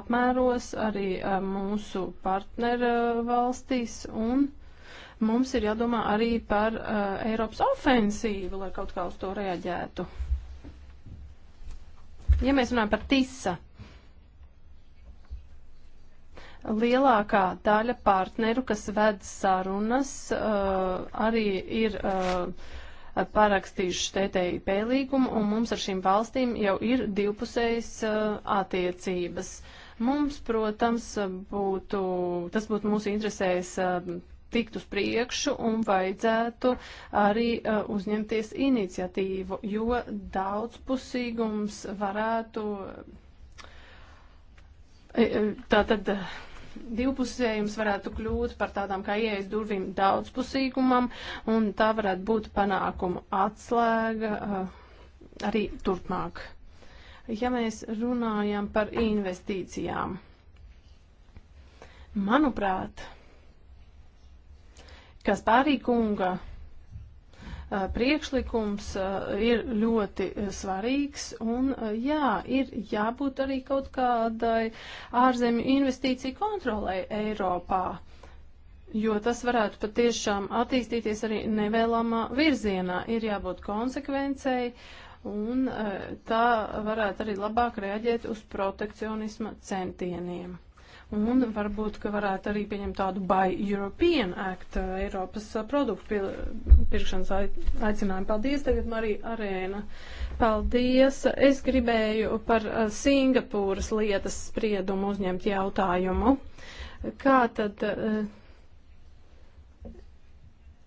apmēros arī uh, mūsu partneru valstīs un Mums ir jādomā arī par uh, Eiropas ofensīvu, lai kaut kā uz to reaģētu. Ja mēs runājam par TISA, lielākā daļa partneru, kas ved sarunas, uh, arī ir. Uh, parakstījuši TTIP līgumu, un mums ar šīm valstīm jau ir divpusējas uh, attiecības. Mums, protams, būtu, tas būtu mūsu interesēs uh, tikt uz priekšu un vajadzētu arī uh, uzņemties iniciatīvu, jo daudzpusīgums varētu. Eh, eh, tātad divpusējums varētu kļūt par tādām kā ieejas durvīm daudzpusīgumam, un tā varētu būt panākuma atslēga uh, arī turpmāk. Ja mēs runājam par investīcijām, manuprāt, kas pārīkunga priekšlikums ir ļoti svarīgs un jā, ir jābūt arī kaut kādai ārzemju investīciju kontrolai Eiropā, jo tas varētu patiešām attīstīties arī nevēlamā virzienā. Ir jābūt konsekvencei un tā varētu arī labāk reaģēt uz protekcionisma centieniem un varbūt, ka varētu arī pieņemt tādu Buy European Act Eiropas produktu pirkšanas aicinājumu. Paldies, tagad Marija Arēna. Paldies. Es gribēju par Singapūras lietas spriedumu uzņemt jautājumu. Kā tad.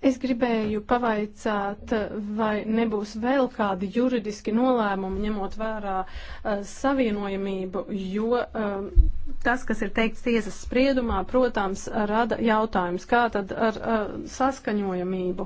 Es gribēju pavaicāt, vai nebūs vēl kādi juridiski nolēmumi ņemot vērā uh, savienojamību, jo. Uh, tas, kas ir teikts tiesas spriedumā, protams, rada jautājums, kā tad ar, ar saskaņojamību.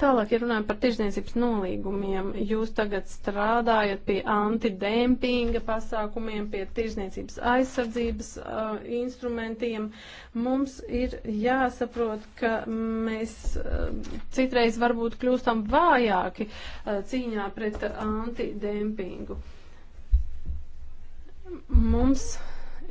Tālāk, ja runājam par tirzniecības nolīgumiem, jūs tagad strādājat pie antidempinga pasākumiem, pie tirzniecības aizsardzības uh, instrumentiem. Mums ir jāsaprot, ka mēs uh, citreiz varbūt kļūstam vājāki uh, cīņā pret antidempingu. Mums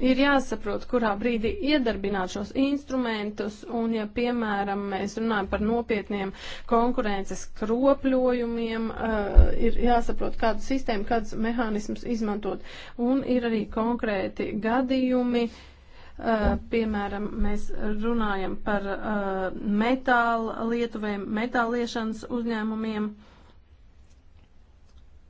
Ir jāsaprot, kurā brīdī iedarbināt šos instrumentus, un ja, piemēram, mēs runājam par nopietniem konkurences kropļojumiem, uh, ir jāsaprot, kādu sistēmu, kādus mehānismus izmantot. Un ir arī konkrēti gadījumi, uh, Uh, piemēram, mēs runājam par uh, metāla lietuvēm, metāliešanas uzņēmumiem. Uh,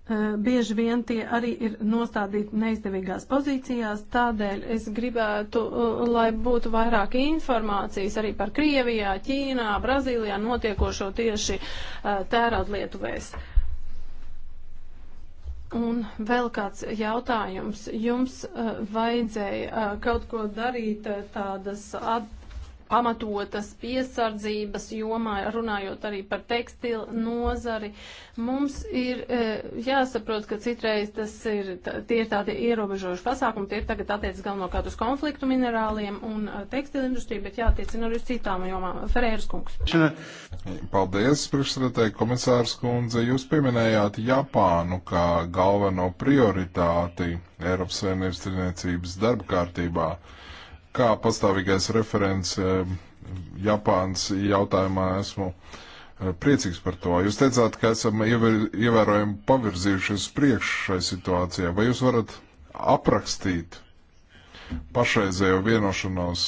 Eh, bieži vien tie arī ir nostādīti neizdevīgās pozīcijās, tādēļ es gribētu, eh, lai būtu vairāk informācijas arī par Krievijā, Ķīnā, Brazīlijā notiekošo tieši eh, tērautlietu vēs. Un vēl kāds jautājums. Jums uh, vajadzēja uh, kaut ko darīt tādas at pamatotas piesardzības jomā, runājot arī par tekstilu nozari. Mums ir e, jāsaprot, ka citreiz tas ir, tie ir tādi ierobežojuši pasākumi, tie tagad attiecas galvenokārt uz konfliktu minerāliem un e, tekstilu industriju, bet jātiecina arī uz citām jomām. Ferēras kungs. Paldies, priekšsredētāji komisārs kundze. Jūs pieminējāt Japānu kā galveno prioritāti Eiropas Savienības tirniecības darba kārtībā kā pastāvīgais referents eh, Japāns jautājumā esmu eh, priecīgs par to. Jūs teicāt, ka esam ievērojami pavirzījušies priekš šai situācijai. Vai jūs varat aprakstīt pašreizējo vienošanos?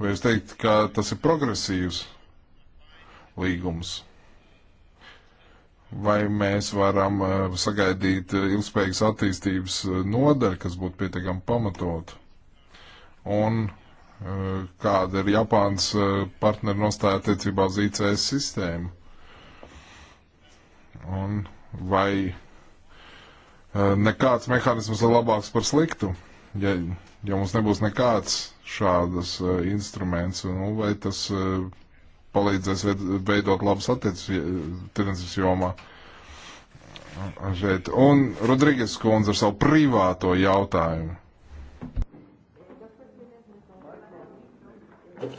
Vai jūs teikt, ka tas ir progresīvs līgums? vai mēs varam eh, sagaidīt ilgspējīgas attīstības nodaļu, kas būtu pietiekami pamatot un eh, kāda ir Japānas eh, partneru nostāja attiecībā uz ICS sistēmu. Un vai eh, nekāds mehānisms ir labāks par sliktu, ja, ja mums nebūs nekāds šādas instruments, nu, vai tas palīdzēs veidot labas attiecības jomā. Šeit. Un Rodrīgas kundze ar savu privāto jautājumu.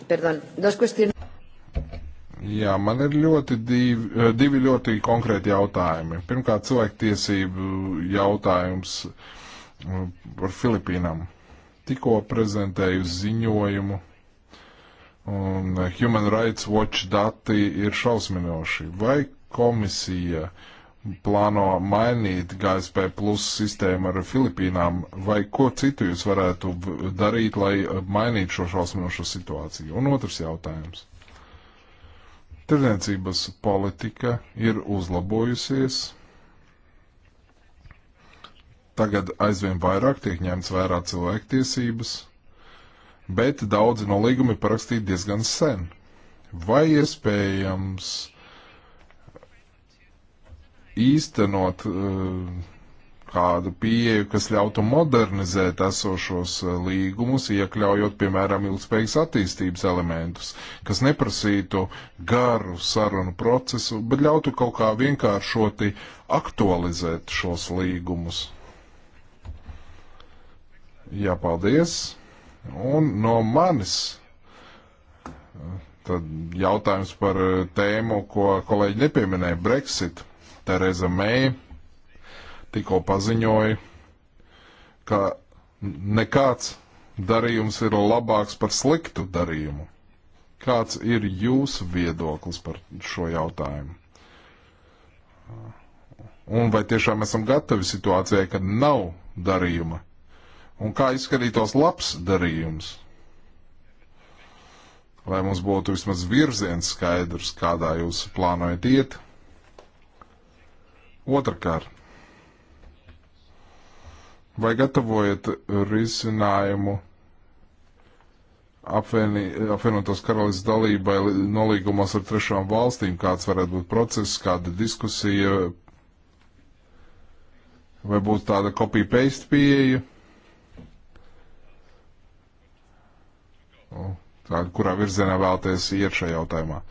Perdon, dos question... Jā, man ir ļoti divi, eh, divi ļoti konkrēti jautājumi. Pirmkārt, cilvēktiesību jautājums mm, par Filipīnām. Tikko prezentēju ziņojumu, un Human Rights Watch dati ir šausminoši. Vai komisija uh, plāno mainīt GSP plus sistēmu ar Filipīnām, vai ko citu jūs varētu darīt, lai uh, mainītu šo šausminošo situāciju? Un otrs jautājums. Tirniecības politika ir uzlabojusies. Tagad aizvien vairāk tiek ņemts vērā cilvēktiesības, bet daudzi no līgumi parakstīti diezgan sen. Vai iespējams? īstenot uh, kādu pieeju, kas ļautu modernizēt esošos uh, līgumus, iekļaujot, piemēram, ilgspējīgas attīstības elementus, kas neprasītu garu sarunu procesu, bet ļautu kaut kā vienkāršoti aktualizēt šos līgumus. Jā, paldies! Un no manis uh, tad jautājums par tēmu, ko kolēģi nepieminēja - Brexit. Tereza Meija tikko paziņoja, ka nekāds darījums ir labāks par sliktu darījumu. Kāds ir jūsu viedoklis par šo jautājumu? Un vai tiešām esam gatavi situācijai, kad nav darījuma? Un kā izskatītos labs darījums? Lai mums būtu vismaz virziens skaidrs, kādā jūs plānojat iet? Otrakārt, vai gatavojat risinājumu apvieni, apvienotās karalistas dalībai nolīgumos ar trešām valstīm, kāds varētu būt process, kāda diskusija, vai būtu tāda copy-paste pieeja, nu, tāda, kurā virzienā vēlaties iet šajā jautājumā.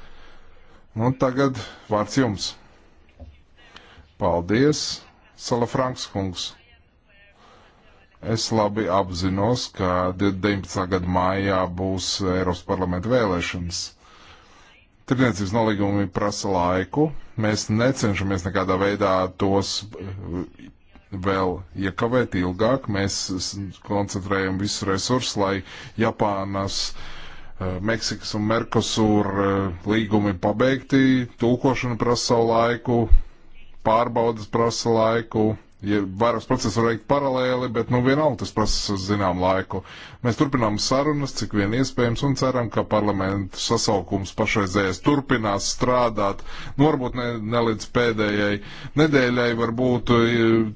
Nu, tagad vārds jums. Paldies, Salafranks kungs. Es labi apzinos, ka 19. gada mājā būs Eiropas parlamenta vēlēšanas. Tirdzniecības nolīgumi prasa laiku. Mēs necenšamies nekādā veidā tos eh, vēl iekavēt ilgāk. Mēs koncentrējam visu resursu, lai Japānas, eh, Meksikas un Merkosūra eh, līgumi pabeigti. Tūkošana prasa savu laiku, pārbaudas prasa laiku, ja vairākus procesus var veikt paralēli, bet nu vienalga tas prasa zinām laiku. Mēs turpinām sarunas, cik vien iespējams, un ceram, ka parlamentu sasaukums pašreizējais turpinās strādāt. Nu, varbūt ne, ne līdz pēdējai nedēļai, varbūt e,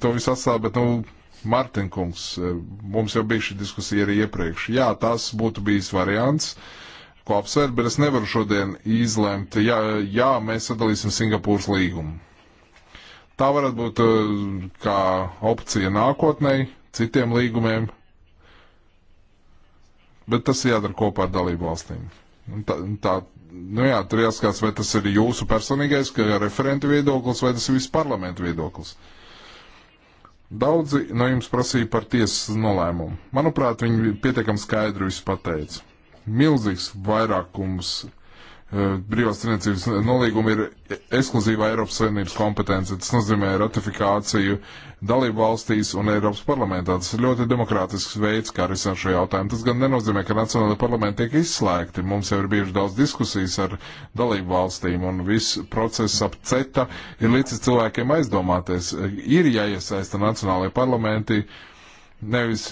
to viss atstāt, bet nu. Mārtiņkungs, e, mums jau bija šī diskusija arī iepriekš. Jā, tas būtu bijis variants, ko apsvērt, bet es nevaru šodien izlemt, jā, jā mēs sadalīsim Singapūras līgumu Tā varētu būt eh, kā opcija nākotnēji, citiem līgumiem, bet tas jādara kopā ar dalību valstīm. Tā, tā, nu jā, tur jāskatās, vai tas ir jūsu personīgais, ka referentu viedoklis, vai tas ir visu parlamentu viedoklis. Daudzi no jums prasīja par tiesas nolēmumu. Manuprāt, viņi pietiekami skaidri visu pateica. Milzīgs vairākums Eh, brīvās tirniecības nolīguma ir ekskluzīvā Eiropas Savienības kompetence. Tas nozīmē ratifikāciju dalību valstīs un Eiropas parlamentā. Tas ir ļoti demokrātisks veids, kā risināt šo jautājumu. Tas gan nenozīmē, ka nacionālajā parlamentā tiek izslēgti. Mums jau ir bieži daudz diskusijas ar dalību valstīm un viss process ap CETA ir līdz cilvēkiem aizdomāties. Eh, ir jāiesaista nacionālajie parlamenti, nevis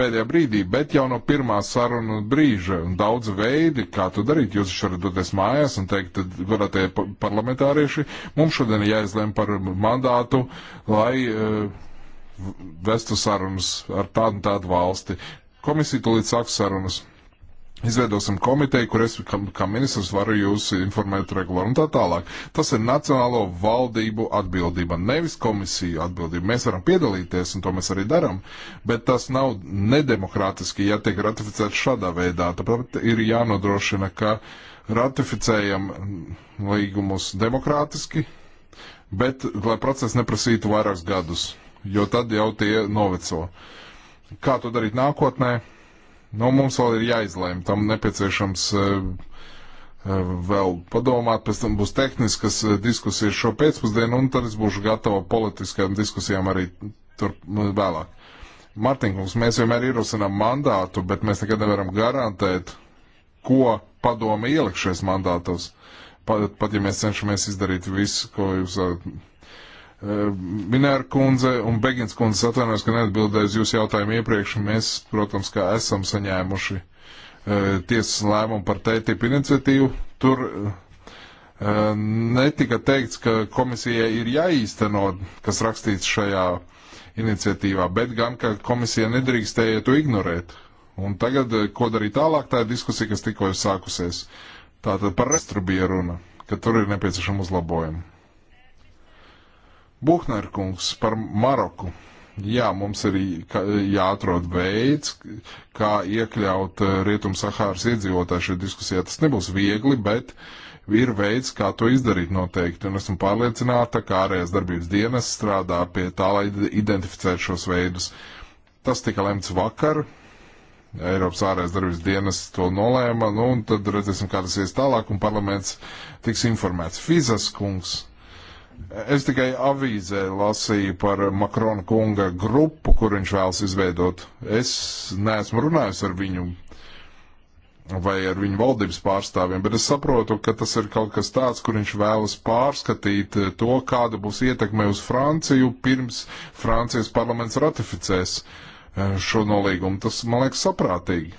pēdējā brīdī, bet jau no pirmā saruna brīža un daudz veidi, kā to darīt. Jūs varat doties mājās un teikt, tad varat tie parlamentārieši, mums šodien jāizlem par mandātu, lai uh, vestu sarunas ar tādu un tādu valsti. Komisija tulīt sāks sarunas. Izveidosim komiteju, kur es kā, kā ministrs varu jūs informēt regulāri un tā tālāk. Tas ir nacionālo valdību atbildība, nevis komisiju atbildība. Mēs varam piedalīties, un to mēs arī darām, bet tas nav nedemokrātiski, ja tiek ratificēts šādā veidā. Tāpēc ir jānodrošina, ka ratificējam līgumus demokrātiski, bet lai process neprasītu vairākus gadus, jo tad jau tie noveco. Kā to darīt nākotnē? Nu, mums vēl ir jāizlēma, tam nepieciešams eh, eh, vēl padomāt, pēc tam būs tehniskas eh, diskusijas šo pēcpusdienu, un tad es būšu gatava politiskajām diskusijām arī tur vēlāk. Mārtiņkungs, mēs vienmēr ierosinām mandātu, bet mēs nekad nevaram garantēt, ko padome ieliks šajos mandātos. Pat, pat ja mēs cenšamies izdarīt visu, ko jūs Minēra kundze un Begins kundze atvainojos, ka neatbildēju uz jūsu jautājumu iepriekš. Mēs, protams, kā esam saņēmuši uh, tiesas lēmumu par TTIP iniciatīvu. Tur uh, netika teikts, ka komisijai ir jāīsteno, kas rakstīts šajā iniciatīvā, bet gan, ka komisija nedrīkstēja to ignorēt. Un tagad, e, ko darīt tālāk, tā ir diskusija, kas tikko ir sākusies. Tātad par restru bija runa, ka tur ir nepieciešama uzlabojuma. Buhner kungs par Maroku. Jā, mums ir jāatrod veids, kā iekļaut eh, Rietum-Sahāras iedzīvotāju šajā diskusijā. Tas nebūs viegli, bet ir veids, kā to izdarīt noteikti. Un esmu pārliecināta, ka ārējās darbības dienas strādā pie tā, lai identificētu šos veidus. Tas tika lemts vakar. Eiropas ārējās darbības dienas to nolēma, nu, un tad redzēsim, kā tas ies tālāk, un parlaments tiks informēts. Fizas kungs Es tikai avīzē lasīju par Makrona kunga grupu, kur viņš vēlas izveidot. Es neesmu runājis ar viņu vai ar viņu valdības pārstāvjiem, bet es saprotu, ka tas ir kaut kas tāds, kur viņš vēlas pārskatīt to, kāda būs ietekme uz Franciju pirms Francijas parlaments ratificēs eh, šo nolīgumu. Tas, man liekas, saprātīgi.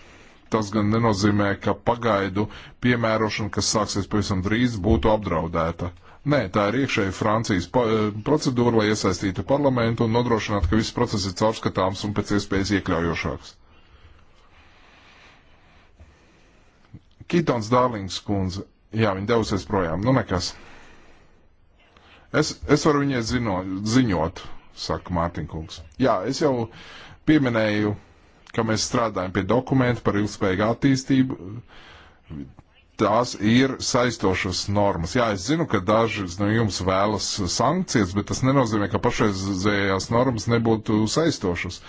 Tas gan nenozīmē, ka pagaidu piemērošana, kas sāksies pavisam drīz, būtu apdraudēta. Nē, tā ir iekšēja Francijas eh, procedūra, lai iesaistītu parlamentu un nodrošinātu, ka viss process ir caurskatāms un pēc iespējas iekļaujošāks. Kitons Dārlings kundze, jā, viņa devusies projām, nu nekas. Es, es varu viņai zino, ziņot, saka Mārtiņkungs. Jā, es jau pieminēju, ka mēs strādājam pie dokumentu par ilgspējīgu attīstību tās ir saistošas normas. Jā, es zinu, ka daži no jums vēlas sankcijas, bet tas nenozīmē, ka pašreizējās normas nebūtu saistošas.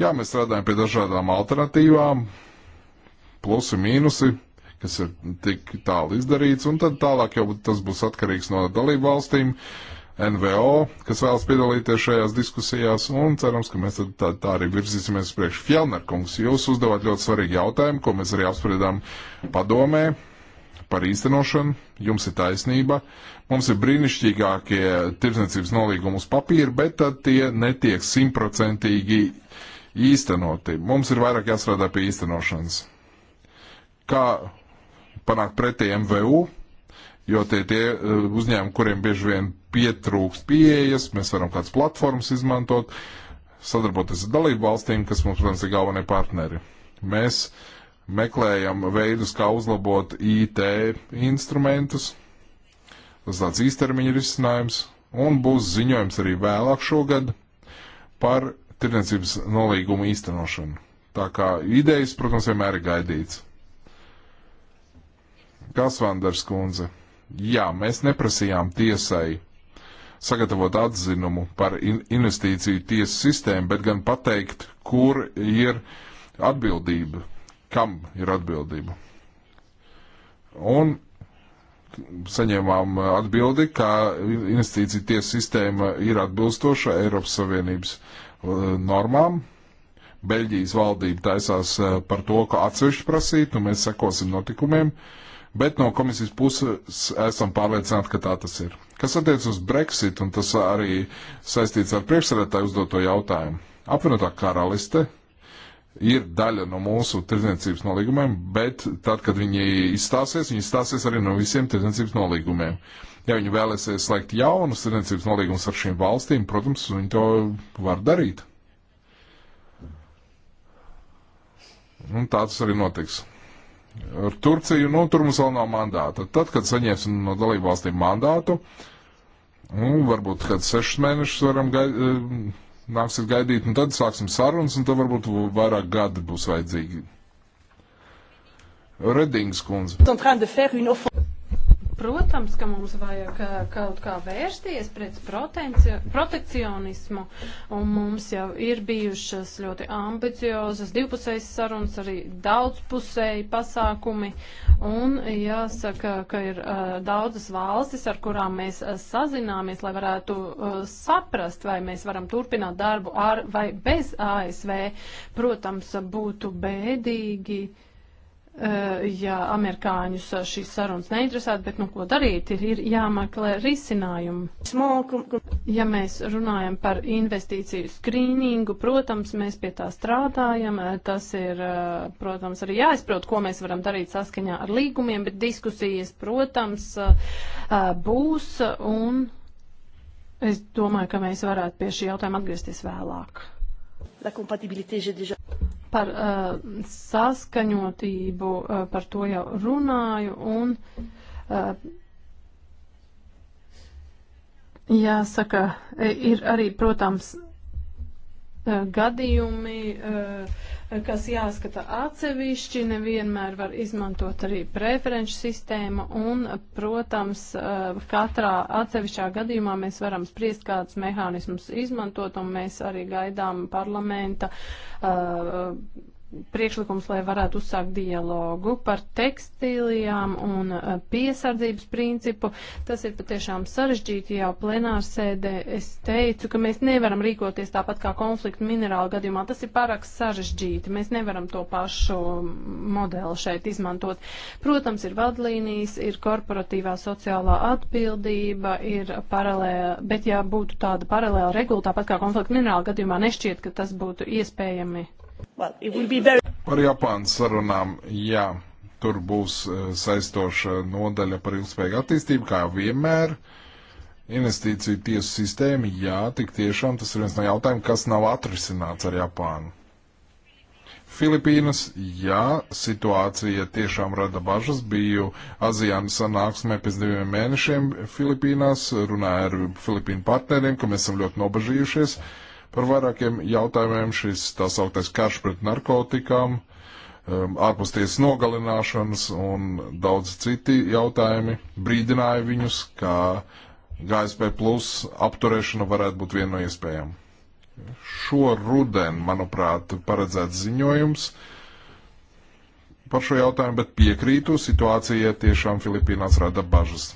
Jā, mēs strādājam pie dažādām alternatīvām, plusi, mīnusi, kas ir tik tālu izdarīts, un tad tālāk jau tas būs atkarīgs no dalību valstīm, NVO, kas vēlas piedalīties šajās diskusijās, un cerams, ka mēs tad tā, tā arī virzīsimies priekš. Fjellner kungs, jūs uzdevāt ļoti svarīgu jautājumu, ko mēs arī apspriedām padomē par īstenošanu. Jums ir taisnība. Mums ir brīnišķīgākie tirdzniecības nolīgumi uz papīra, bet tad tie netiek simtprocentīgi īstenoti. Mums ir vairāk jāstrādā pie īstenošanas. Kā panākt pretī MVU, jo tie tie eh, uzņēmumi, kuriem bieži vien pietrūkst pieejas, mēs varam kādas platformas izmantot, sadarboties ar dalību valstīm, kas mums, protams, ir galvenie partneri. Mēs uh, meklējam veidus, kā uzlabot IT instrumentus. Tas tāds īstermiņa risinājums. Un būs ziņojums arī vēlāk šogad par tirniecības nolīgumu īstenošanu. Tā kā idejas, protams, vienmēr ir gaidīts. Kas Vandars kundze? Jā, mēs neprasījām tiesai sagatavot atzinumu par in investīciju tiesu sistēmu, bet gan pateikt, kur ir atbildība kam ir atbildība. Un saņēmām atbildi, ka investīcija tiesa sistēma ir atbilstoša Eiropas Savienības uh, normām. Beļģijas valdība taisās uh, par to, ka atsevišķi prasīt, un nu, mēs sekosim notikumiem, bet no komisijas puses esam pārliecināti, ka tā tas ir. Kas attiec uz Brexit, un tas arī saistīts ar priekšsarētāju uzdoto jautājumu. Apvienotā karaliste ir daļa no mūsu tirdzniecības nolīgumiem, bet tad, kad viņi izstāsies, viņi izstāsies arī no visiem tirdzniecības nolīgumiem. Ja viņi vēlēsies slēgt jaunus tirdzniecības nolīgumus ar šīm valstīm, protams, viņi to var darīt. Un tā tas arī notiks. Ar Turciju, nu, tur mums vēl nav mandāta. Tad, kad saņemsim no dalību valstīm mandātu, nu, varbūt, kad sešus mēnešus varam gaidīt nāksiet gaidīt, un nu tad sāksim sarunas, un tad varbūt vairāk gadi būs vajadzīgi. Redings kundze. Protams, ka mums vajag eh, kaut kā vērsties pret protekcionismu, un mums jau ir bijušas ļoti ambiciozas divpusējas sarunas, arī daudzpusēji pasākumi, un jāsaka, ka ir uh, daudzas valstis, ar kurām mēs uh, sazināmies, lai varētu uh, saprast, vai mēs varam turpināt darbu ar vai bez ASV. Protams, būtu bēdīgi. Uh, Eh, ja amerikāņus eh, šīs sarunas neinteresētu, bet nu ko darīt, ir, ir jāmeklē risinājumi. Ja mēs runājam par investīciju skrīningu, protams, mēs pie tā strādājam, eh, tas ir, protams, arī jāizprot, ko mēs varam darīt saskaņā ar līgumiem, bet diskusijas, protams, būs un es domāju, ka mēs varētu pie šī jautājuma atgriezties vēlāk. La compatibilité, j'ai déjà. Par uh, saskaņotību, uh, par to jau runāju un. Uh, Jāsaka, ir arī, protams, gadījumi, kas jāskata atsevišķi, nevienmēr var izmantot arī preferenču sistēmu un, protams, eh, katrā atsevišķā gadījumā mēs varam spriest, kādus mehānismus izmantot un mēs arī gaidām parlamenta uh, priekšlikums, lai varētu uzsākt dialogu par tekstīlijām un eh, piesardzības principu. Tas ir patiešām sarežģīti jau plenārsēdē. Es teicu, ka mēs nevaram rīkoties tāpat kā konfliktu minerālu gadījumā. Tas ir pārāk sarežģīti. Mēs nevaram to pašu modeli šeit izmantot. Protams, ir vadlīnijas, ir korporatīvā sociālā atbildība, ir paralēla, bet ja būtu tāda paralēla regula, tāpat kā konfliktu minerālu gadījumā, nešķiet, ka tas būtu iespējami Well, very... Par Japānas sarunām, jā, tur būs eh, saistoša nodaļa par ilgspējīgu attīstību, kā vienmēr. Investīciju tiesu sistēma, jā, tik tiešām tas ir viens no jautājumiem, kas nav atrisināts ar Japānu. Filipīnas, jā, situācija tiešām rada bažas. Biju Azijānu sanāksmē pēc diviem mēnešiem Filipīnās, runāju ar Filipīnu partneriem, ka mēs esam ļoti nobažījušies. Uh, Par vairākiem jautājumiem šis tā sauktais karš pret narkotikām, um, ārpustiesas nogalināšanas un daudz citi jautājumi brīdināja viņus, ka GSP plus apturēšana varētu būt viena no iespējām. Šo rudenu, manuprāt, paredzēts ziņojums par šo jautājumu, bet piekrītu, situācija tiešām Filipīnās rada bažas.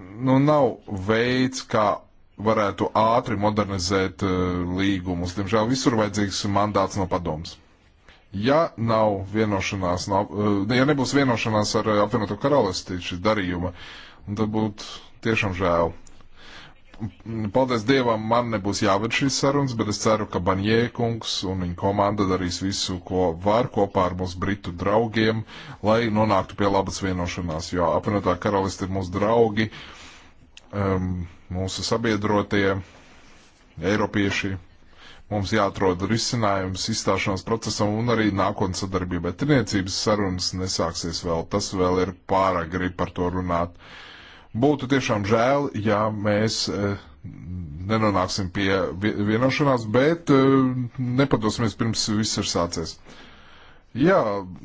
Nu, nav veids, kā varētu ātri modernizēt eh, līgumus. Diemžēl visur vajadzīgs mandāts no padoms. Ja nav vienošanās, no, eh, ja nebūs vienošanās ar eh, apvienoto karalisti šī darījuma, tad būtu tiešām žēl. Paldies Dievam, man nebūs jāved šīs sarunas, bet es ceru, ka Banjē kungs un viņa komanda darīs visu, ko var kopā ar mūsu britu draugiem, lai nonāktu pie labas vienošanās, jo apvienotā karaliste ir mūsu draugi. Um, mūsu sabiedrotie, Eiropieši. Mums jāatrod risinājums izstāšanās procesam un arī nākotnes sadarbībai. Tirniecības sarunas nesāksies vēl, tas vēl ir pārāk grib par to runāt. Būtu tiešām žēl, ja mēs eh, nenonāksim pie vienošanās, bet eh, nepadosimies pirms viss ir sācies. Jā,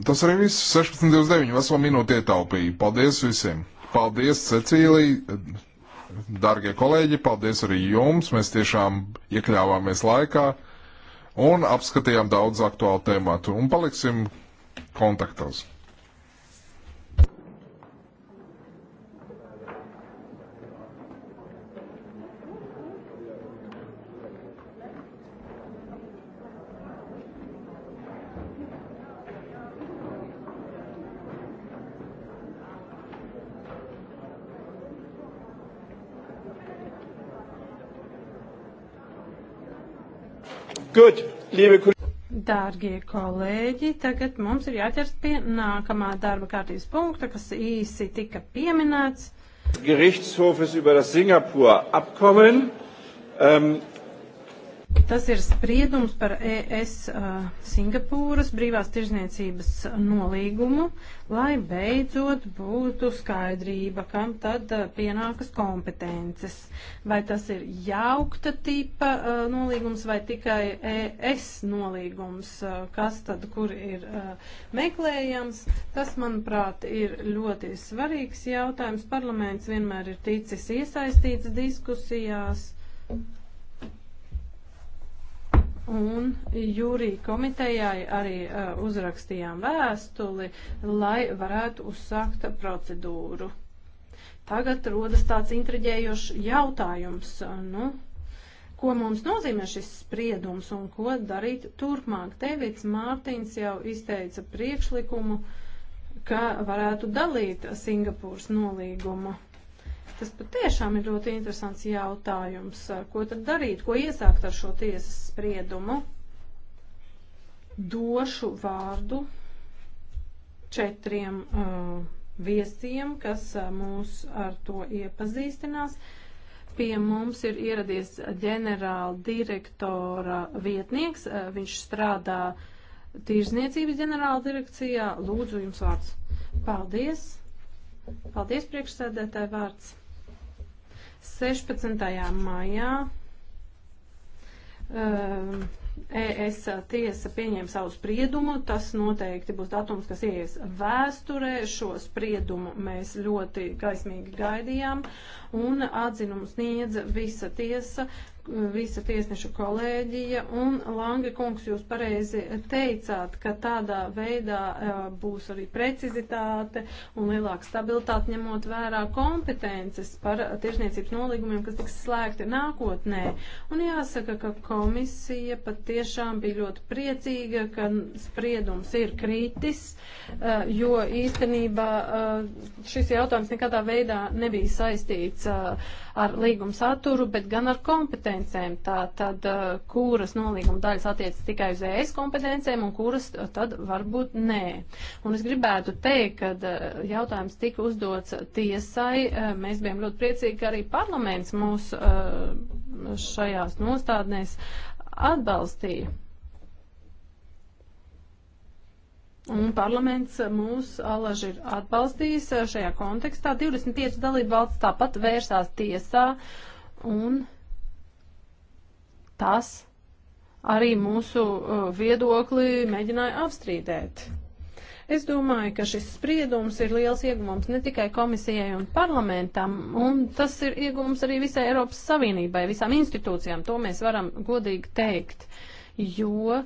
tas arī viss 16.29. veselu minūti ietaupīju. Paldies visiem! Paldies, Cecīlija! Dārgie kolēģi, paldies arī jums. Mēs tiešām iekļāvāmies laikā un apskatījām daudz aktuālu tēmatu. Un paliksim kontaktos. Good, liebe kolēģi. Dārgie kolēģi, tagad mums ir jāķers pie nākamā darba kārtības punkta, kas īsi tika pieminēts. Gerichtshofes über das Singapur Abkommen. Ähm, um, Tas ir spriedums par ES uh, Singapūras brīvās tirzniecības nolīgumu, lai beidzot būtu skaidrība, kam tad uh, pienākas kompetences. Vai tas ir jaukta tipa uh, nolīgums vai tikai ES nolīgums, uh, kas tad kur ir uh, meklējams. Tas, manuprāt, ir ļoti svarīgs jautājums. Parlaments vienmēr ir ticis iesaistīts diskusijās. Thank you un jūrī komitejai arī uh, uzrakstījām vēstuli, lai varētu uzsākt procedūru. Tagad rodas tāds intriģējošs jautājums, uh, nu, ko mums nozīmē šis spriedums un ko darīt turpmāk. Tevits Mārtiņs jau izteica priekšlikumu, ka varētu dalīt Singapūras nolīgumu. Tas patiešām ir ļoti interesants jautājums. Ko tad darīt, ko iesākt ar šo tiesas spriedumu? Došu vārdu četriem uh, viesiem, kas uh, mūs ar to iepazīstinās. Pie mums ir ieradies ģenerāla direktora vietnieks. Uh, viņš strādā uh, Tīrzniecības ģenerāla direkcijā. Lūdzu, jums vārds. Paldies. Paldies, priekšsēdētāji vārds. 16. maijā um, ES tiesa pieņēma savu spriedumu. Tas noteikti būs datums, kas ies vēsturē. Šo spriedumu mēs ļoti gaismīgi gaidījām un atzinumu sniedza visa tiesa, visa tiesnešu kolēģija, un Langi kungs jūs pareizi teicāt, ka tādā veidā e, būs arī precizitāte un lielāka stabilitāte ņemot vērā kompetences par tirsniecības nolīgumiem, kas tiks slēgti nākotnē. Un jāsaka, ka komisija patiešām bija ļoti priecīga, ka spriedums ir kritis, e, jo īstenībā e, šis jautājums nekādā veidā nebija saistīts ar līgumu saturu, bet gan ar kompetencēm. Tā tad, eh, kuras nolīguma daļas attiec tikai uz ES kompetencēm un kuras eh, tad varbūt nē. Un es gribētu teikt, ka eh, jautājums tika uzdots tiesai. Mēs bijām ļoti priecīgi, ka arī parlaments mūs šajās nostādnēs atbalstīja. Un parlaments mūs alaži ir atbalstījis eh, šajā kontekstā. 25 dalība valsts tāpat vērsās tiesā un tas arī mūsu eh, viedokli mēģināja apstrīdēt. Es domāju, ka šis spriedums ir liels ieguvums ne tikai komisijai un parlamentam, un tas ir ieguvums arī visai Eiropas Savienībai, visām institūcijām, to mēs varam godīgi teikt, jo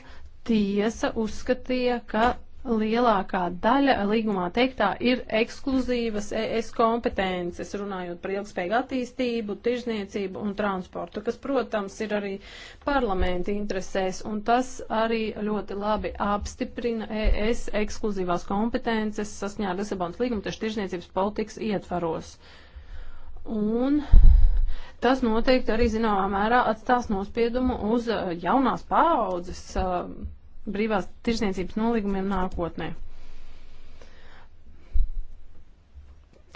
tiesa uzskatīja, ka lielākā daļa līgumā teiktā ir ekskluzīvas ES kompetences, runājot par ilgspējīgu attīstību, tirzniecību un transportu, kas, protams, ir arī parlamenta interesēs, un tas arī ļoti labi apstiprina ES ekskluzīvās kompetences saskaņā ar Lisabonas līgumu tieši tirzniecības politikas ietvaros. Un tas noteikti arī zināmā mērā atstās nospiedumu uz jaunās paaudzes. Uh, brīvās tirsniecības nolīgumiem nākotnē.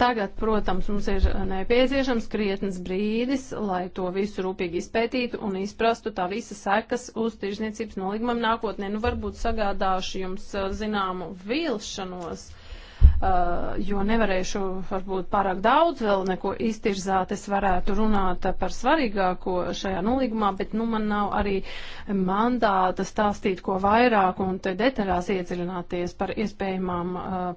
Tagad, protams, mums ir eh, nepieciešams krietnes brīdis, lai to visu rūpīgi izpētītu un izprastu tā visa sekas uz tirzniecības nolīgumam nākotnē. Nu, varbūt sagādāšu jums eh, zināmu vilšanos. Uh, Eh, jo nevarēšu varbūt pārāk daudz vēl neko iztirzāt, es varētu runāt par svarīgāko šajā nolīgumā, bet nu man nav arī mandāta stāstīt ko vairāk un te detaļās iedziļināties par, eh,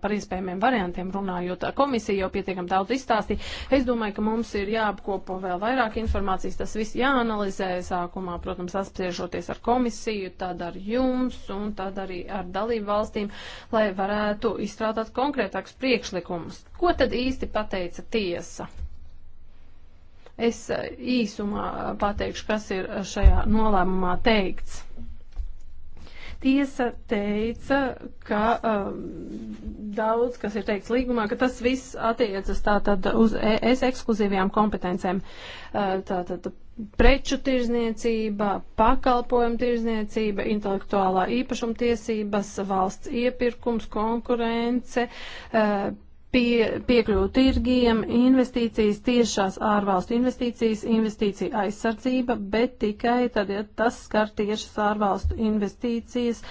par iespējamiem variantiem runājot. Komisija jau pietiekam daudz izstāstīja. Es domāju, ka mums ir jāapkopo vēl vairāk informācijas, tas viss jāanalizē sākumā, protams, apspriežoties ar komisiju, tad ar jums un tad arī ar dalību valstīm, lai varētu izstrādāt konkrētāk piemērotāks priekšlikums. Ko tad īsti pateica tiesa? Es eh, īsumā eh, pateikšu, kas ir eh, šajā nolēmumā teikts. Tiesa teica, ka um, daudz, kas ir teikts līgumā, ka tas viss attiecas tātad uz ES ekskluzīvajām kompetencēm. Uh, tātad preču tirzniecība, pakalpojumu tirzniecība, intelektuālā īpašuma tiesības, valsts iepirkums, konkurence, uh, pie, piekļuvu tirgiem, investīcijas, tiešās ārvalstu investīcijas, investīcija aizsardzība, bet tikai tad, ja tas skar tiešas ārvalstu investīcijas,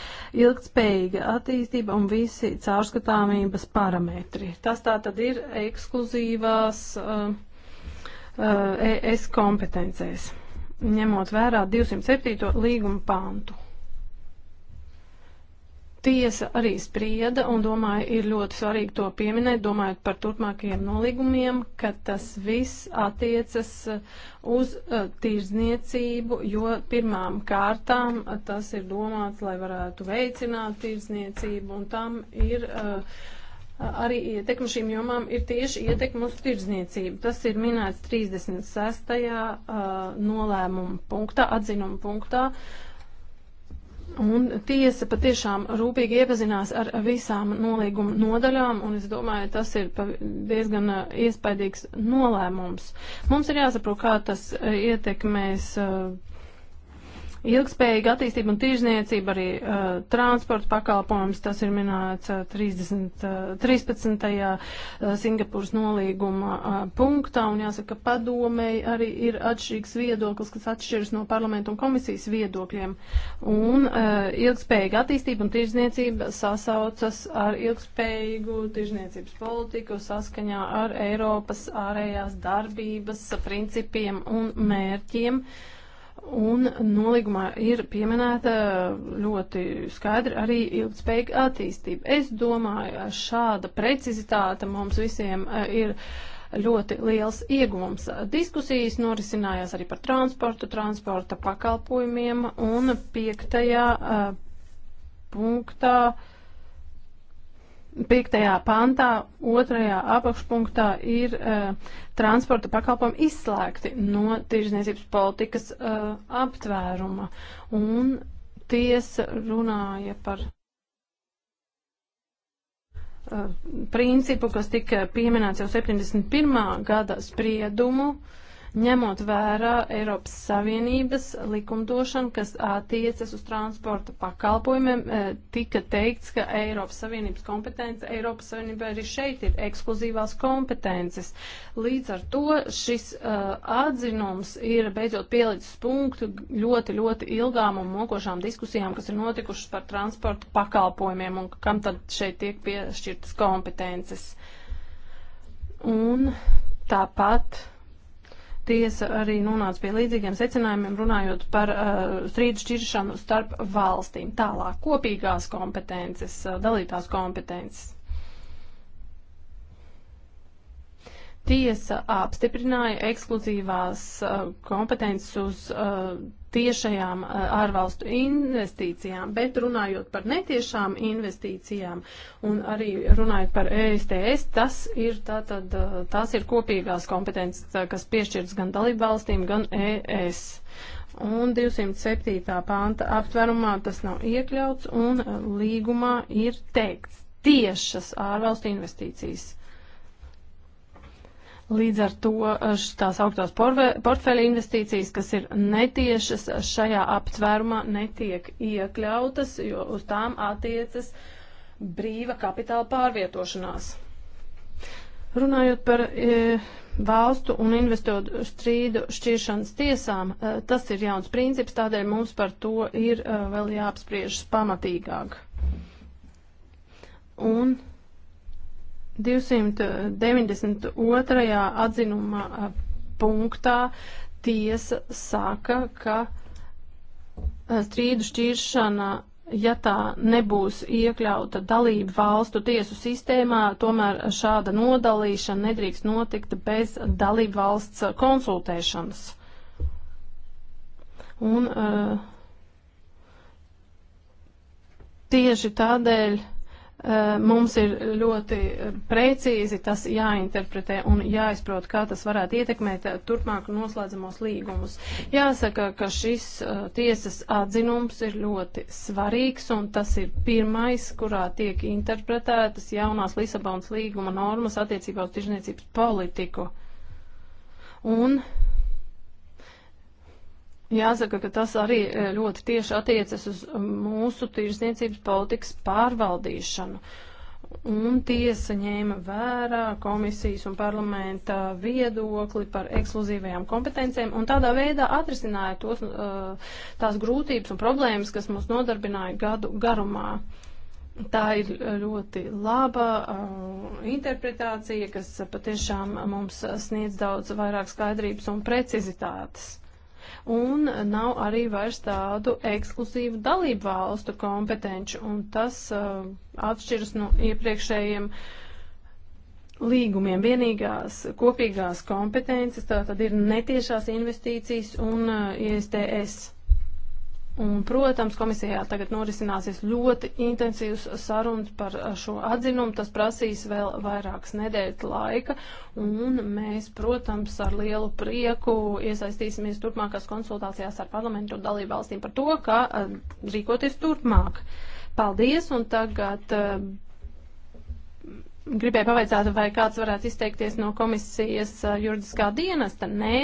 ilgtspējīga attīstība un visi caurskatāmības parametri. Tas tā tad ir ekskluzīvās uh, uh, ES kompetencēs, ņemot vērā 207. līguma pāntu tiesa arī sprieda, un domāju, ir ļoti svarīgi to pieminēt, domājot par turpmākajiem nolīgumiem, ka tas viss attiecas uh, uz uh, tirzniecību, jo pirmām kārtām uh, tas ir domāts, lai varētu veicināt tirzniecību, un tam ir. Arī ietekme šīm jomām ir tieši ietekme uz tirdzniecību. Tas ir minēts 36. nolēmuma punktā, atzinuma punktā, uh, Un tiesa patiešām rūpīgi iepazinās ar visām nolīguma nodaļām, un es domāju, tas ir diezgan uh, iespaidīgs nolēmums. Mums ir jāsaprot, kā tas uh, ietekmēs uh, Ilgspējīga attīstība un tirzniecība, arī uh, transporta pakalpojums, tas ir minēts uh, 30, uh, 13. Uh, Singapūras nolīguma uh, punktā, un jāsaka, padomēji arī ir atšķirīgs viedoklis, kas atšķiras no parlamentu un komisijas viedokļiem. Un uh, ilgspējīga attīstība un tirzniecība sasaucas ar ilgspējīgu tirzniecības politiku saskaņā ar Eiropas ārējās darbības principiem un mērķiem. Uh, un nolīgumā ir pieminēta ļoti skaidri arī ilgspējīga attīstība. Es domāju, šāda precizitāte mums visiem eh, ir ļoti liels iegums. Diskusijas norisinājās arī par transportu, transporta pakalpojumiem un piektajā eh, punktā. Uh, Piektajā pantā, otrajā apakšpunktā ir uh, transporta pakalpojumi izslēgti no tirzniecības politikas uh, aptvēruma. Un tiesa runāja par uh, principu, kas tika pieminēts jau 71. gada spriedumu. Uh, ņemot vērā Eiropas Savienības likumdošanu, kas attiecas uz transporta pakalpojumiem, eh, tika teikts, ka Eiropas Savienības kompetence, Eiropas Savienībai arī šeit ir ekskluzīvās kompetences. Līdz ar to šis uh, atzinums ir beidzot pielicis punktu ļoti, ļoti ilgām un mokošām diskusijām, kas ir notikušas par transporta pakalpojumiem un kam tad šeit tiek piešķirtas kompetences. Un tāpat Tiesa arī nonāca pie līdzīgiem secinājumiem, runājot par uh, strīdu šķiršanu starp valstīm. Tālāk, kopīgās kompetences, uh, dalītās kompetences. Tiesa apstiprināja ekskluzīvās uh, kompetences uz uh, tiešajām uh, ārvalstu investīcijām, bet runājot par netiešām investīcijām un arī runājot par ESTS, tas ir tātad, tās ir kopīgās kompetences, kas piešķirts gan dalību valstīm, gan ES un 207. panta aptverumā tas nav iekļauts un līgumā ir teikts tiešas ārvalstu investīcijas. Līdz ar to eh, tās augstās portfeļa investīcijas, kas ir netiešas, šajā aptvērumā netiek iekļautas, jo uz tām attiecas brīva kapitāla pārvietošanās. Runājot par e, valstu un investoru strīdu šķiršanas tiesām, e, tas ir jauns princips, tādēļ mums par to ir e, vēl jāapspriežas pamatīgāk. Un 292. atzinuma punktā tiesa saka, ka strīdu šķiršana, ja tā nebūs iekļauta dalību valstu tiesu sistēmā, tomēr šāda nodalīšana nedrīkst notikt bez dalību valsts konsultēšanas. Un, uh, tieši tādēļ Eh, mums ir ļoti eh, precīzi tas jāinterpretē un jāizprot, kā tas varētu ietekmēt eh, turpmāk noslēdzamos līgumus. Jāsaka, ka šis tiesas atzinums ir ļoti svarīgs un tas ir pirmais, kurā tiek interpretētas jaunās Lisabonas līguma normas attiecībā uz tirzniecības politiku. Un Jāsaka, ka tas arī e, ļoti tieši attiecas uz mūsu tirsniecības politikas pārvaldīšanu. Un tiesa ņēma vērā komisijas un parlamenta viedokli par ekskluzīvajām kompetencijām un tādā veidā atrisināja tos, e, tās grūtības un problēmas, kas mūs nodarbināja gadu garumā. Tā ir ļoti laba uh, interpretācija, kas patiešām mums sniedz daudz vairāk skaidrības un precizitātes un nav arī vairs tādu ekskluzīvu dalību valstu kompetenci, un tas uh, atšķiras no iepriekšējiem līgumiem. Vienīgās kopīgās kompetences tātad ir netiešās investīcijas un uh, ISTS. Un, protams, komisijā tagad norisināsies ļoti intensīvs sarunas par šo atzinumu. Tas prasīs vēl vairākas nedēļas laika, un mēs, protams, ar lielu prieku iesaistīsimies turpmākās konsultācijās ar parlamentu un dalību valstīm par to, kā eh, rīkoties turpmāk. Paldies, un tagad eh, gribēju pavaicāt, vai kāds varētu izteikties no komisijas eh, juridiskā dienesta. Nē.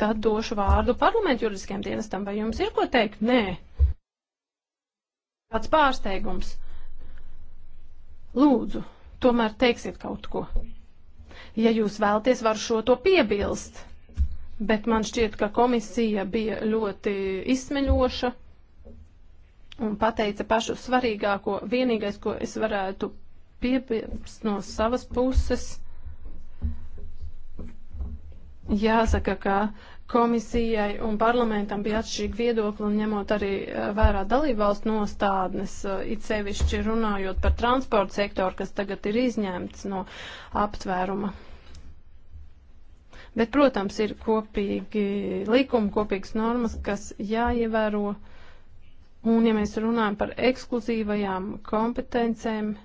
Tad došu vārdu parlamentu juridiskajam dienestam. Vai jums ir ko teikt? Nē. Tāds pārsteigums. Lūdzu, tomēr teiksiet kaut ko. Ja jūs vēlties, var šo to piebilst. Bet man šķiet, ka komisija bija ļoti izsmeļoša un pateica pašu svarīgāko. Vienīgais, ko es varētu piebilst no savas puses Jāsaka, ka komisijai un parlamentam bija atšķirīgi viedokļi un ņemot arī eh, vērā dalībvalstu nostādnes, eh, it sevišķi runājot par transporta sektoru, kas tagad ir izņemts no aptvēruma. Bet, protams, ir kopīgi likumi, kopīgas normas, kas jāievēro. Un, ja mēs runājam par ekskluzīvajām kompetencēm,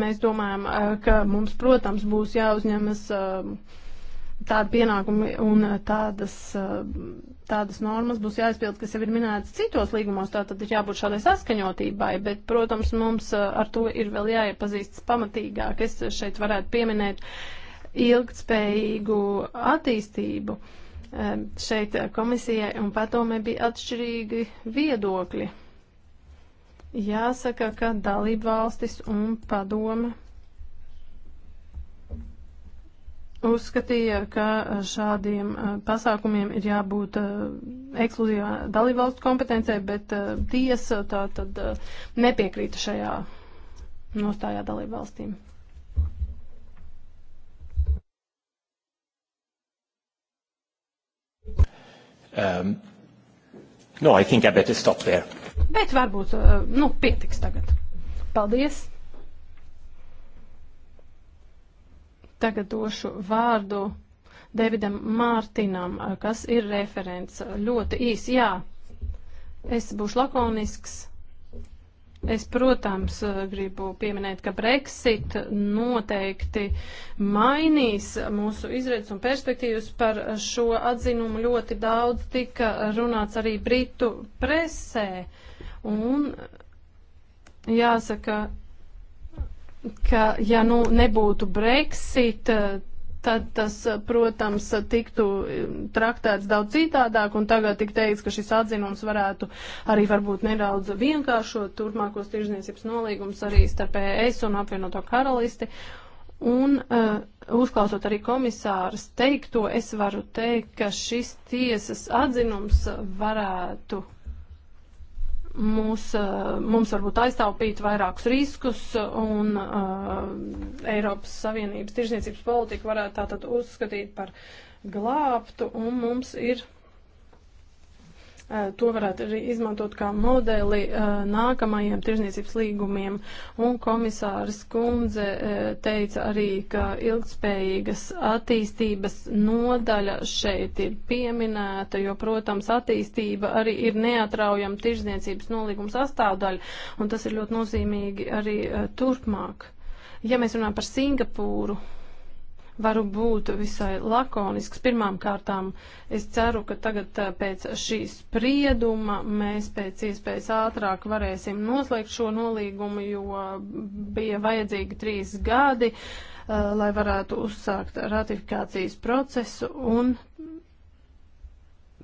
Mēs domājam, ka mums, protams, būs jāuzņemas tādi pienākumi un tādas, tādas normas būs jāizpild, kas jau ir minētas citos līgumos, tā tad ir jābūt šādai saskaņotībai, bet, protams, mums ar to ir vēl jāiepazīstas pamatīgāk. Es šeit varētu pieminēt ilgtspējīgu attīstību. Šeit komisijai un padomē bija atšķirīgi viedokļi. Jāsaka, ka dalība valstis un padoma uzskatīja, ka šādiem eh, pasākumiem ir jābūt eh, ekskluzīvā dalībvalstu kompetencē, bet eh, tiesa tā tad nepiekrīta šajā nostājā dalībvalstīm. Um, no, I think I better stop there. Bet varbūt, eh, nu, pietiks tagad. Paldies! Tagad došu vārdu Davidam Mārtinam, eh, kas ir referents. Ļoti īsi, jā. Es būšu lakonisks. Es, protams, eh, gribu pieminēt, ka Brexit noteikti mainīs mūsu izredzes un perspektīvas par šo atzinumu. Ļoti daudz tika runāts arī Britu presē. Uh, Un jāsaka, ka ja nu nebūtu Brexit, tad tas, protams, tiktu um, traktēts daudz citādāk, un tagad tik teiks, ka šis atzinums varētu arī varbūt nedaudz vienkāršot turpmākos tirzniecības nolīgums arī starp ES un apvienoto karalisti. Un uh, uzklausot arī komisāras teikto, es varu teikt, ka šis tiesas atzinums varētu mūs, eh, mums varbūt aiztaupīt vairākus riskus un uh, Eiropas Savienības tirzniecības politika varētu tātad uzskatīt par glābtu un mums ir Eh, to varētu arī izmantot kā modeli eh, nākamajiem tirzniecības līgumiem. Un komisārs Kundze eh, teica arī, ka ilgspējīgas attīstības nodaļa šeit ir pieminēta, jo, protams, attīstība arī ir neatraujama tirzniecības nolīguma sastāvdaļa, un tas ir ļoti nozīmīgi arī turpmāk. Ja mēs runājam par Singapūru, varu būt visai lakonisks. Pirmām kārtām es ceru, ka tagad eh, pēc šīs sprieduma mēs pēc iespējas ātrāk varēsim noslēgt šo nolīgumu, jo bija vajadzīgi trīs gadi, eh, lai varētu uzsākt ratifikācijas procesu un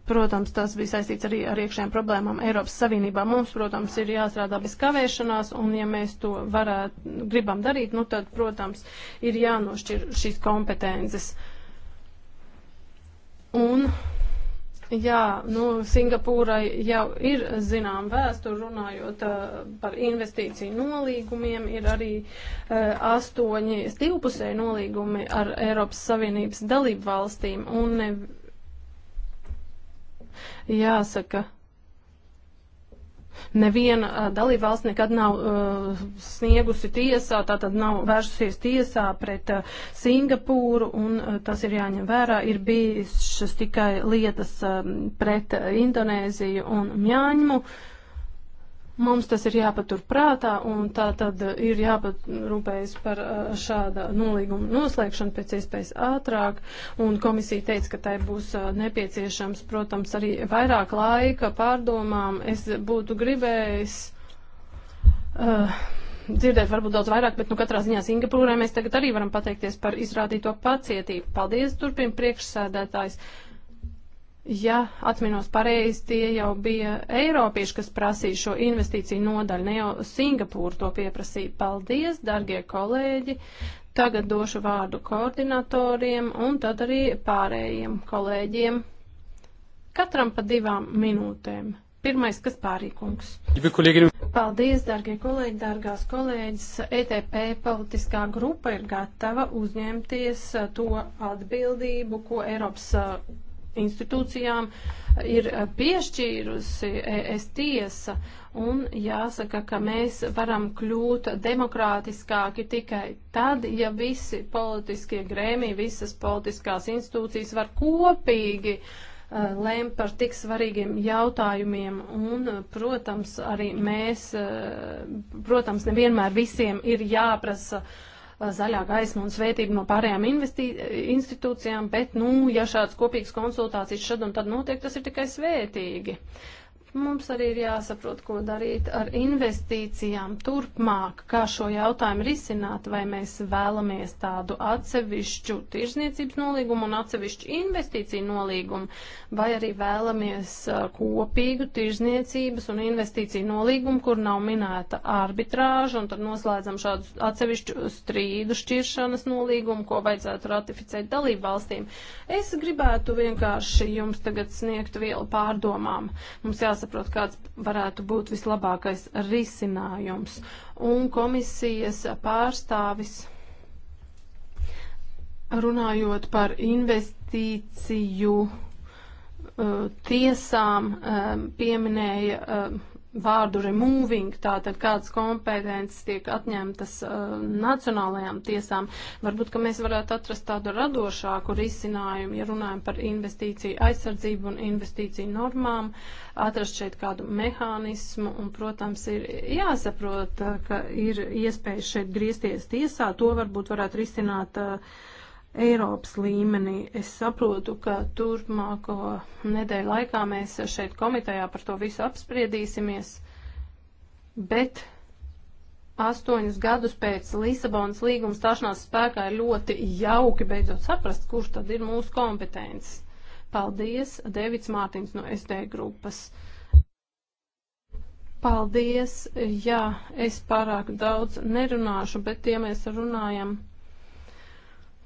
Protams, tas bija saistīts arī ar iekšējām problēmām Eiropas Savienībā. Mums, protams, ir jāstrādā bez kavēšanās, un ja mēs to varētu, gribam darīt, nu tad, protams, ir jānošķir šīs kompetences. Un Jā, nu, Singapūrai jau ir zinām vēsturi runājot uh, par investīciju nolīgumiem, ir arī uh, astoņi divpusēji nolīgumi ar Eiropas Savienības dalību valstīm, un ne, Jāsaka, neviena dalībvalsts nekad nav uh, sniegusi tiesā, tātad nav vērsusies tiesā pret uh, Singapūru, un uh, tas ir jāņem vērā. Ir bijušas tikai lietas uh, pret Indonēziju un Mjāņmu. Uh, Mums tas ir jāpatur prātā, un tā tad ir jāparūpējas par šāda nolīguma noslēgšanu pēc iespējas ātrāk, un komisija teica, ka tai būs nepieciešams, protams, arī vairāk laika pārdomām. Es būtu gribējis. Uh, dzirdēt varbūt daudz vairāk, bet nu katrā ziņā Singapūrē mēs tagad arī varam pateikties par izrādīto pacietību. Paldies, turpina priekšsēdētājs. Uh, Ja atminos pareizi, tie jau bija Eiropieši, kas prasīja šo investīciju nodaļu, ne jau Singapūra to pieprasīja. Paldies, dargie kolēģi! Tagad došu vārdu koordinatoriem un tad arī pārējiem kolēģiem. Katram pa divām minūtēm. Pirmais, kas pārīkums. Paldies, dārgie kolēģi, dārgās kolēģis. ETP politiskā grupa ir gatava uzņemties to atbildību, ko Eiropas institūcijām ir piešķīrusi es tiesa, un jāsaka, ka mēs varam kļūt demokrātiskāki tikai tad, ja visi politiskie grēmī, visas politiskās institūcijas var kopīgi uh, lēmt par tik svarīgiem jautājumiem, un, uh, protams, arī mēs, uh, protams, nevienmēr visiem ir jāprasa uh, zaļā gaisma un svētība no pārējām institūcijām, bet, nu, ja šāds kopīgs konsultācijas šad un tad notiek, tas ir tikai svētīgi. Uh, Mums arī ir jāsaprot, ko darīt ar investīcijām turpmāk, kā šo jautājumu risināt, vai mēs vēlamies tādu atsevišķu tirzniecības nolīgumu un atsevišķu investīciju nolīgumu, vai arī vēlamies uh, kopīgu tirzniecības un investīciju nolīgumu, kur nav minēta arbitrāža, un tad noslēdzam šādu atsevišķu strīdu šķiršanas nolīgumu, ko vajadzētu ratificēt dalību valstīm. Es gribētu vienkārši jums tagad sniegt vielu pārdomām. Mums jāsaprot, jāsaprot, kāds varētu būt vislabākais risinājums. Un komisijas pārstāvis runājot par investīciju eh, tiesām eh, pieminēja eh, vārdu removing, tātad kādas kompetences tiek atņemtas uh, nacionālajām tiesām. Varbūt, ka mēs varētu atrast tādu radošāku risinājumu, ja runājam par investīciju aizsardzību un investīciju normām, atrast šeit kādu mehānismu un, protams, ir jāsaprot, uh, ka ir iespējas šeit griezties tiesā, to varbūt varētu risināt. Uh, Eiropas līmenī. Es saprotu, ka turpmāko nedēļu laikā mēs šeit komitejā par to visu apspriedīsimies, bet astoņus gadus pēc Lisabonas līguma stāšanās spēkā ir ļoti jauki beidzot saprast, kurš tad ir mūsu kompetences. Paldies, Devits Mārtiņš no SD grupas. Paldies, jā, es pārāk daudz nerunāšu, bet tie ja mēs runājam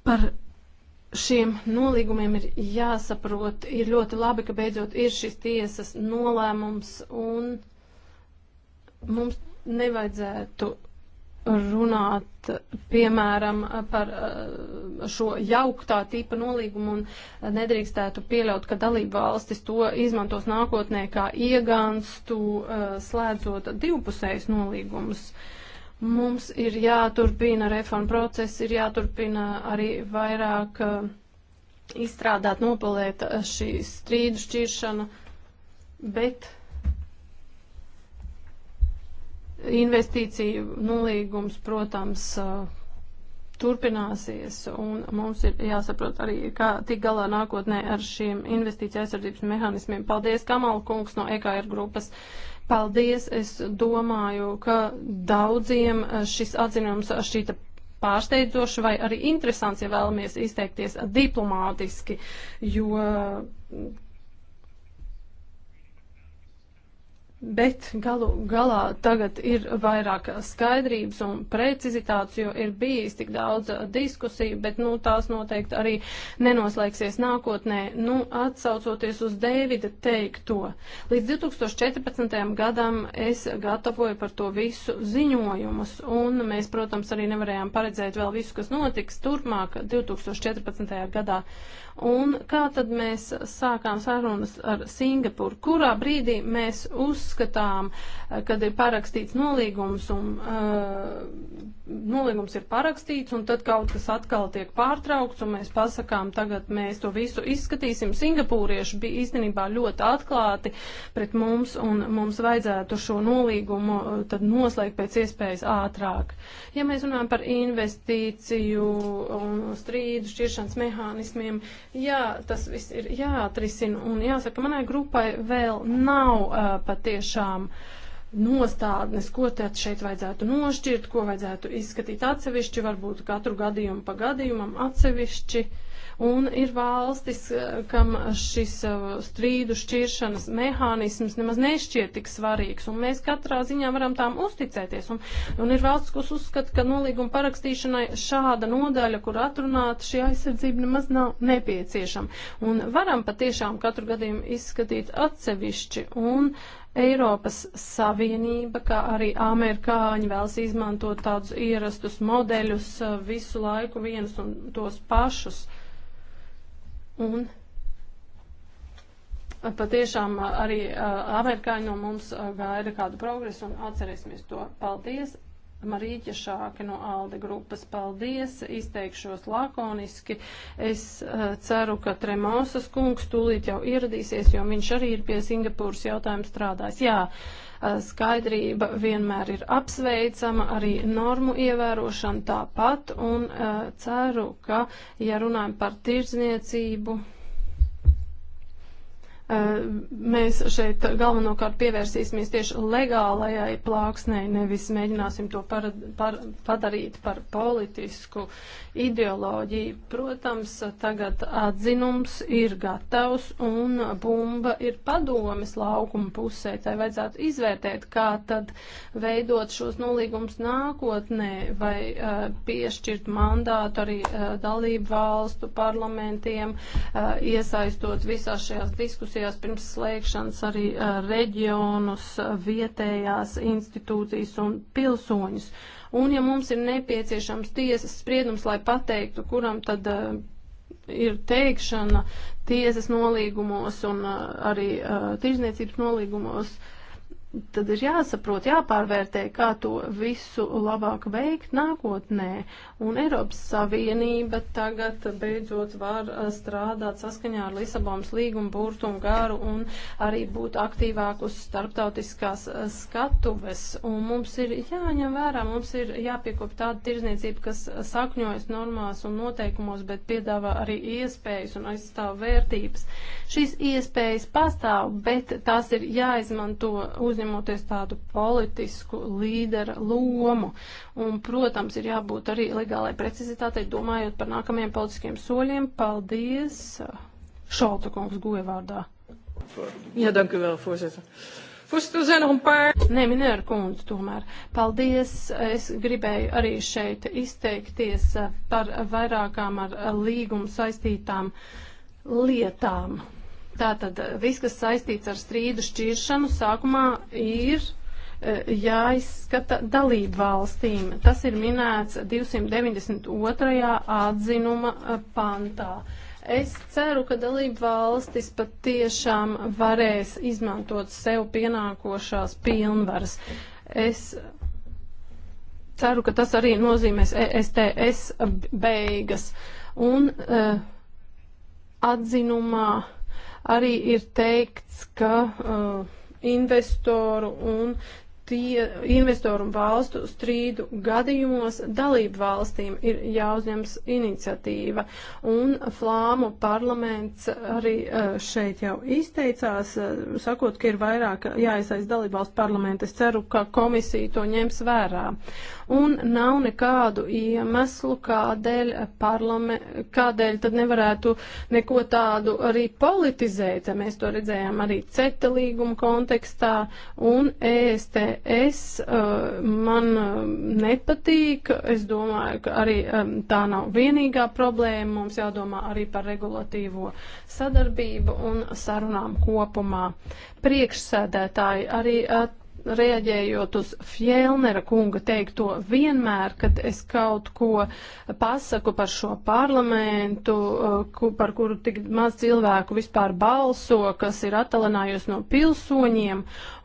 par šiem nolīgumiem ir jāsaprot, ir ļoti labi, ka beidzot ir šis tiesas nolēmums un mums nevajadzētu runāt, piemēram, par eh, šo jauktā tipa nolīgumu un nedrīkstētu pieļaut, ka dalība valstis to izmantos nākotnē kā iegānstu, eh, slēdzot divpusējus nolīgumus. Uh, Mums ir jāturpina reforma process, ir jāturpina arī vairāk uh, izstrādāt, nopalēt eh, šī strīdu šķiršana, bet investīciju nolīgums, protams, eh, turpināsies, un mums ir jāsaprot arī, kā tik galā nākotnē ar šiem investīciju aizsardzības mehānismiem. Paldies, Kamala kungs no EKR grupas. Paldies! Es domāju, ka daudziem eh, šis atzinums šķita pārsteidzoši vai arī interesants, ja vēlamies izteikties diplomātiski, jo Bet galu galā tagad ir vairāk skaidrības un precizitātes, jo ir bijis tik daudz uh, diskusiju, bet nu, tās noteikti arī nenoslēgsies nākotnē. Nu, atsaucoties uz Dēvida teikto, līdz 2014. gadam es gatavoju par to visu ziņojumus, un mēs, protams, arī nevarējām paredzēt vēl visu, kas notiks turpmāk 2014. gadā. Un kā tad mēs sākām sarunas ar Singapuru? Kurā brīdī mēs uzskatām, eh, kad ir parakstīts nolīgums un uh, nolīgums ir parakstīts un tad kaut kas atkal tiek pārtraukts un mēs pasakām, tagad mēs to visu izskatīsim. Singapūrieši bija īstenībā ļoti atklāti pret mums un mums vajadzētu šo nolīgumu eh, tad noslēgt pēc iespējas ātrāk. Ja mēs runājam par investīciju un strīdu šķiršanas mehānismiem, Jā, tas viss ir jāatrisina un jāsaka, manai grupai vēl nav uh, patiešām uh, nostādnes, ko tad šeit vajadzētu nošķirt, ko vajadzētu izskatīt atsevišķi, varbūt katru gadījumu pa gadījumam atsevišķi. Un ir valstis, eh, kam šis eh, strīdu šķiršanas mehānisms nemaz nešķiet tik svarīgs, un mēs katrā ziņā varam tām uzticēties. Un, un ir valsts, kas uzskata, ka nolīguma parakstīšanai šāda nodaļa, kur atrunāta šī aizsardzība, nemaz nav nepieciešama. Un varam patiešām katru gadījumu izskatīt atsevišķi. Un, uh, Eiropas Savienība, kā arī amerikāņi vēlas izmantot tādus ierastus modeļus uh, visu laiku vienus un tos pašus. Un uh, patiešām uh, arī amerikāņi no mums gaida kādu progresu un atcerēsimies to. Paldies! Marīķa Šāka no Alde grupas. Paldies, izteikšos lakoniski. Es uh, ceru, ka Tremosas kungs tūlīt jau ieradīsies, jo viņš arī ir pie Singapūras jautājuma strādājis. Jā, uh, skaidrība vienmēr ir apsveicama, arī normu ievērošana tāpat, un uh, ceru, ka, ja runājam par tirdzniecību, mēs šeit galvenokārt pievērsīsimies tieši legālajai plāksnei, nevis mēģināsim to par, par, padarīt par politisku ideoloģiju. Protams, tagad atzinums ir gatavs un bumba ir padomis laukuma pusē. Tai vajadzētu izvērtēt, kā tad veidot šos nolīgumus nākotnē vai uh, piešķirt mandātu arī uh, dalību valstu parlamentiem, uh, iesaistot visās šajās diskusijās diskusijās pirms slēgšanas arī reģionus, vietējās institūcijas un pilsoņus. Un ja mums ir nepieciešams tiesas spriedums, lai pateiktu, kuram tad ir teikšana tiesas nolīgumos un arī tirzniecības nolīgumos, uh, tad ir jāsaprot, jāpārvērtē, kā to visu labāk veikt nākotnē. Un Eiropas Savienība tagad beidzot var uh, strādāt saskaņā ar Lisabonas līgumu burtu un garu un arī būt aktīvāk uz starptautiskās uh, skatuves. Un mums ir jāņem vērā, mums ir jāpiekop tāda tirzniecība, kas sakņojas normās un noteikumos, bet piedāvā arī iespējas un aizstāv vērtības. Šīs iespējas pastāv, bet tās ir jāizmanto uz uzņemoties tādu politisku līdera lomu. Un, protams, ir jābūt arī legālai precizitātei, domājot par nākamajiem politiskiem soļiem. Paldies! Šalta kungs goja vārdā. Jā, danku vēl, voorzitter. Voorzitter, er zijn nog een paar. Nē, minēra kundze, tomēr. Paldies. Es gribēju arī šeit izteikties par vairākām ar līgumu saistītām lietām. Tātad eh, viss, kas saistīts ar strīdu šķiršanu, sākumā ir eh, jāizskata dalību valstīm. Tas ir minēts 292. atzinuma eh, pantā. Es ceru, ka dalību valstis pat tiešām varēs izmantot sev pienākošās pilnvaras. Es ceru, ka tas arī nozīmēs ESTS beigas. Un uh, atzinumā arī ir teikts, ka uh, investoru un tie investoru un valstu strīdu gadījumos dalību valstīm ir jāuzņems iniciatīva. Un Flāmu parlaments arī eh, šeit jau izteicās, eh, sakot, ka ir vairāk jāiesaist dalību valstu parlamentu. Es ceru, ka komisija to ņems vērā. Un nav nekādu iemeslu, kādēļ, parlame, kādēļ tad nevarētu neko tādu arī politizēt. Mēs to redzējām arī CETA līguma kontekstā un ESTS es, uh, man uh, nepatīk. Es domāju, ka arī um, tā nav vienīgā problēma. Mums jādomā arī par regulatīvo sadarbību un sarunām kopumā. Priekšsēdētāji arī at uh, Rieģējot uz Fjellnera kunga teikto, vienmēr, kad es kaut ko pasaku par šo parlamentu, uh, par kuru tik maz cilvēku vispār balso, kas ir atalinājies no pilsoņiem,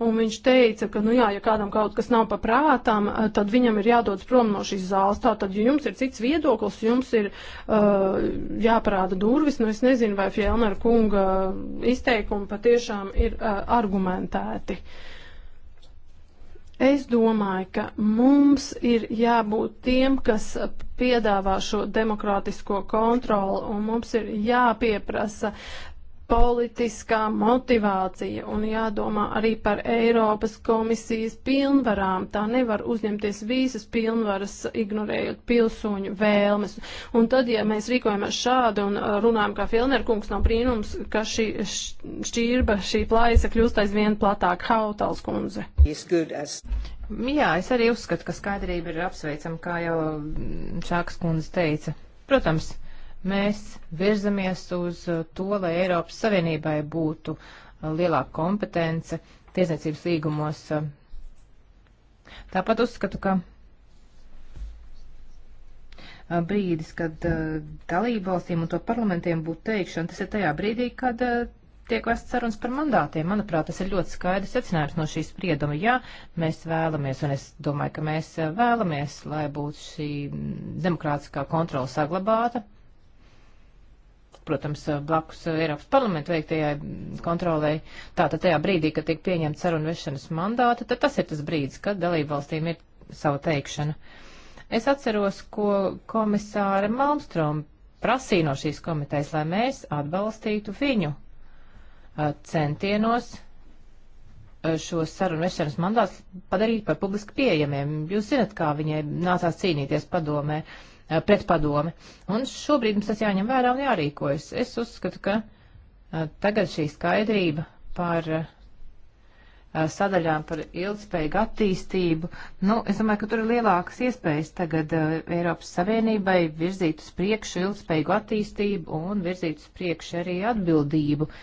un viņš teica, ka, nu jā, ja kādam kaut kas nav paprātām, uh, tad viņam ir jādodas prom no šīs zāles. Tātad, ja jums ir cits viedoklis, jums ir uh, jāparāda durvis, nu es nezinu, vai Fjellnera kunga izteikumi patiešām ir uh, argumentēti. Uh, Es domāju, ka mums ir jābūt tiem, kas piedāvā šo demokrātisko kontroli, un mums ir jāpieprasa politiskā motivācija un jādomā arī par Eiropas komisijas pilnvarām. Tā nevar uzņemties visas pilnvaras, ignorējot pilsoņu vēlmes. Un tad, ja mēs rīkojamies šādi un uh, runājam kā Filnerkungs, nav brīnums, ka šī šķirba, šī plaisa kļūst aizvien platāk hautals kundze. Jā, es arī uzskatu, ka skaidrība ir apsveicama, kā jau Čāks kundze teica. Protams, mēs virzamies uz uh, to, lai Eiropas Savienībai būtu uh, lielāka kompetence tiesniecības līgumos. Uh. Tāpat uzskatu, ka brīdis, kad dalību valstīm un to parlamentiem būtu teikšana, tas ir tajā brīdī, kad tiek vests sarunas par mandātiem. Manuprāt, tas ir ļoti skaidrs secinājums no šīs sprieduma. Jā, mēs vēlamies, un es domāju, ka mēs vēlamies, lai būtu šī mm, demokrātiskā kontrola saglabāta, protams, blakus Eiropas parlamentu veiktajai kontrolei. Tātad tajā brīdī, kad tiek pieņemta sarunu vešanas mandāta, tad tas ir tas brīdis, kad dalību valstīm ir sava teikšana. Es atceros, ko komisāra Malmstrom prasīja no šīs komitejas, lai mēs atbalstītu viņu uh, centienos šo sarunu vešanas mandāts padarīt par publiski pieejamiem. Jūs zinat, kā viņai nācās cīnīties padomē, eh, pret padomi. Un šobrīd mums tas jāņem vērā un jārīkojas. Es uzskatu, ka eh, tagad šī skaidrība par eh, sadaļām par ilgspējīgu attīstību. Nu, es domāju, ka tur ir lielākas iespējas tagad uh, Eiropas Savienībai virzīt uz priekšu ilgspējīgu attīstību un virzīt uz priekšu arī atbildību uh,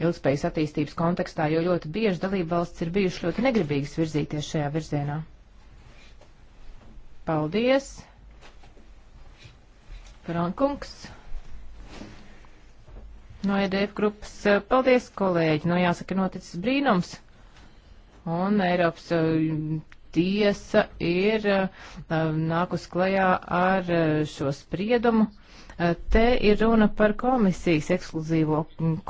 ilgspējas attīstības kontekstā, jo ļoti bieži dalība valsts ir bijušas ļoti negribīgas virzīties šajā virzienā. Paldies! Frankungs no EDF grupas. Paldies, kolēģi! Nu, no jāsaka, noticis brīnums. Un Eiropas uh, tiesa ir uh, nākus klajā ar uh, šo spriedumu Te ir runa par komisijas ekskluzīvo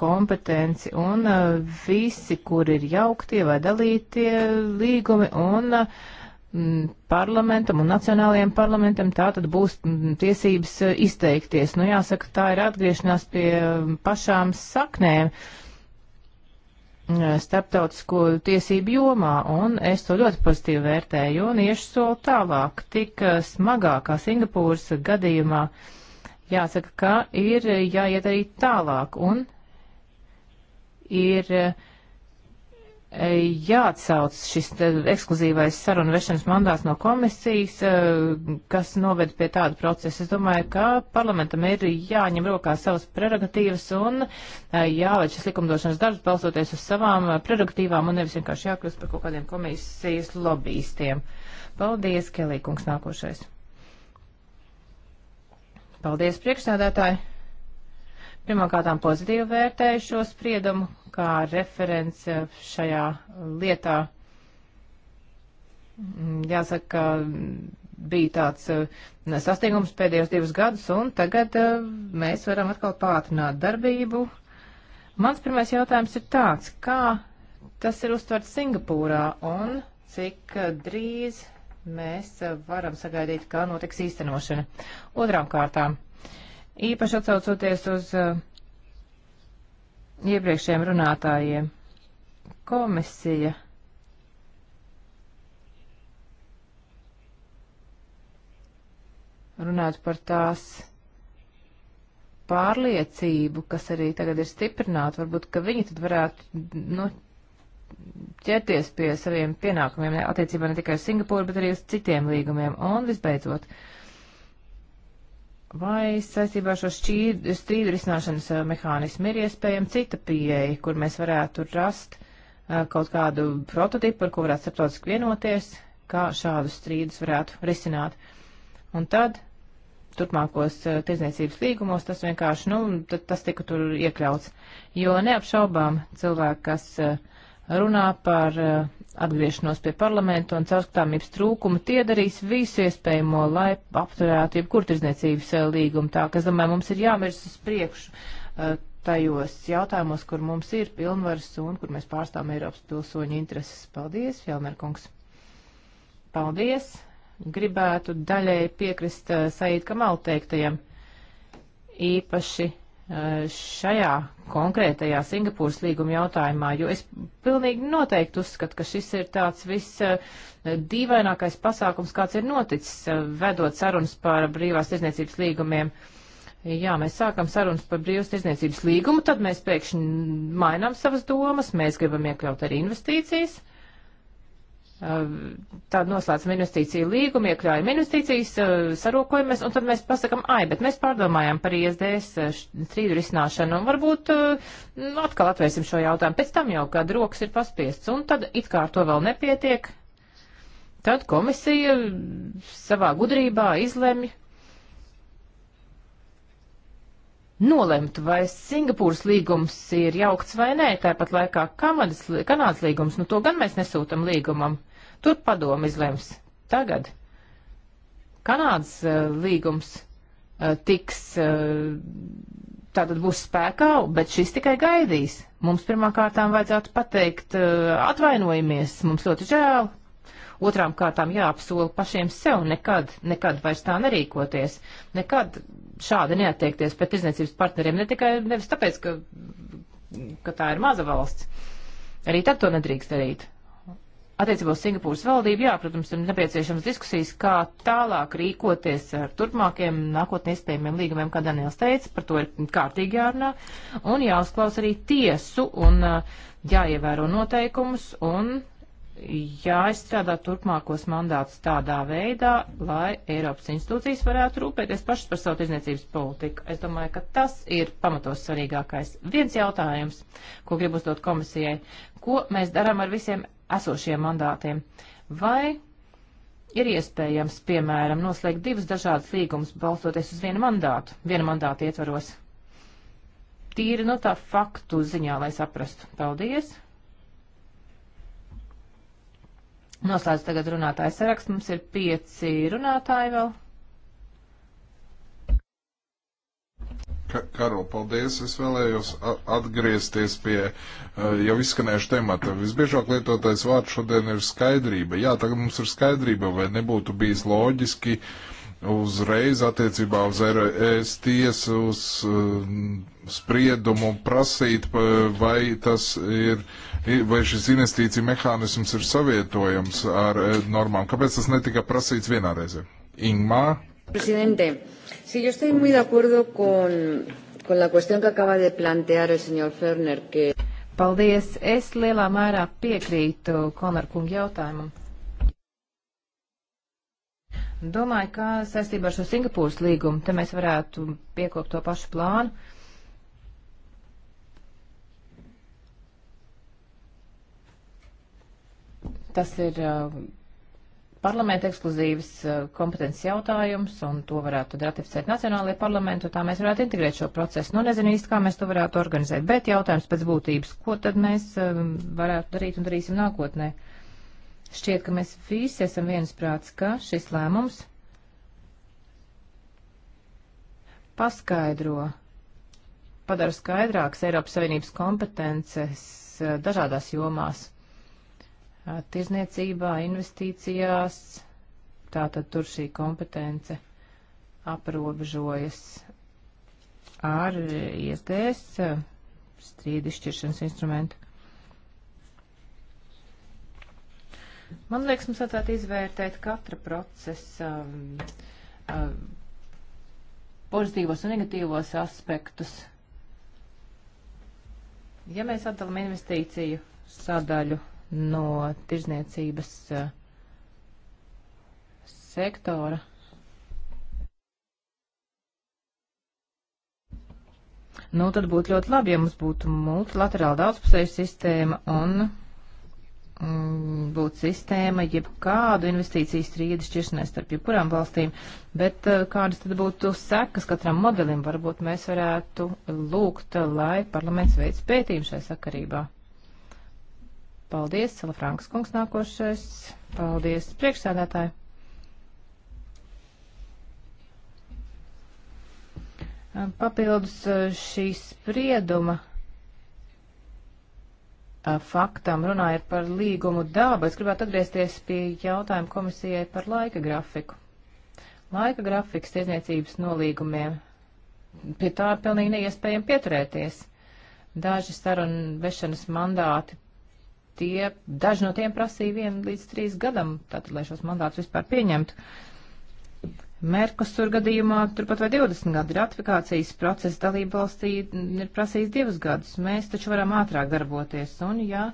kompetenci un uh, visi, kur ir jauktie vai dalītie līgumi un uh, parlamentam un nacionālajiem parlamentam tā tad būs tiesības uh, izteikties. Nu, jāsaka, tā ir atgriešanās pie um, pašām saknēm starptautisko tiesību jomā, un es to ļoti pozitīvi vērtēju un iešu soli tālāk. Tik smagākā Singapūras gadījumā uh, jāsaka, ka ir jāiet arī tālāk un ir e, jāatsauc šis ekskluzīvais sarunu vešanas mandāts no komisijas, e, kas noved pie tāda procesa. Es domāju, ka parlamentam ir jāņem rokā savas prerogatīvas un e, jāveic šis likumdošanas darbs balstoties uz savām prerogatīvām un nevis vienkārši jākļūst par kaut kādiem komisijas lobbyistiem. Paldies, Kelī, kungs, nākošais. Paldies, priekšsēdētāji! Pirmkārtām pozitīvi vērtēju šo spriedumu kā referents eh, šajā lietā. Mm, jāsaka, bija tāds eh, sastiegums pēdējos divus gadus, un tagad eh, mēs varam atkal pātrināt darbību. Mans pirmais jautājums ir tāds, kā tas ir uztverts Singapūrā un cik drīz mēs eh, varam sagaidīt, ka notiks īstenošana. Otrām kārtām, īpaši atsaucoties uz eh, iepriekšējiem runātājiem, komisija runāt par tās pārliecību, kas arī tagad ir stiprināta, varbūt, ka viņi tad varētu, nu, ķerties pie saviem pienākumiem ne, attiecībā ne tikai uz Singapūru, bet arī uz citiem līgumiem. Un visbeidzot, vai saistībā ar šo šķīd, strīdu risināšanas eh, mehānismu ir iespējama cita pieeja, kur mēs varētu rast uh, kaut kādu prototipu, par ko varētu starptautiski vienoties, kā šādus strīdus varētu risināt. Un tad turpmākos uh, eh, tirdzniecības līgumos, tas vienkārši, nu, tas tika tur iekļauts. Jo neapšaubām cilvēki, kas uh, runā par eh, atgriešanos pie parlamenta un caurskatāmības trūkumu, tie darīs visu iespējamo, lai apturētu jebkur tirdzniecības eh, līgumu. Tā, ka, es domāju, mums ir jāmirs uz priekšu eh, tajos jautājumos, kur mums ir pilnvaras un kur mēs pārstāvam Eiropas pilsoņu intereses. Paldies, Fjellnerkungs! Paldies! Gribētu daļai piekrist Saīd Kamal teiktajam. Īpaši Eh, šajā konkrētajā Singapūras līguma jautājumā, jo es pilnīgi noteikti uzskatu, ka šis ir tāds visdīvainākais eh, pasākums, kāds ir noticis, eh, vedot sarunas par brīvās tirzniecības līgumiem. Jā, mēs sākam sarunas par brīvās tirzniecības līgumu, tad mēs pēkšņi mainām savas domas, mēs gribam iekļaut arī investīcijas. Uh, tādu noslēdzam investīciju līgumu, iekļaujam investīcijas, eh, sarokojamies, un tad mēs pasakam, ai, bet mēs pārdomājam par ISDS eh, strīdu risināšanu, un varbūt eh, nu, atkal atvērsim šo jautājumu. Pēc tam jau, kad rokas ir paspiests, un tad it kā ar to vēl nepietiek, tad komisija savā gudrībā izlemj nolemt, vai Singapūras līgums ir jaukts vai nē, tāpat laikā Kanadas, Kanādas līgums, nu to gan mēs nesūtam līgumam. Tur padomu izlems. Tagad Kanādas uh, līgums uh, tiks, uh, tātad būs spēkā, bet šis tikai gaidīs. Mums pirmām kārtām vajadzētu pateikt, uh, atvainojamies, mums ļoti žēl. Otrām kārtām jāapsola pašiem sev nekad, nekad vairs tā nerīkoties, nekad šādi neattiekties pret izniecības partneriem, ne tikai nevis tāpēc, ka, ka tā ir maza valsts. Arī tad to nedrīkst darīt. Attiecībā uz Singapūras valdību, jā, protams, ir nepieciešams diskusijas, kā tālāk rīkoties ar turpmākiem nākotnē iespējamiem līgumiem, kā Daniels teica, par to ir kārtīgi jārunā, un jāuzklaus arī tiesu, un jāievēro noteikumus, un jāizstrādā turpmākos mandātus tādā veidā, lai Eiropas institūcijas varētu rūpēties pašas par savu tirdzniecības politiku. Es domāju, ka tas ir pamatos svarīgākais. Viens jautājums, ko gribu uzdot komisijai. Ko mēs darām ar visiem esošiem mandātiem. Vai ir iespējams, piemēram, noslēgt divus dažādus līgumus, balstoties uz vienu mandātu, viena mandāta ietvaros? Tīri no tā faktu ziņā, lai saprastu. Paldies! Noslēdz tagad runātāju sarakstu. Mums ir pieci runātāji vēl. Karo, paldies. Es vēlējos atgriezties pie jau izskanējuša temata. Visbiežāk lietotais vārds šodien ir skaidrība. Jā, tagad mums ir skaidrība, vai nebūtu bijis loģiski uzreiz attiecībā uz ES tiesu uz spriedumu prasīt, vai tas ir, vai šis investīcija mehānisms ir savietojams ar normām. Kāpēc tas netika prasīts vienā reizē? Ingmā. Presidente, sí, si yo estoy muy de acuerdo con, con la cuestión que acaba de plantear el señor Ferner. Que... Paldies. Es lielā mērā piekrītu Konarkunga jautājumam. Domāju, ka saistībā ar šo Singapūras līgumu te mēs varētu piekopt to pašu plānu. Tas ir uh, parlamenta ekskluzīvas eh, kompetences jautājums, un to varētu ratificēt Nacionālajie parlamenti, un tā mēs varētu integrēt šo procesu. Nu, nezinu īsti, kā mēs to varētu organizēt, bet jautājums pēc būtības, ko tad mēs eh, varētu darīt un darīsim nākotnē. Šķiet, ka mēs visi esam viensprāts, ka šis lēmums paskaidro, padara skaidrākas Eiropas Savienības kompetences eh, dažādās jomās tirzniecībā, investīcijās, tātad tur šī kompetence aprobežojas ar ISDS strīdu izšķiršanas instrumentu. Man liekas, mums vajadzētu izvērtēt katra procesa um, um, pozitīvos un negatīvos aspektus. Ja mēs atdalam investīciju sadaļu no tirzniecības eh, sektora. Nu, tad būtu ļoti labi, ja mums būtu multilaterāla daudzpusēja sistēma un mm, būtu sistēma jebkādu investīciju strīdu šķiršanai starp jebkurām valstīm, bet eh, kādas tad būtu sekas katram modelim? Varbūt mēs varētu lūgt, eh, lai parlaments veids pētījumu šai sakarībā. Paldies, Sala Franks kungs nākošais. Paldies, priekšsēdētāji. Papildus eh, šīs sprieduma eh, faktam runājot par līgumu dābu, es gribētu atgriezties pie jautājuma komisijai par laika grafiku. Laika grafiks tiesniecības nolīgumiem. Pie tā pilnīgi neiespējami pieturēties. Daži sarunu vešanas mandāti tie, daži no tiem prasīja vienu līdz trīs gadam, tātad, lai šos mandātus vispār pieņemtu. Merkusur gadījumā turpat vai 20 gadu ratifikācijas procesa dalība valstī ir prasījis divus gadus. Mēs taču varam ātrāk darboties, un ja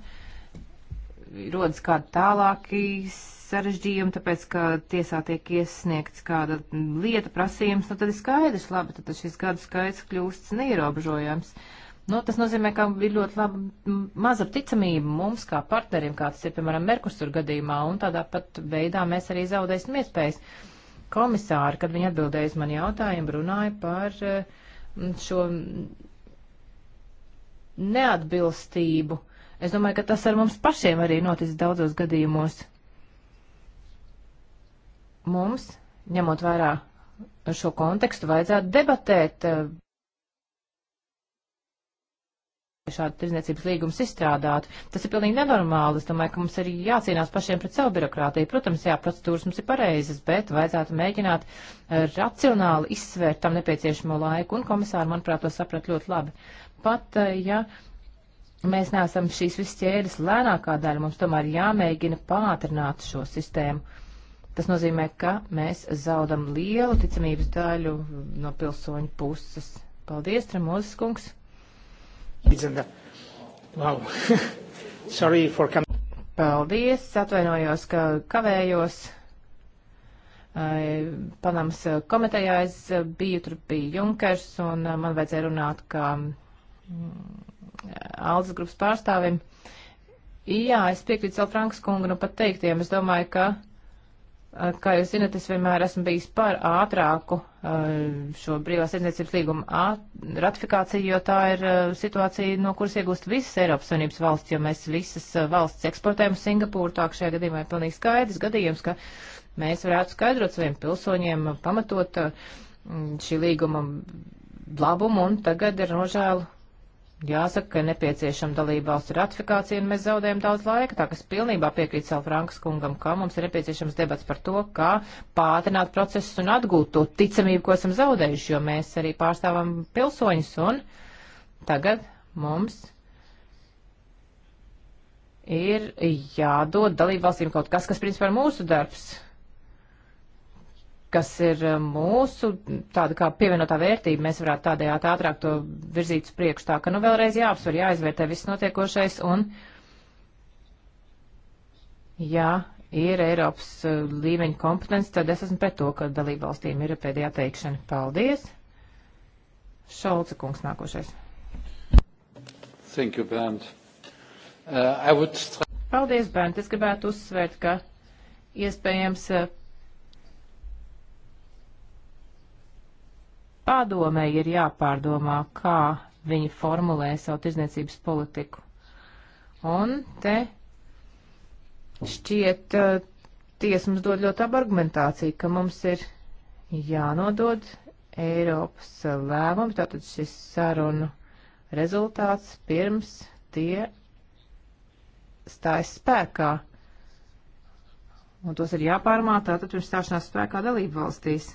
rodas kādi tālāki sarežģījumi, tāpēc, ka tiesā tiek iesniegts kāda lieta prasījums, nu tad ir skaidrs, labi, tad šis gadu skaits kļūst neierobežojams. Uh, Nu, tas nozīmē, ka ir ļoti laba maza ticamība mums kā partnerim, kā tas ir, piemēram, Merkusur gadījumā, un tādā pat veidā mēs arī zaudēsim iespējas. Komisāri, kad viņi atbildēja uz mani jautājumu, runāja par eh, šo neatbilstību. Es domāju, ka tas ar mums pašiem arī noticis daudzos gadījumos. Mums, ņemot vairāk šo kontekstu, vajadzētu debatēt eh, šādu tirdzniecības līgumus izstrādātu. Tas ir pilnīgi nenormāli. Es domāju, ka mums ir jācīnās pašiem pret savu birokrātiju. Protams, jā, procedūras mums ir pareizas, bet vajadzētu mēģināt eh, racionāli izsvērt tam nepieciešamo laiku, un komisāri, manuprāt, to saprat ļoti labi. Pat, eh, ja mēs neesam šīs visas ķēdes lēnākā daļa, mums tomēr jāmēģina pātrināt šo sistēmu. Tas nozīmē, ka mēs zaudam lielu ticamības daļu no pilsoņu puses. Paldies, Tramozes kungs! Wow. Sorry for coming. Paldies, atvainojos, ka kavējos. Panamas uh, komitejā es uh, biju, tur bija Junkers, un uh, man vajadzēja runāt kā mm, Aldas grupas pārstāvim. Jā, es piekrītu Salfrankas kungu, nu pat teiktiem, es domāju, ka Kā jūs zinat, es vienmēr esmu bijis par ātrāku uh, šo brīvās tirdzniecības līgumu ratifikāciju, jo tā ir uh, situācija, no kuras iegūst visas Eiropas Savienības valsts, jo mēs visas uh, valsts eksportējam uz Singapūru. Tā šajā gadījumā ir pilnīgi skaidrs gadījums, ka mēs varētu skaidrot saviem pilsoņiem, pamatot šī līguma labumu, un tagad ir nožēlu Jāsaka, ka nepieciešama dalībvalstu ratifikācija, un mēs zaudējam daudz laika, tā kas pilnībā piekrīt savu Frankas kungam, ka mums ir nepieciešams debats par to, kā pātrināt procesus un atgūt to ticamību, ko esam zaudējuši, jo mēs arī pārstāvam pilsoņus, un tagad mums ir jādod dalībvalstīm kaut kas, kas principā ir mūsu darbs kas ir eh, mūsu tāda kā pievienotā vērtība, mēs varētu tādējādi ātrāk to virzīt uz priekšu tā, ka nu vēlreiz jāapsver, jāizvērtē viss notiekošais un, ja ir Eiropas eh, līmeņa kompetence, tad es esmu pret to, ka dalību valstīm ir pēdējā teikšana. Paldies! Šolca kungs nākošais. Thank you, Bernd. Uh, would... Paldies, Bernd. Es gribētu uzsvērt, ka iespējams eh, padomē ir jāpārdomā, kā viņi formulē savu tirzniecības politiku. Un te šķiet, eh, tiesa mums dod ļoti labu argumentāciju, ka mums ir jānodod Eiropas lēmums, tātad šis sarunu rezultāts pirms tie stājas spēkā. Un tos ir jāpārmā tātad pirms stāšanās spēkā dalību valstīs.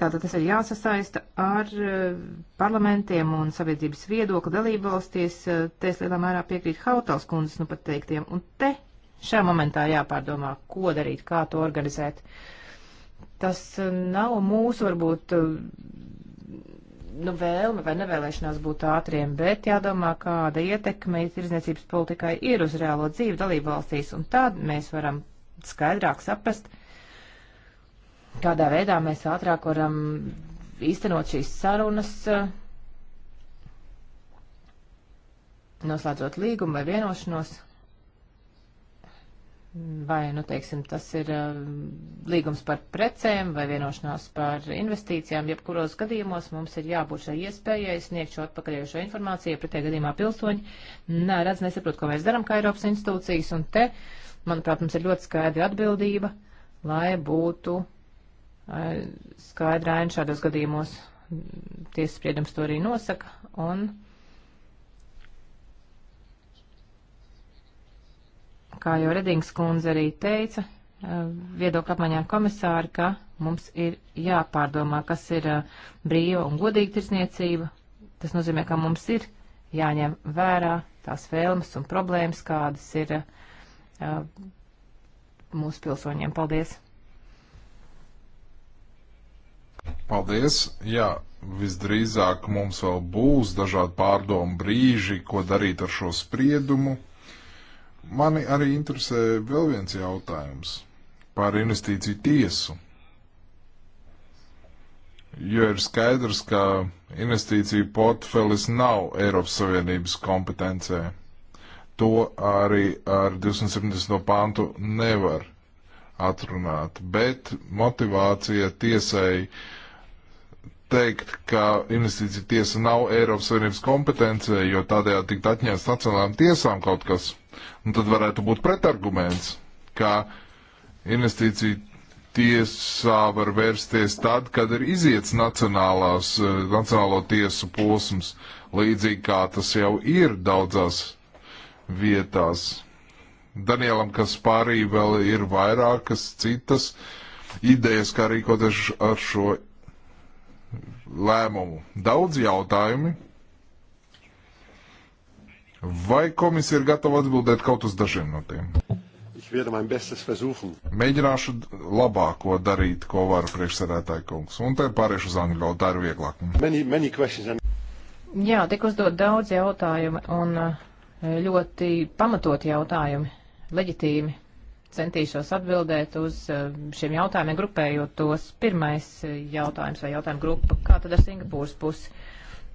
Tātad tas ir jāsasaista ar eh, parlamentiem un sabiedrības viedokli dalību valstīs. Eh, te es lielā mērā piekrītu Hautals kundzes nu pat teiktiem. Un te šā momentā jāpārdomā, ko darīt, kā to organizēt. Tas eh, nav mūsu varbūt nu, vēlme vai nevēlēšanās būt ātriem, bet jādomā, kāda ietekme tirzniecības politikai ir uz reālo dzīvi dalību valstīs. Un tad mēs varam skaidrāk saprast, Tādā veidā mēs ātrāk varam īstenot šīs sarunas, noslēdzot līgumu vai vienošanos. Vai, nu, teiksim, tas ir eh, līgums par precēm vai vienošanās par investīcijām, jebkuros gadījumos mums ir jābūt šai iespējai sniegt šo atpakaļējošo informāciju, pretējā gadījumā pilsoņi neredz, nesaprot, ko mēs daram kā Eiropas institūcijas, un te, manuprāt, mums ir ļoti skaidra atbildība, lai būtu Eh, skaidra aina šādos gadījumos. Tiesas spriedums to arī nosaka. Un kā jau Redings kundze arī teica, eh, viedokļa apmaiņā komisāri, ka mums ir jāpārdomā, kas ir eh, brīva un godīga tirsniecība. Tas nozīmē, ka mums ir jāņem vērā tās vēlmes un problēmas, kādas ir mūsu pilsoņiem. Paldies! Paldies! Jā, visdrīzāk mums vēl būs dažādi pārdomu brīži, ko darīt ar šo spriedumu. Mani arī interesē vēl viens jautājums par investīciju tiesu. Jo ir skaidrs, ka investīciju portfelis nav Eiropas Savienības kompetencē. To arī ar 270. pantu nevar atrunāta, bet motivācija tiesai teikt, ka investīcija tiesa nav Eiropas Savienības kompetence, jo tādējādi tikt atņemts nacionālām tiesām kaut kas, un tad varētu būt pretarguments, ka investīcija tiesā var vērsties tad, kad ir iziets nacionālās, eh, nacionālo tiesu posms, līdzīgi kā tas jau ir daudzās vietās. Danielam, kas pārī vēl ir vairākas citas idejas, kā rīkoties ar šo lēmumu. Daudz jautājumi. Vai komisija ir gatava atbildēt kaut uz dažiem no tiem? Mēģināšu labāko darīt, ko varu priekšsēdētāju kungs. Un tad pāriešu uz angļu valodu, tā ir vieglāk. Many, many and... Jā, tik uzdot daudz jautājumu un eh, ļoti pamatot jautājumi leģitīmi centīšos atbildēt uz eh, šiem jautājumiem, grupējot tos. Pirmais eh, jautājums vai jautājuma grupa, kā tad ar Singapūras pusi?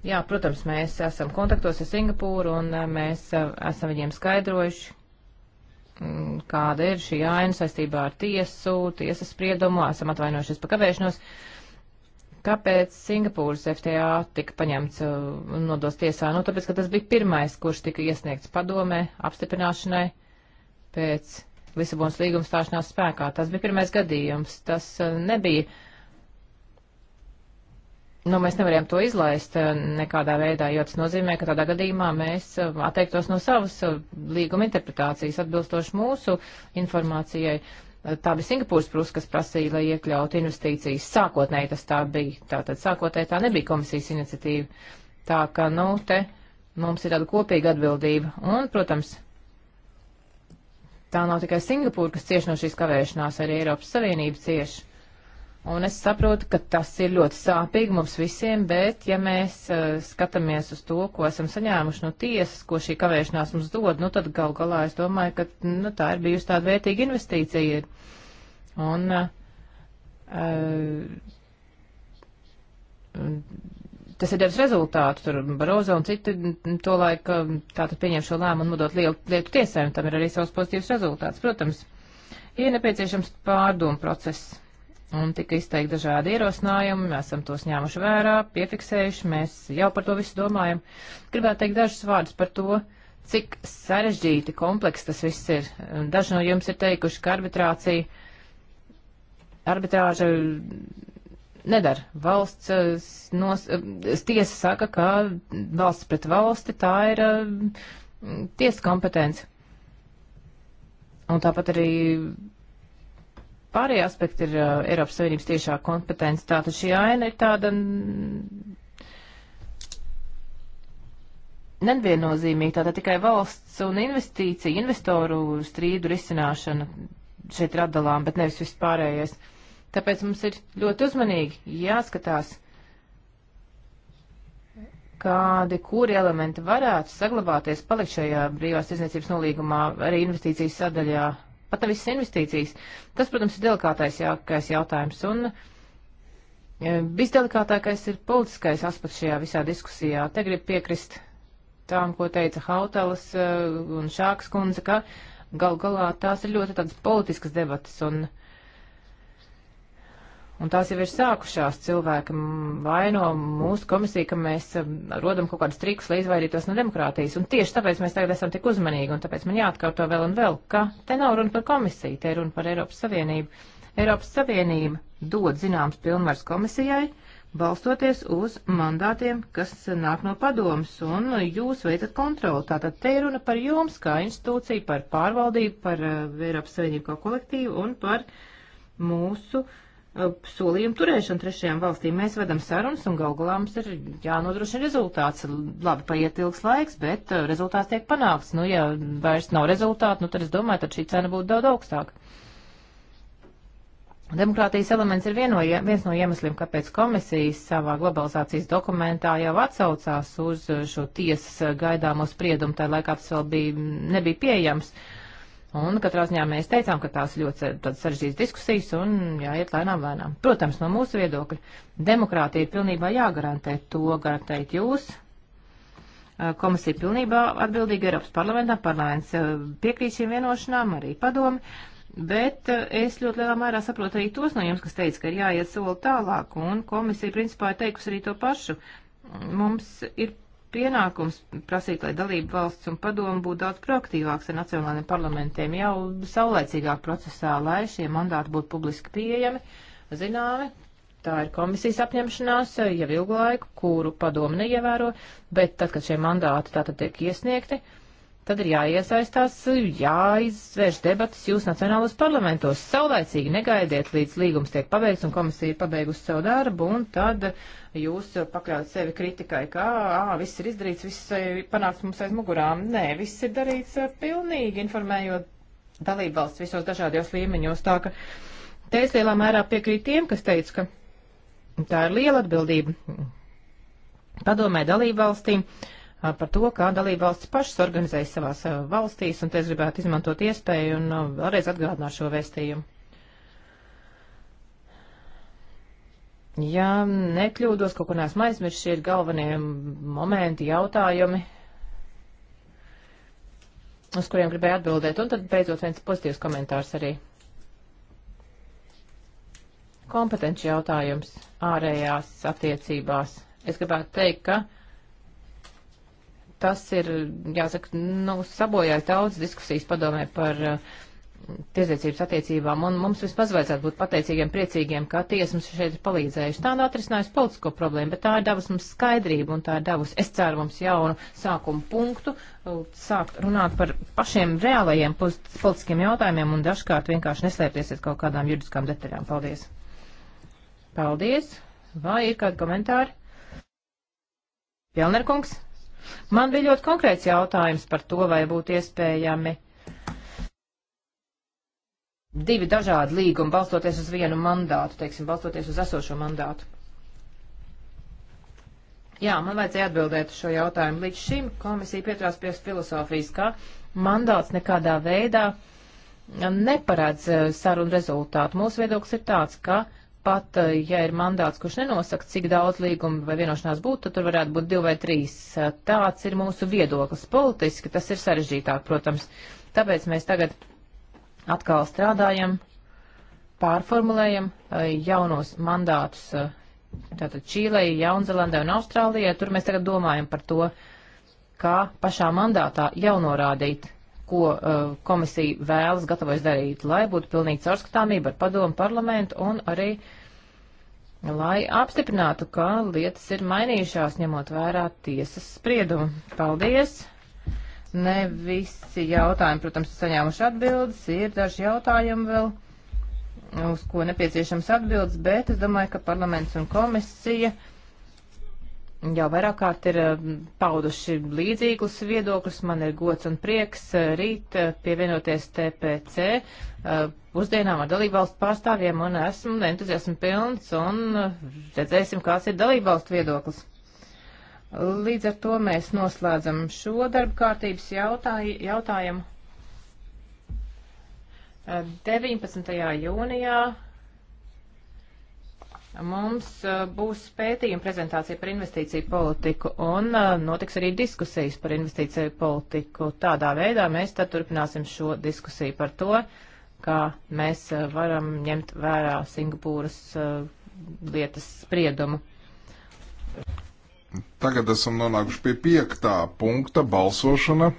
Jā, protams, mēs esam kontaktos ar Singapūru un eh, mēs esam viņiem skaidrojuši, mm, kāda ir šī aina saistībā ar tiesu, tiesas spriedumu, esam atvainojušies par kavēšanos. Kāpēc Singapūras FTA tika paņemts un nodos tiesā? Nu, tāpēc, ka tas bija pirmais, kurš tika iesniegts padomē apstiprināšanai. Uh, pēc Lisabonas līguma stāšanās spēkā. Tas bija pirmais gadījums. Tas uh, nebija. Nu, mēs nevarējām to izlaist uh, nekādā veidā, jo tas nozīmē, ka tādā gadījumā mēs uh, atteiktos no savas līguma interpretācijas atbilstoši mūsu informācijai. Tā bija Singapūras prus, kas prasīja, lai iekļautu investīcijas. Sākotnēji tas tā bija. Tātad sākotnēji tā nebija komisijas iniciatīva. Tā ka, nu, te mums ir tāda kopīga atbildība. Un, protams, tā nav tikai Singapūra, kas cieši no šīs kavēšanās, arī Eiropas Savienība cieši. Un es saprotu, ka tas ir ļoti sāpīgi mums visiem, bet ja mēs uh, skatāmies uz to, ko esam saņēmuši no tiesas, ko šī kavēšanās mums dod, nu tad gal galā es domāju, ka nu, tā ir bijusi tāda vērtīga investīcija. Un, uh, uh, tas ir devis rezultātu. Tur Barozo un citi to laika tātad pieņem šo lēmumu un nodot lielu lietu tiesai, un tam ir arī savs pozitīvs rezultāts. Protams, ir nepieciešams pārdomu process. Un tika izteikti dažādi ierosinājumi, mēs esam tos ņēmuši vērā, piefiksējuši, mēs jau par to visu domājam. Gribētu teikt dažus vārdus par to, cik sarežģīti, kompleks tas viss ir. Daži no jums ir teikuši, ka arbitrācija, arbitrāža nedara. Valsts eh, nos, eh, tiesa saka, ka valsts pret valsti tā ir eh, tiesa kompetence. Un tāpat arī pārējie aspekti ir Eiropas Savienības tiešā kompetence. Tātad šī aina ir tāda neviennozīmīga, tātad tikai valsts un investīcija, investoru strīdu risināšana šeit ir atdalām, bet nevis vispārējais. pārējais. Tāpēc mums ir ļoti uzmanīgi jāskatās, kādi, kuri elementi varētu saglabāties, palikt šajā brīvās izniecības nolīgumā, arī investīcijas sadaļā, pat ne visas investīcijas. Tas, protams, ir delikātais jākais jautājums, un e, visdelikātākais ir politiskais aspekts šajā visā diskusijā. Te grib piekrist tām, ko teica Hautelas e, un Šāks kundze, ka gal galā tās ir ļoti tādas politiskas debatas, un uh, Un tās jau ir sākušās cilvēki vaino mūsu komisiju, ka mēs rodam kaut kādus trikus, lai izvairītos no demokrātijas. Un tieši tāpēc mēs tagad esam tik uzmanīgi, un tāpēc man jāatkārto vēl un vēl, ka te nav runa par komisiju, te ir runa par Eiropas Savienību. Eiropas Savienība dod zināms pilnvars komisijai, balstoties uz mandātiem, kas nāk no padomas, un jūs veicat kontroli. Tātad te ir runa par jums kā institūciju, par pārvaldību, par uh, Eiropas Savienību kā kolektīvu un par mūsu uh, solījumu turēšanu trešajām valstīm. Mēs vedam sarunas un galgulā mums ir jānodrošina rezultāts. Labi, paiet ilgs laiks, bet uh, rezultāts tiek panāks. Nu, ja vairs nav rezultātu, nu, tad es domāju, tad šī cena būtu daudz augstāka. Demokrātijas elements ir vieno, viens no iemesliem, kāpēc komisijas savā globalizācijas dokumentā jau atsaucās uz uh, šo tiesas uh, gaidāmo spriedumu, tā laikā tas vēl bija, nebija pieejams. Uh, Un katrā ziņā mēs teicām, ka tās ļoti sarežģītas diskusijas un jāiet lēnām lēnām. Protams, no mūsu viedokļa demokrātija ir pilnībā jāgarantē. To garantējat jūs. Komisija pilnībā atbildīga Eiropas parlamentam. Parlaments piekrīt šīm vienošanām, arī padomi. Bet es ļoti lielā mērā saprotu arī tos no jums, kas teica, ka ir jāiet soli tālāk, un komisija principā ir teikusi arī to pašu. Mums ir pienākums prasīt, lai dalību valsts un padomu būtu daudz proaktīvāks ar nacionālajiem parlamentiem jau saulēcīgāk procesā, lai šie mandāti būtu publiski pieejami, zināmi. Tā ir komisijas apņemšanās jau ilgu laiku, kuru padomu neievēro, bet tad, kad šie mandāti tātad tiek iesniegti, uh, tad ir jāiesaistās, jāizvērš debatas jūs nacionālos parlamentos. Saulaicīgi negaidiet, līdz līgums tiek pabeigts un komisija ir pabeigusi savu darbu, un tad jūs pakļaut sevi kritikai, ka ā, viss ir izdarīts, viss eh, panāks mums aiz mugurām. Nē, viss ir darīts eh, pilnīgi, informējot dalībvalsts visos dažādos līmeņos. Tā ka te es lielā mērā piekrītu tiem, kas teica, ka tā ir liela atbildība padomē dalībvalstīm. valstīm par to, kā dalība valsts pašas organizējas savās valstīs, un te es gribētu izmantot iespēju un vēlreiz atgādināt šo vēstījumu. Ja nekļūdos, kaut ko neesmu aizmirsis, šie ir galvenie momenti, jautājumi, uz kuriem gribēju atbildēt, un tad beidzot viens pozitīvs komentārs arī. Kompetenci jautājums ārējās attiecībās. Es gribētu teikt, ka tas ir, jāsaka, nu, sabojājis daudz diskusijas padomē par uh, tiesniecības attiecībām, un mums vispār vajadzētu būt pateicīgiem, priecīgiem, ka tiesa mums šeit ir palīdzējuši. Tā nav atrisinājusi politisko problēmu, bet tā ir devusi mums skaidrību, un tā ir devusi, es ceru, mums jaunu sākumu punktu, uh, sākt runāt par pašiem reālajiem politiskiem jautājumiem, un dažkārt vienkārši neslēpties aiz kaut kādām juridiskām detaļām. Paldies! Paldies! Vai ir kādi komentāri? Pielnerkungs? Man bija ļoti konkrēts jautājums par to, vai būtu iespējami divi dažādi līgumi, balstoties uz vienu mandātu, teiksim, balstoties uz esošo mandātu. Jā, man vajadzēja atbildēt uz šo jautājumu. Līdz šim komisija pieturās pie filozofijas, ka mandāts nekādā veidā neparedz eh, sarunu rezultātu. Mūsu viedoklis ir tāds, ka pat eh, ja ir mandāts, kurš nenosaka, cik daudz līguma vai vienošanās būtu, tad tur varētu būt divi vai trīs. Eh, Tāds ir mūsu viedoklis politiski, tas ir sarežģītāk, protams. Tāpēc mēs tagad atkal strādājam, pārformulējam eh, jaunos mandātus. Tātad Čīlei, Jaunzelandai un Austrālijai, tur mēs tagad domājam par to, kā pašā mandātā jau norādīt ko eh, komisija vēlas gatavojas darīt, lai būtu pilnīgi caurskatāmība ar padomu parlamentu un arī lai apstiprinātu, ka lietas ir mainījušās, ņemot vērā tiesas spriedumu. Paldies! Ne visi jautājumi, protams, saņēmuši atbildes, ir daži jautājumi vēl, uz ko nepieciešams atbildes, bet es domāju, ka parlaments un komisija jau vairāk kārt ir eh, pauduši līdzīgus viedokļus. Man ir gods un prieks eh, rīt eh, pievienoties TPC pusdienām ar dalībvalstu pārstāvjiem un esmu entuziasmu pilns un redzēsim, kāds ir dalībvalstu viedoklis. Līdz ar to mēs noslēdzam šo darba kārtības jautāj jautājumu. 19. jūnijā Mums būs pētījuma prezentācija par investīciju politiku un notiks arī diskusijas par investīciju politiku. Tādā veidā mēs tad turpināsim šo diskusiju par to, kā mēs varam ņemt vērā Singapūras lietas spriedumu. Tagad esam nonākuši pie piektā punkta - balsošana.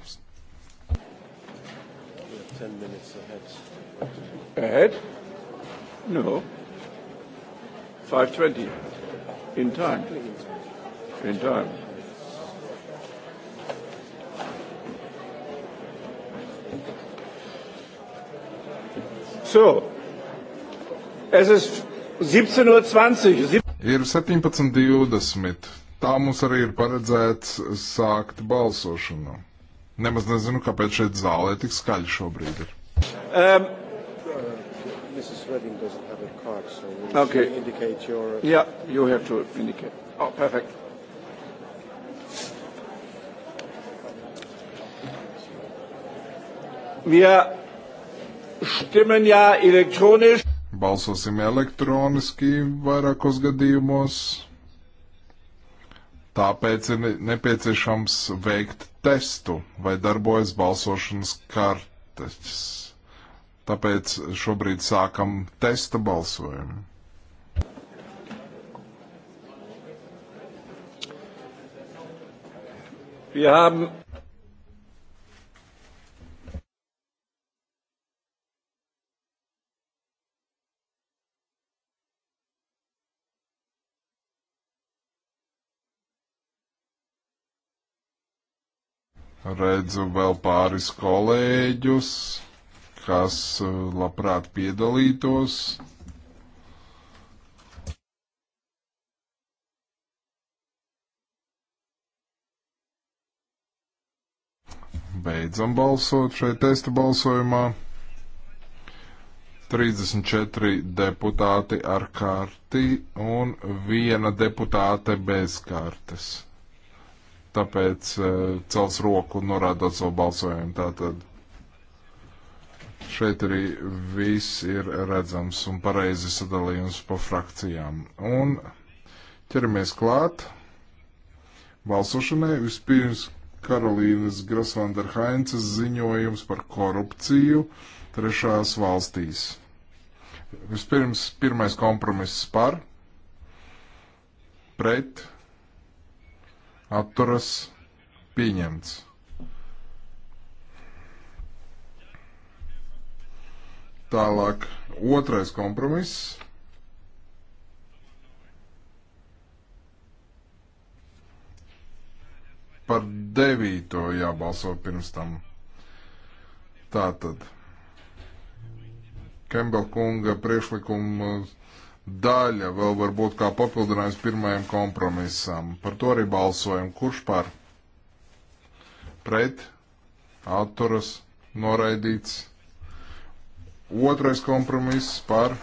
Ahead? No. 5.20. In time. In time. So, es ist 17.20 Uhr. Ir 17.20. Tā mums arī ir paredzēts sākt balsošanu. Nemaz nezinu, kāpēc šeit zālē tik skaļi šobrīd ir. Um, Mrs. Redding doesn't have a card, so will okay. you indicate your... Uh, yeah, you have to indicate. Oh, perfect. Wir stimmen ja elektronisch. Balsosim elektroniski vairākos gadījumos. Tāpēc ir nepieciešams veikt testu, vai darbojas balsošanas kartes. Tāpēc šobrīd sākam testa balsojumu. Wir haben redzu vēl pāris kolēģus kas uh, labprāt piedalītos. Beidzam balsot šai testa balsojumā. 34 deputāti ar karti un viena deputāte bez kartes. Tāpēc uh, cels roku norādot savu balsojumu. Tātad Šeit arī viss ir redzams un pareizi sadalījums pa frakcijām. Un ķeramies klāt balsošanai. Vispirms Karolīnas Grasvanderhainces ziņojums par korupciju trešās valstīs. Vispirms pirmais kompromiss par, pret, atturas, pieņemts. Tālāk otrais kompromiss. Par devīto jābalso pirms tam. Tātad. Kembel kunga priekšlikuma daļa vēl var būt kā papildinājums pirmajam kompromisam. Par to arī balsojam. Kurš par? Pret? Atturas? Noraidīts? Otrais kompromiss par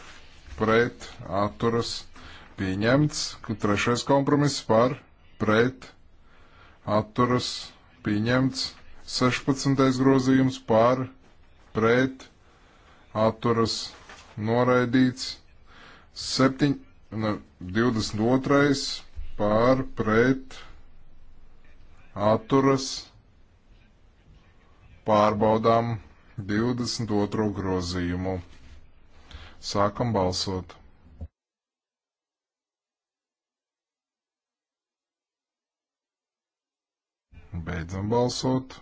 pret atturas pieņemts. Trešais kompromiss par pret atturas pieņemts. 16. grozījums par pret atturas noraidīts. 7, ne, 22. par pret atturas pārbaudām 22. grozījumu. Sākam balsot. Beidzam balsot.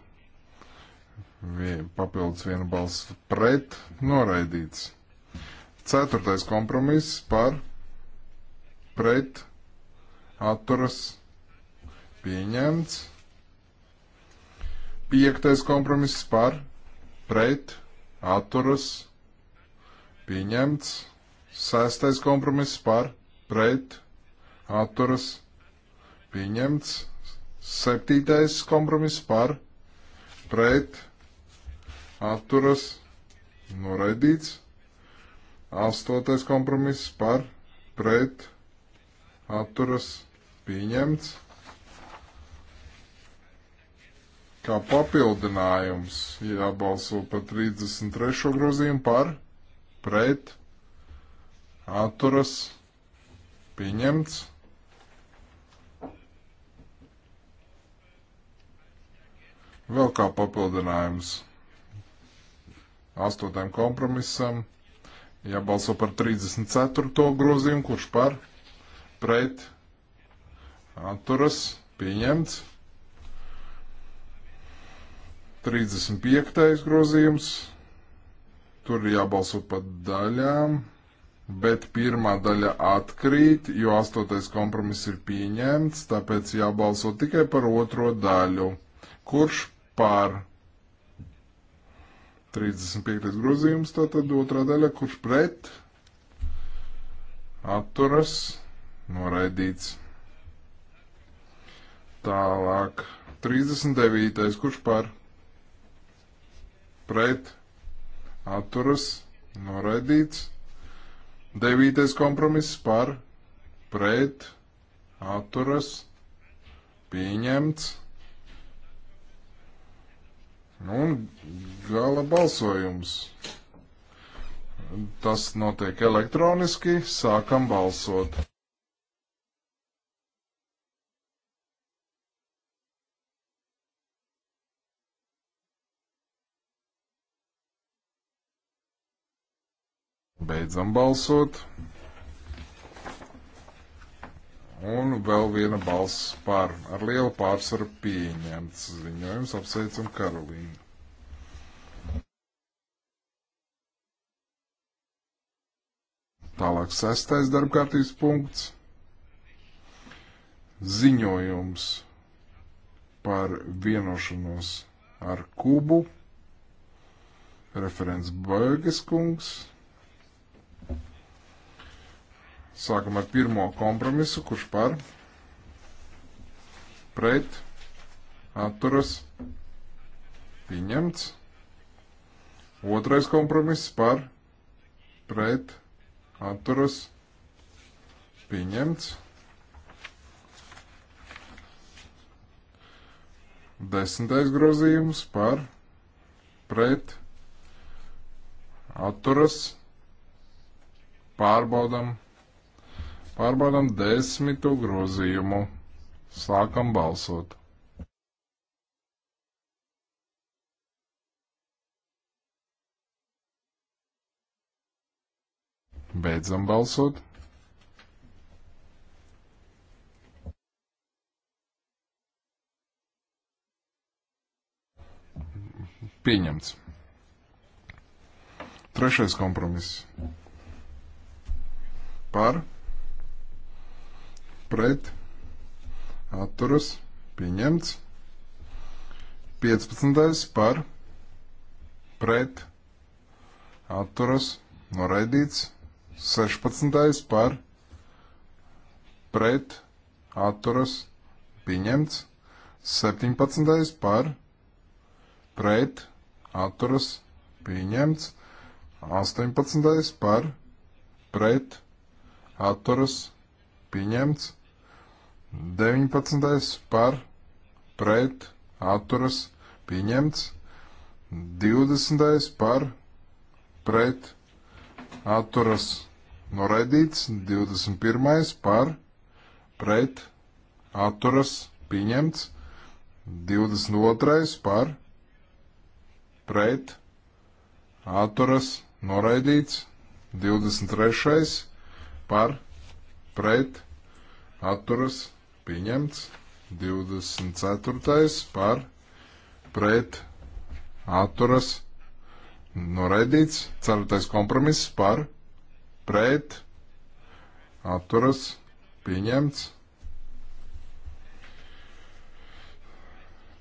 Vien, papildus viena balss pret, noraidīts. Ceturtais kompromiss par, pret, atturas, pieņemts. Piektais kompromiss par, pret, atturas, pieņemts. Sestais kompromiss par, pret, atturas, pieņemts. Septītais kompromiss par, pret, atturas, noraidīts. Astotais kompromiss par, pret, atturas, pieņemts. kā papildinājums jābalso par 33. grozījumu par, pret, atturas, pieņemts. Vēl kā papildinājums astotajam kompromisam jābalso par 34. grozījumu, kurš par, pret, atturas, pieņemts. 35. grozījums. Tur ir jābalso pa daļām, bet pirmā daļa atkrīt, jo 8. kompromiss ir pieņemts, tāpēc jābalso tikai par otro daļu. Kurš par 35. grozījums, tātad otrā daļa, kurš pret atturas noraidīts. Tālāk 39. kurš par 35 pret atturas noraidīts. Devītais kompromiss par pret atturas pieņemts. Nu, un gala balsojums. Tas notiek elektroniski, sākam balsot. Beidzam balsot. Un vēl viena balss par. Ar lielu pārsvaru pieņemts ziņojums. Apsveicam Karolīnu. Tālāk sestais darbkārtības punkts. Ziņojums par vienošanos ar Kubu. Referents Bēges kungs. Sākam ar pirmo kompromisu, kurš par pret atturas pieņemts. Otrais kompromiss par pret atturas pieņemts. Desmitais grozījums par pret atturas pārbaudam pieņemts Pārbaudām desmito grozījumu. Sākam balsot. Beidzam balsot. Pieņemts. Trešais kompromiss. Par pret, atturas, pieņemts. 15. par, pret, atturas, noraidīts. 16. par, pret, atturas, pieņemts. 17. par, pret, atturas, pieņemts. 18. par, pret, atturas, pieņemts. 19. par pret atturas pieņemts. 20. par pret atturas noraidīts. 21. par pret atturas pieņemts. 22. par pret atturas noraidīts. 23. par pret atturas pieņemts. 24. par pret atturas noraidīts. 4. kompromiss par pret atturas pieņemts.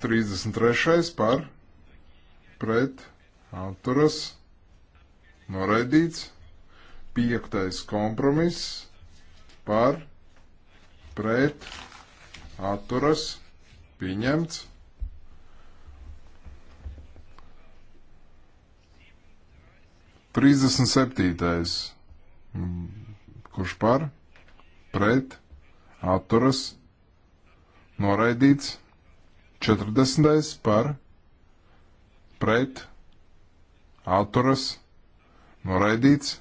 33. par pret atturas noraidīts. 5. kompromiss par pret atturas atturas, pieņemts. Trīsdesmit septītais, mm, kurš par, pret, atturas, noraidīts. Četrdesmitais par, pret, atturas, noraidīts.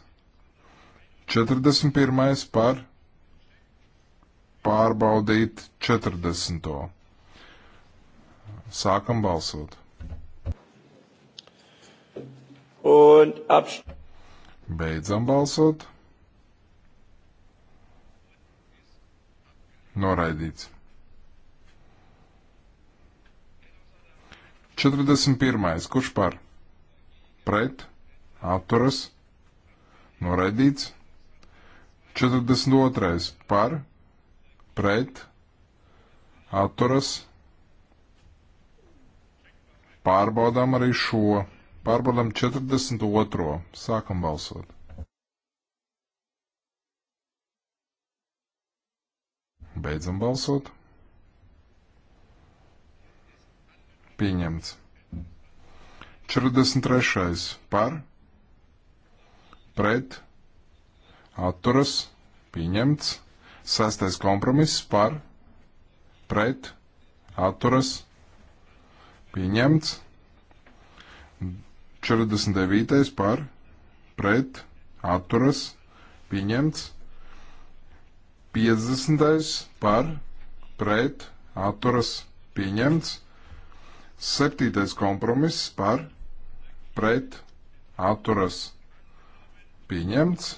41. par pārbaudīt 40. Sākam balsot. Un apš... Beidzam balsot. Noraidīts. 41. Kurš par? Pret? Atturas? Noraidīts. 42. Par? pret, atturas, pārbaudām arī šo, pārbaudām 42. sākam balsot. Beidzam balsot. Pieņemts. 43. par, pret, atturas, pieņemts. Sastais kompromiss par pret atturas pieņemts. 49. par pret atturas pieņemts. 50. par pret atturas pieņemts. 7. kompromiss par pret atturas pieņemts.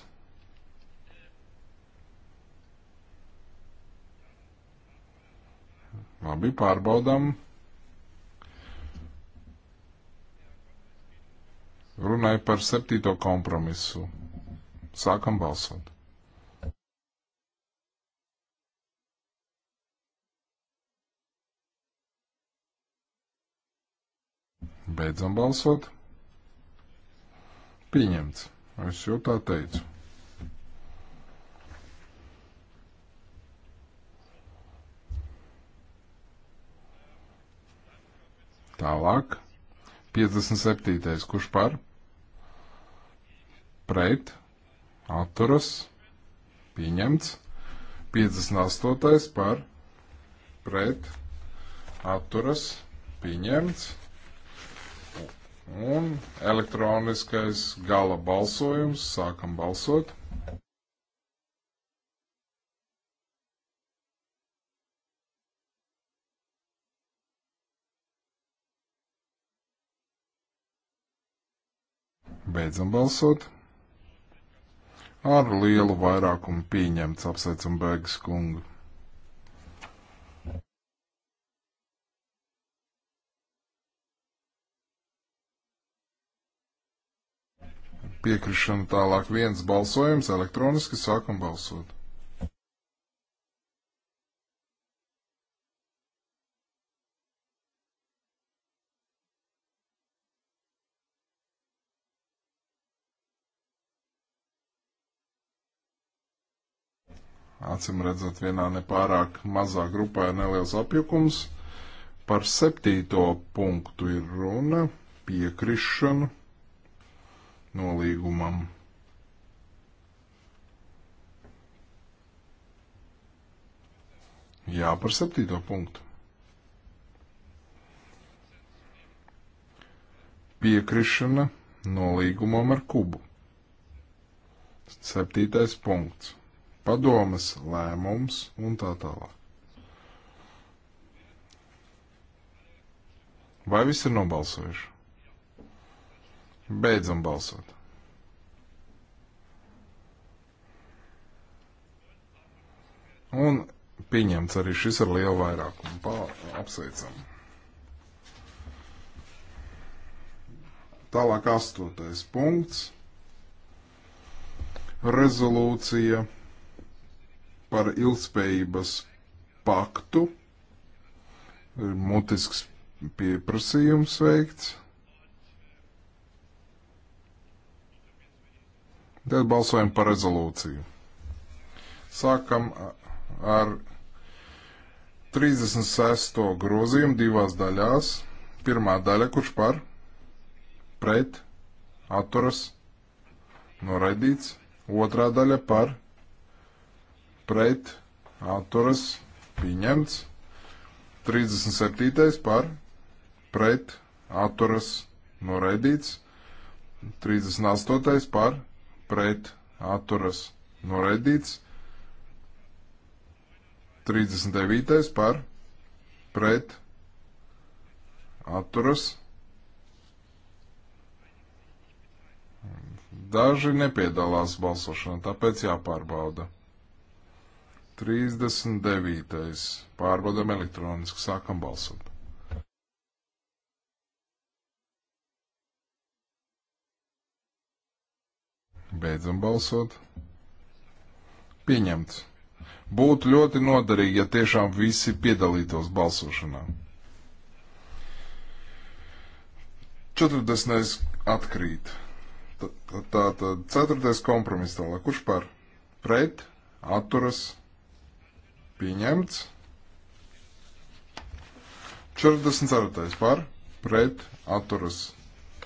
Labi, pārbaudām. Runāju par septīto kompromisu. Sākam balsot. Beidzam balsot. Pieņemts. Es jau tā teicu. Tālāk. 57. Kurš par? Pret. Atturas. Pieņemts. 58. par. Pret. Atturas. Pieņemts. Un elektroniskais gala balsojums. Sākam balsot. Beidzam balsot. Ar lielu vairākumu pieņemts apsveicam Bēgas kungu. Piekrišana tālāk viens balsojums elektroniski sākam balsot. acim redzot, vienā nepārāk mazā grupā ir neliels apjukums. Par septīto punktu ir runa - piekrišana nolīgumam. Jā, par septīto punktu. Piekrišana nolīgumam ar kubu. Septītais punkts padomas lēmums un tā tālāk. Vai viss ir nobalsojuši? Beidzam balsot. Un pieņemts arī šis ar lielu vairākumu. Pār, apsveicam. Tālāk astotais punkts. Rezolūcija par ilgspējības paktu. Ir mutisks pieprasījums veikts. Tad balsojam par rezolūciju. Sākam ar 36. grozījumu divās daļās. Pirmā daļa, kurš par, pret, atturas, noraidīts. Otrā daļa par, pret atturas pieņemts. 37. par pret atturas noraidīts. 38. par pret atturas noraidīts. 39. par pret atturas noraidīts. Daži nepiedalās balsošanā, tāpēc jāpārbauda. 39. Pārbaudam elektroniski, sākam balsot. Beidzam balsot. Pieņemts. Būtu ļoti noderīgi, ja tiešām visi piedalītos balsošanā. 40. atkrīt. Tātad 4. kompromiss tālāk. Kurš par? Pret? Atturas? Pieņemts. 44. par pret atturas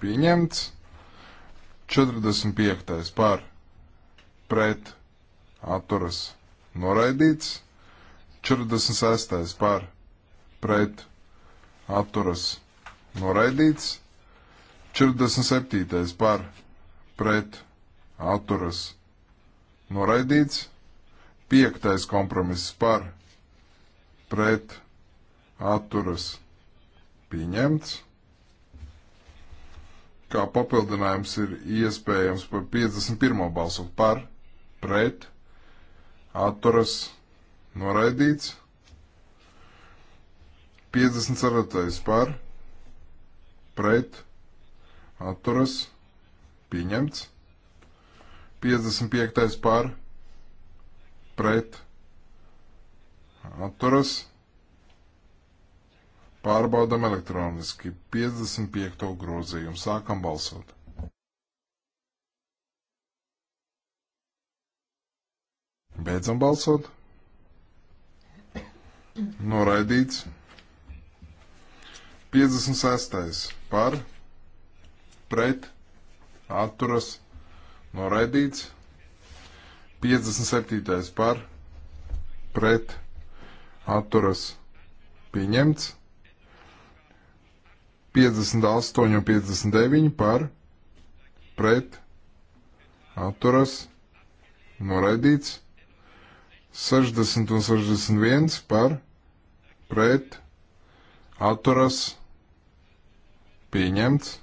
pieņemts. 45. par pret atturas noraidīts. 46. par pret atturas noraidīts. 47. par pret atturas noraidīts. Piektais kompromiss par pret atturas pieņemts. Kā papildinājums ir iespējams par 51. balsu par pret atturas noraidīts. 54. par pret atturas pieņemts. 55. par pret pret atturas. Pārbaudam elektroniski 55. grozījumu. Sākam balsot. Beidzam balsot. Noraidīts. 56. par, pret, atturas, noraidīts. 57. par pret atturas pieņemts. 58 un 59 par pret atturas noraidīts. 60 un 61 par pret atturas pieņemts.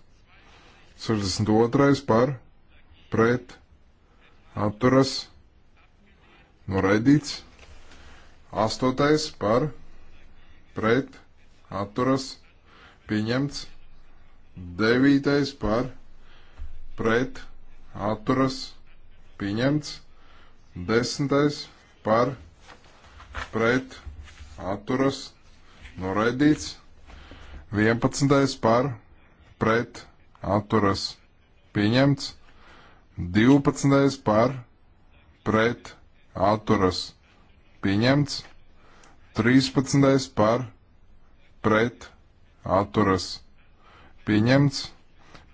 62 par pret atturas pieņemts atturas noraidīts. Astotais par pret atturas pieņemts. Devītais par pret atturas pieņemts. Desmitais par pret atturas noraidīts. Vienpadsmitais par pret atturas pieņemts. Divpadsmitais par pret atturas atturas pieņemts. 13. par pret atturas pieņemts.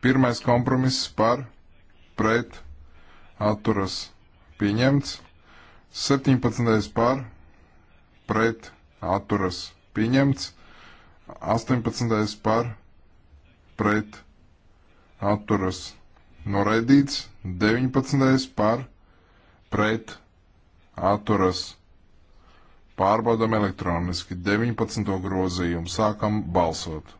Pirmais kompromiss par pret atturas pieņemts. 17. par pret atturas pieņemts. 18. par pret atturas noraidīts. 19. par pret atturas atturas pārbaudam elektroniski 19. grozījumu. Sākam balsot.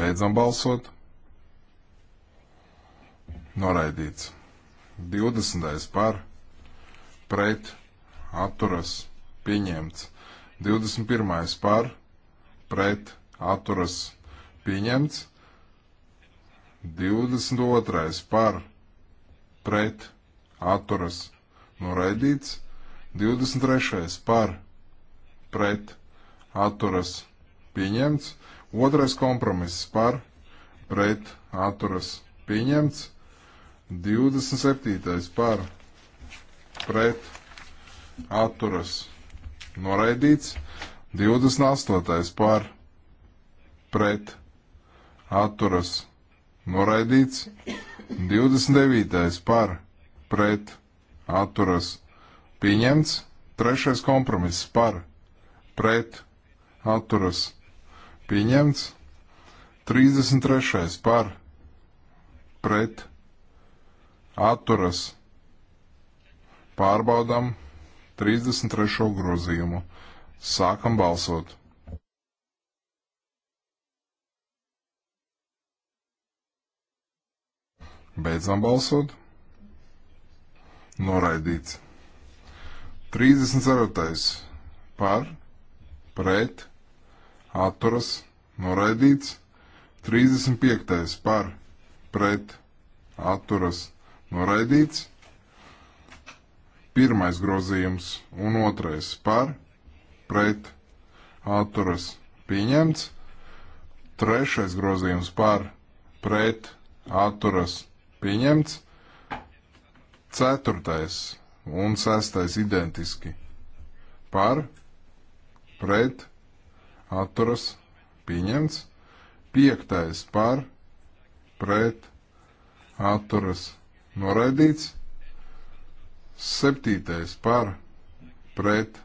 Beidzam balsot. Noraidīts. 20. par, pret, atturas, pieņemts. 21. par, pret, atturas, pieņemts. 22. par pret atturas noraidīts. 23. par pret atturas pieņemts. Otrais kompromiss par pret atturas pieņemts. 27. par pret atturas noraidīts. 28. par pret atturas pieņemts noraidīts. 29. par pret atturas pieņemts. 3. kompromiss par pret atturas pieņemts. 33. par pret atturas pārbaudam 33. grozījumu. Sākam balsot! Beidzam balsot. Noraidīts. 34. par, pret, atturas, noraidīts. 35. par, pret, atturas, noraidīts. Pirmais grozījums un otrais par, pret, atturas, pieņemts. Trešais grozījums par, pret, atturas, noraidīts pieņemts. Ceturtais un sestais identiski par, pret, atturas, pieņemts. Piektais par, pret, atturas, noraidīts. Septītais par, pret,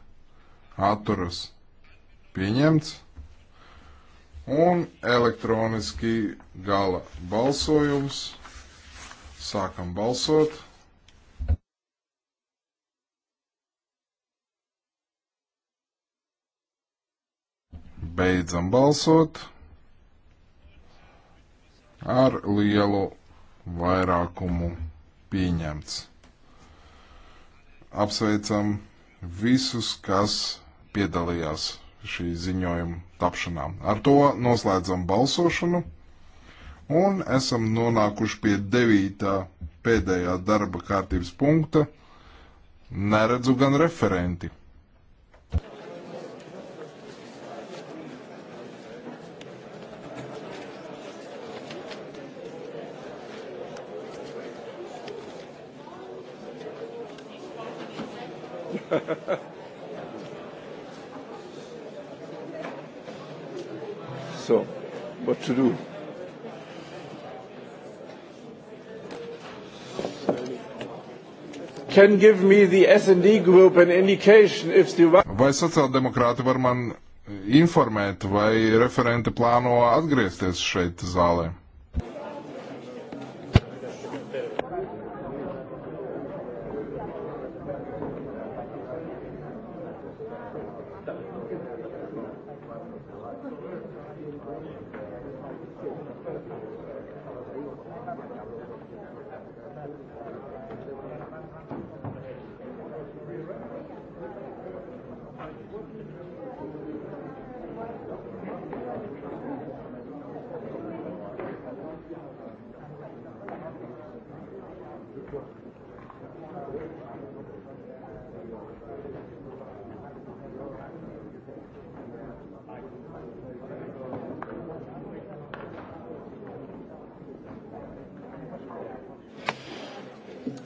atturas, pieņemts. Un elektroniski gala balsojums. Sākam balsot. Beidzam balsot. Ar lielu vairākumu pieņemts. Apsveicam visus, kas piedalījās šī ziņojuma tapšanā. Ar to noslēdzam balsošanu. Un esam nonākuši pie devītā pēdējā darba kārtības punkta. Neredzu gan referenti. so, what to do? can give me the S&D group an indication if the... Vai sociāldemokrāti var man informēt, vai referenti plāno atgriezties šeit zālē?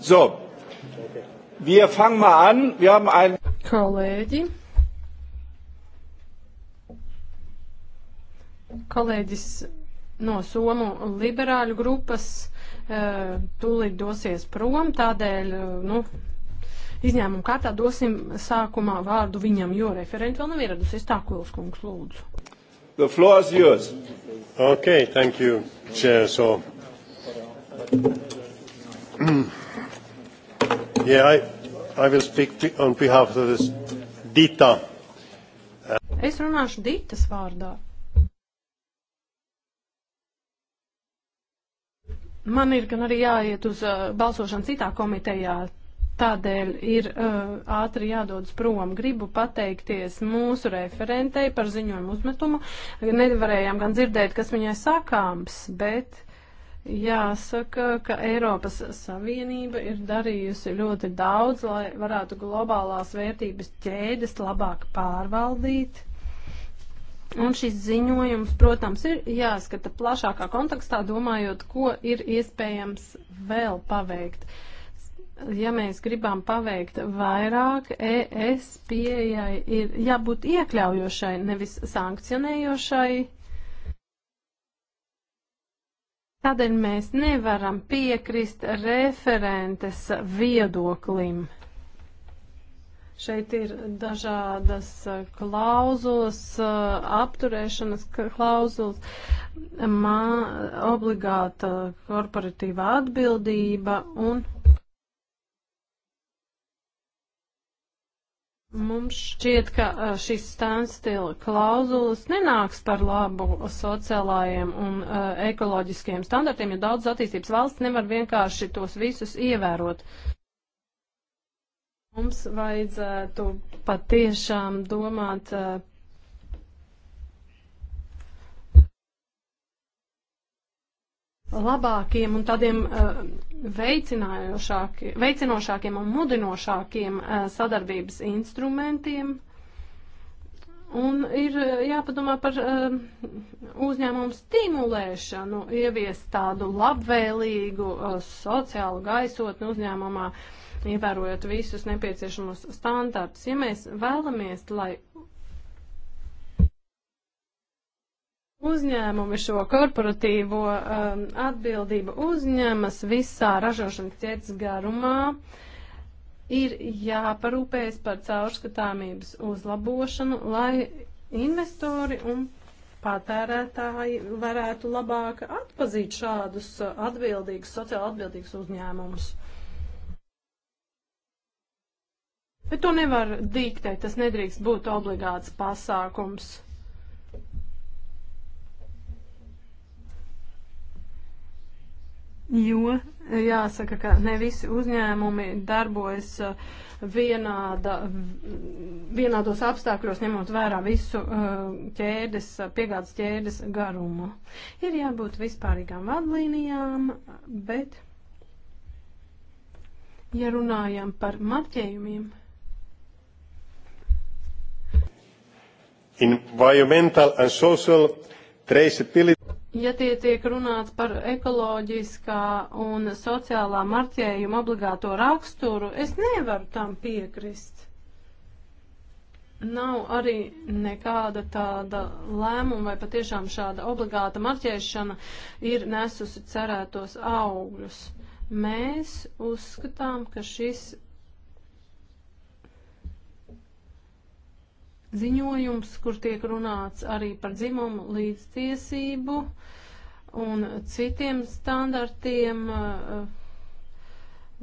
So, wir fangen mal an. Wir haben ein. Kolēģi. Kolēģis no Somu liberāļu grupas eh, tūlīt dosies prom, tādēļ, eh, nu, izņēmumu kārtā dosim sākumā vārdu viņam, jo referenti vēl nav ieradusies. Tā, Kulis kungs, lūdzu. The floor is yours. Okay, thank you, Chair. So, Yeah, I, I will speak on behalf of this Dita. Es runāšu Ditas vārdā. Man ir gan arī jāiet uz uh, balsošanu citā komitejā, Tādēļ ir uh, ātri jādodas prom. Gribu pateikties mūsu referentei par ziņojumu uzmetumu. Nevarējām gan dzirdēt, kas viņai sakāms, bet Jāsaka, ka Eiropas Savienība ir darījusi ļoti daudz, lai varētu globālās vērtības ķēdes labāk pārvaldīt. Un šis ziņojums, protams, ir jāskata plašākā kontekstā, domājot, ko ir iespējams vēl paveikt. Ja mēs gribam paveikt vairāk, ES pieejai ir jābūt iekļaujošai, nevis sankcionējošai Tādēļ mēs nevaram piekrist referentes viedoklim. Šeit ir dažādas uh, klauzulas, uh, apturēšanas klauzulas, mā, obligāta korporatīva atbildība un Mums šķiet, ka šis standstila klauzulas nenāks par labu sociālajiem un uh, ekoloģiskiem standartiem, jo daudz attīstības valsts nevar vienkārši tos visus ievērot. Mums vajadzētu patiešām domāt uh, labākiem un tādiem uh, veicinošākiem un mudinošākiem uh, sadarbības instrumentiem. Un ir eh, jāpadomā par uh, uzņēmumu stimulēšanu, ieviest tādu labvēlīgu uh, sociālu gaisotni uzņēmumā, ievērojot visus nepieciešamos standartus. Ja mēs vēlamies, lai Uzņēmumi šo korporatīvo um, atbildību uzņemas visā ražošanas ķēdes garumā. Ir jāparūpējas par caurskatāmības uzlabošanu, lai investori un patērētāji varētu labāk atpazīt šādus uh, atbildīgus, sociāli atbildīgus uzņēmumus. Bet to nevar diktēt, tas nedrīkst būt obligāts pasākums. jo jāsaka, ka ne visi uzņēmumi darbojas uh, vienāda, vienādos apstākļos, ņemot vērā visu uh, ķēdes, uh, piegādes ķēdes garumu. Ir jābūt vispārīgām vadlīnijām, bet, ja runājam par marķējumiem, environmental and social traceability Ja tie tiek runāts par ekoloģiskā un sociālā marķējuma obligāto raksturu, es nevaru tam piekrist. Nav arī nekāda tāda lēmuma, vai patiešām šāda obligāta marķēšana ir nesusi cerētos augļus. Mēs uzskatām, ka šis ziņojums, kur tiek runāts arī par dzimumu līdztiesību un citiem standartiem. Eh,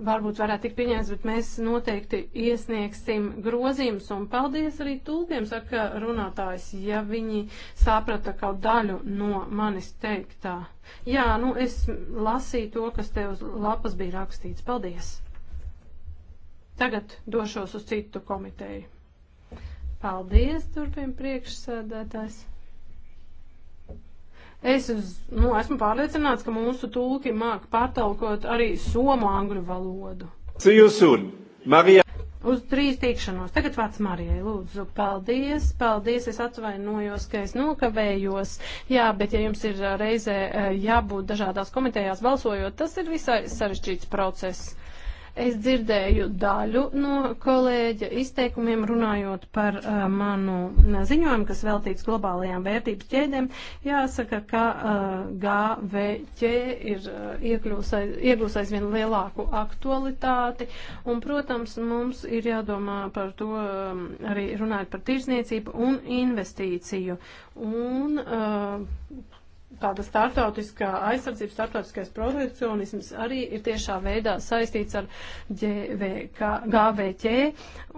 varbūt varētu tikt pieņēmts, bet mēs noteikti iesniegsim grozījumus un paldies arī tulkiem, saka runātājs, ja viņi saprata kaut daļu no manis teiktā. Jā, nu es lasīju to, kas te uz lapas bija rakstīts. Paldies! Tagad došos uz citu komiteju. Paldies, turpina priekšsēdētājs. Es uz, nu, esmu pārliecināts, ka mūsu tulki māk pārtalkot arī somu angļu valodu. See you soon, Marija. Uz trīs tikšanos. Tagad vārds Marijai, lūdzu. Paldies, paldies, es atvainojos, ka es nokavējos. Jā, bet ja jums ir uh, reizē uh, jābūt dažādās komitejās balsojot, tas ir visai sarežģīts process. Es dzirdēju daļu no kolēģa izteikumiem runājot par uh, manu ziņojumu, kas veltīts globālajām vērtības ķēdēm. Jāsaka, ka uh, GVķ ir uh, iegūs aizvien lielāku aktualitāti un, protams, mums ir jādomā par to um, arī runājot par tirsniecību un investīciju. Un, uh, tāda startautiskā aizsardzība, startautiskais protekcionisms arī ir tiešā veidā saistīts ar GVK, GVķ,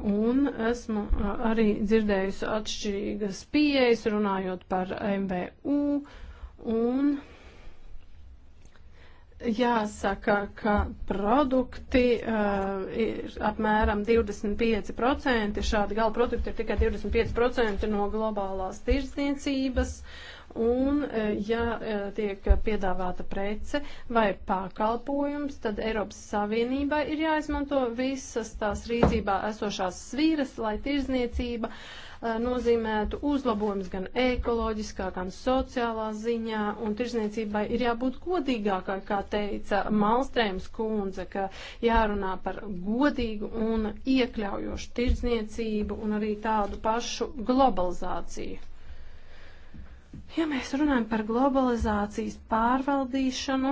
un esmu arī dzirdējusi atšķirīgas pieejas, runājot par MVU, un jāsaka, ka produkti uh, ir apmēram 25%, šādi gala produkti ir tikai 25% no globālās tirzniecības, uh, Un, e, ja e, tiek piedāvāta prece vai pakalpojums, tad Eiropas Savienībai ir jāizmanto visas tās rīcībā esošās svīras, lai tirzniecība e, nozīmētu uzlabojums gan ekoloģiskā, gan sociālā ziņā, un tirzniecībai ir jābūt godīgākai, kā teica Malstrēms kundze, ka jārunā par godīgu un iekļaujošu tirzniecību un arī tādu pašu globalizāciju. Ja mēs runājam par globalizācijas pārvaldīšanu,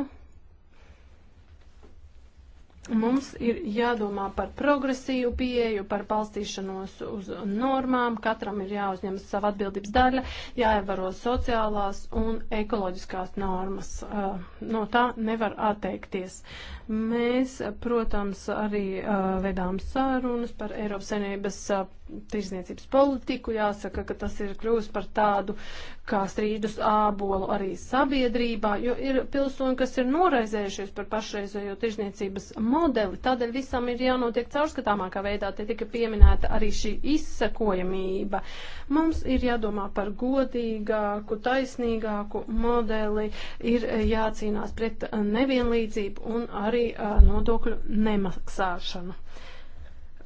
mums ir jādomā par progresīvu pieeju, par balstīšanos uz normām, katram ir jāuzņemas sava atbildības daļa, jāievaro sociālās un ekoloģiskās normas. Uh, no tā nevar atteikties. Mēs, protams, arī uh, vedām sārunas par Eiropas Savienības uh, tirzniecības politiku. Jāsaka, ka tas ir kļūst par tādu kā strīdus ābolu arī sabiedrībā, jo ir pilsoņi, kas ir noraizējušies par pašreizējo tirzniecības modeli. Tādēļ visam ir jānotiek caurskatāmākā veidā. Te tika pieminēta arī šī izsakojamība. Mums ir jādomā par godīgāku, taisnīgāku modeli, ir jācīnās pret nevienlīdzību un arī arī uh, nodokļu nemaksāšanu.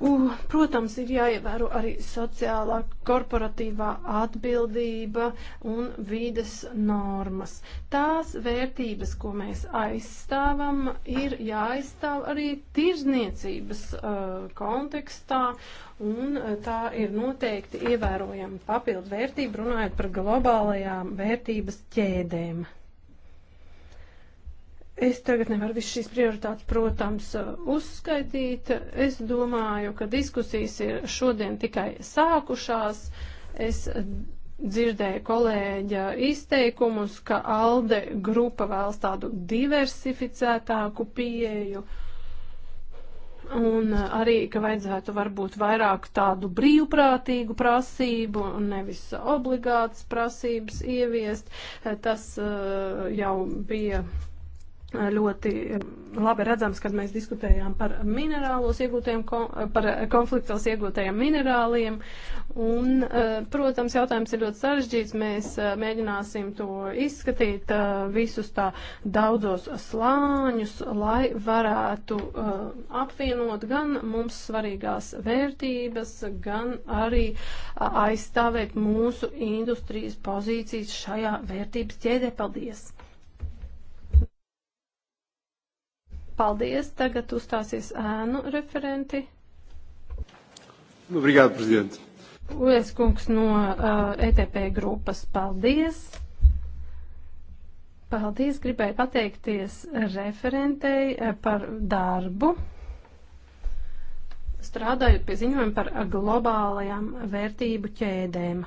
Uh, protams, ir jāievēro arī sociālā korporatīvā atbildība un vīdes normas. Tās vērtības, ko mēs aizstāvam, ir jāaizstāv arī tirzniecības uh, kontekstā, un uh, tā ir noteikti ievērojama papildu vērtība, runājot par globālajām vērtības ķēdēm. Es tagad nevaru visu šīs prioritātes, protams, uzskaitīt. Es domāju, ka diskusijas ir šodien tikai sākušās. Es dzirdēju kolēģa izteikumus, ka ALDE grupa vēlas tādu diversificētāku pieeju un arī, ka vajadzētu varbūt vairāk tādu brīvprātīgu prasību un nevis obligātas prasības ieviest. Tas eh, jau bija ļoti labi redzams, kad mēs diskutējām par minerālos iegūtajiem, par konfliktos iegūtajiem minerāliem. Un, eh, protams, jautājums ir ļoti sarežģīts. Mēs eh, mēģināsim to izskatīt eh, visus tā daudzos slāņus, lai varētu apvienot gan mums svarīgās vērtības, gan arī aizstāvēt mūsu industrijas pozīcijas šajā vērtības ķēdē. Paldies! Paldies. Tagad uzstāsies ēnu referenti. Obrigado, prezidente. Ulies kungs no uh, ETP grupas, paldies! Paldies, gribēju pateikties referentei par darbu. Strādājot pie ziņojuma par globālajām vērtību ķēdēm.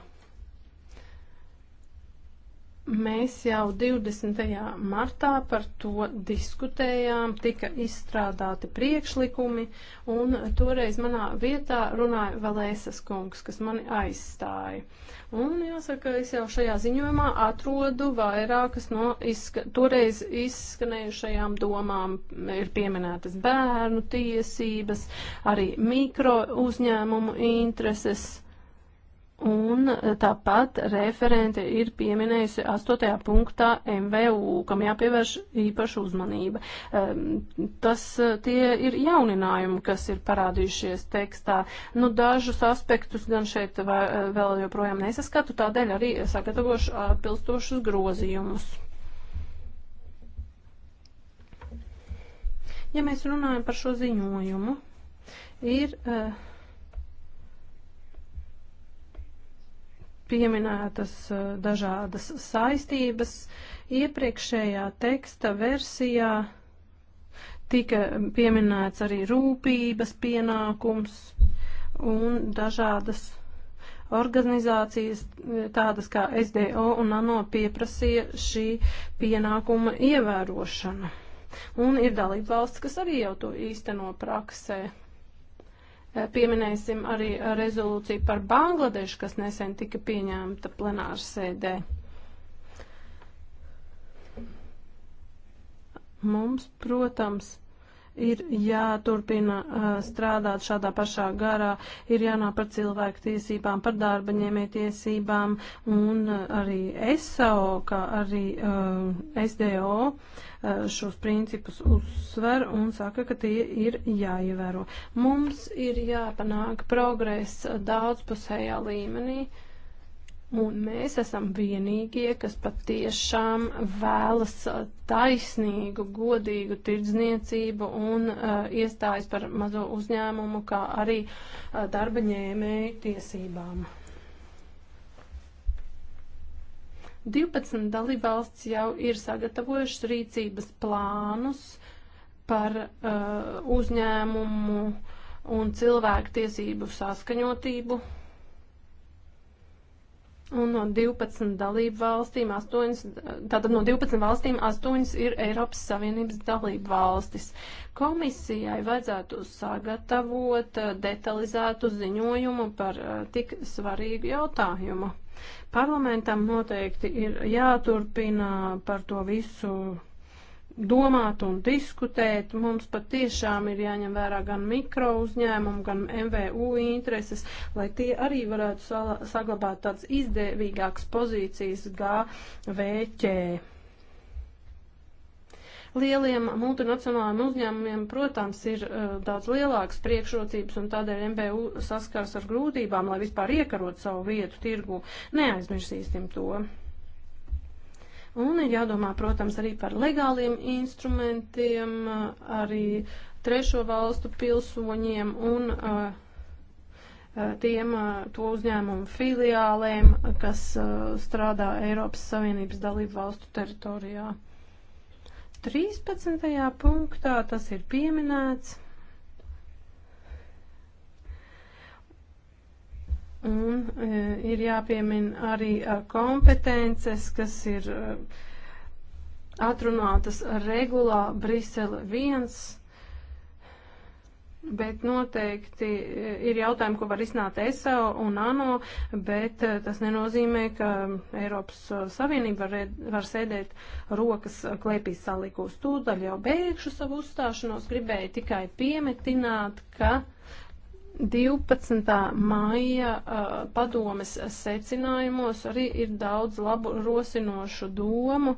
Mēs jau 20. martā par to diskutējām, tika izstrādāti priekšlikumi, un toreiz manā vietā runāja Valēsas kungs, kas mani aizstāja. Un jāsaka, es jau šajā ziņojumā atrodu vairākas no izska toreiz izskanējušajām domām. Ir pieminētas bērnu tiesības, arī mikro uzņēmumu intereses Un tāpat referente ir pieminējusi 8. punktā MVU, kam jāpievērš īpaša uzmanība. Ehm, tas eh, tie ir jauninājumi, kas ir parādījušies tekstā. Nu, dažus aspektus gan šeit eh, vēl joprojām nesaskatu, tādēļ arī sagatavošu atbilstošus grozījumus. Ja mēs runājam par šo ziņojumu, ir. Uh, pieminētas eh, dažādas saistības. Iepriekšējā teksta versijā tika pieminēts arī rūpības pienākums un dažādas organizācijas, eh, tādas kā SDO un ANO, pieprasīja šī pienākuma ievērošanu. Un ir dalība valsts, kas arī jau to īsteno praksē. Pieminēsim arī rezolūciju par Bangladešu, kas nesen tika pieņemta plenāru sēdē. Mums, protams, ir jāturpina uh, strādāt šādā pašā garā, ir jānāk par cilvēku tiesībām, par darba ņēmētiesībām un uh, arī SAO, kā arī uh, SDO šos principus uzsver un saka, ka tie ir jāievēro. Mums ir jāpanāk progress daudzpusējā līmenī. Uh, Un mēs esam vienīgie, kas patiešām vēlas uh, taisnīgu, godīgu tirdzniecību un uh, iestājas par mazo uzņēmumu, kā arī uh, darba ņēmēju tiesībām. 12 dalībvalsts jau ir sagatavojušas rīcības plānus par uh, uzņēmumu un cilvēku tiesību saskaņotību Un no 12 dalību valstīm 8, tātad no 12 valstīm 8 ir Eiropas Savienības dalību valstis. Komisijai vajadzētu sagatavot eh, detalizētu ziņojumu par eh, tik svarīgu jautājumu. Parlamentam noteikti ir jāturpina par to visu domāt un diskutēt. Mums patiešām ir jāņem vērā gan mikro uzņēmumu, gan MVU intereses, lai tie arī varētu saglabāt tādas izdevīgākas pozīcijas GVķē. Lieliem multinacionālajiem uzņēmumiem, protams, ir uh, daudz lielākas priekšrocības un tādēļ MBU saskars ar grūtībām, lai vispār iekarot savu vietu tirgu. Neaizmirsīsim to. Un ir jādomā, protams, arī par legāliem instrumentiem, arī trešo valstu pilsoņiem un tiem to uzņēmumu filiālēm, kas strādā Eiropas Savienības dalību valstu teritorijā. 13. punktā tas ir pieminēts. Un e, ir jāpiemina arī e, kompetences, kas ir e, atrunātas regulā Brisele 1. Bet noteikti ir jautājumi, ko var izsnākt ESO un ANO, bet tas nenozīmē, ka Eiropas Savienība var, red, var sēdēt rokas klēpī salikos. Tūdaļ jau beigšu savu uzstāšanos, gribēju tikai piemetināt, ka. 12. maija uh, padomes secinājumos arī ir daudz labu rosinošu domu.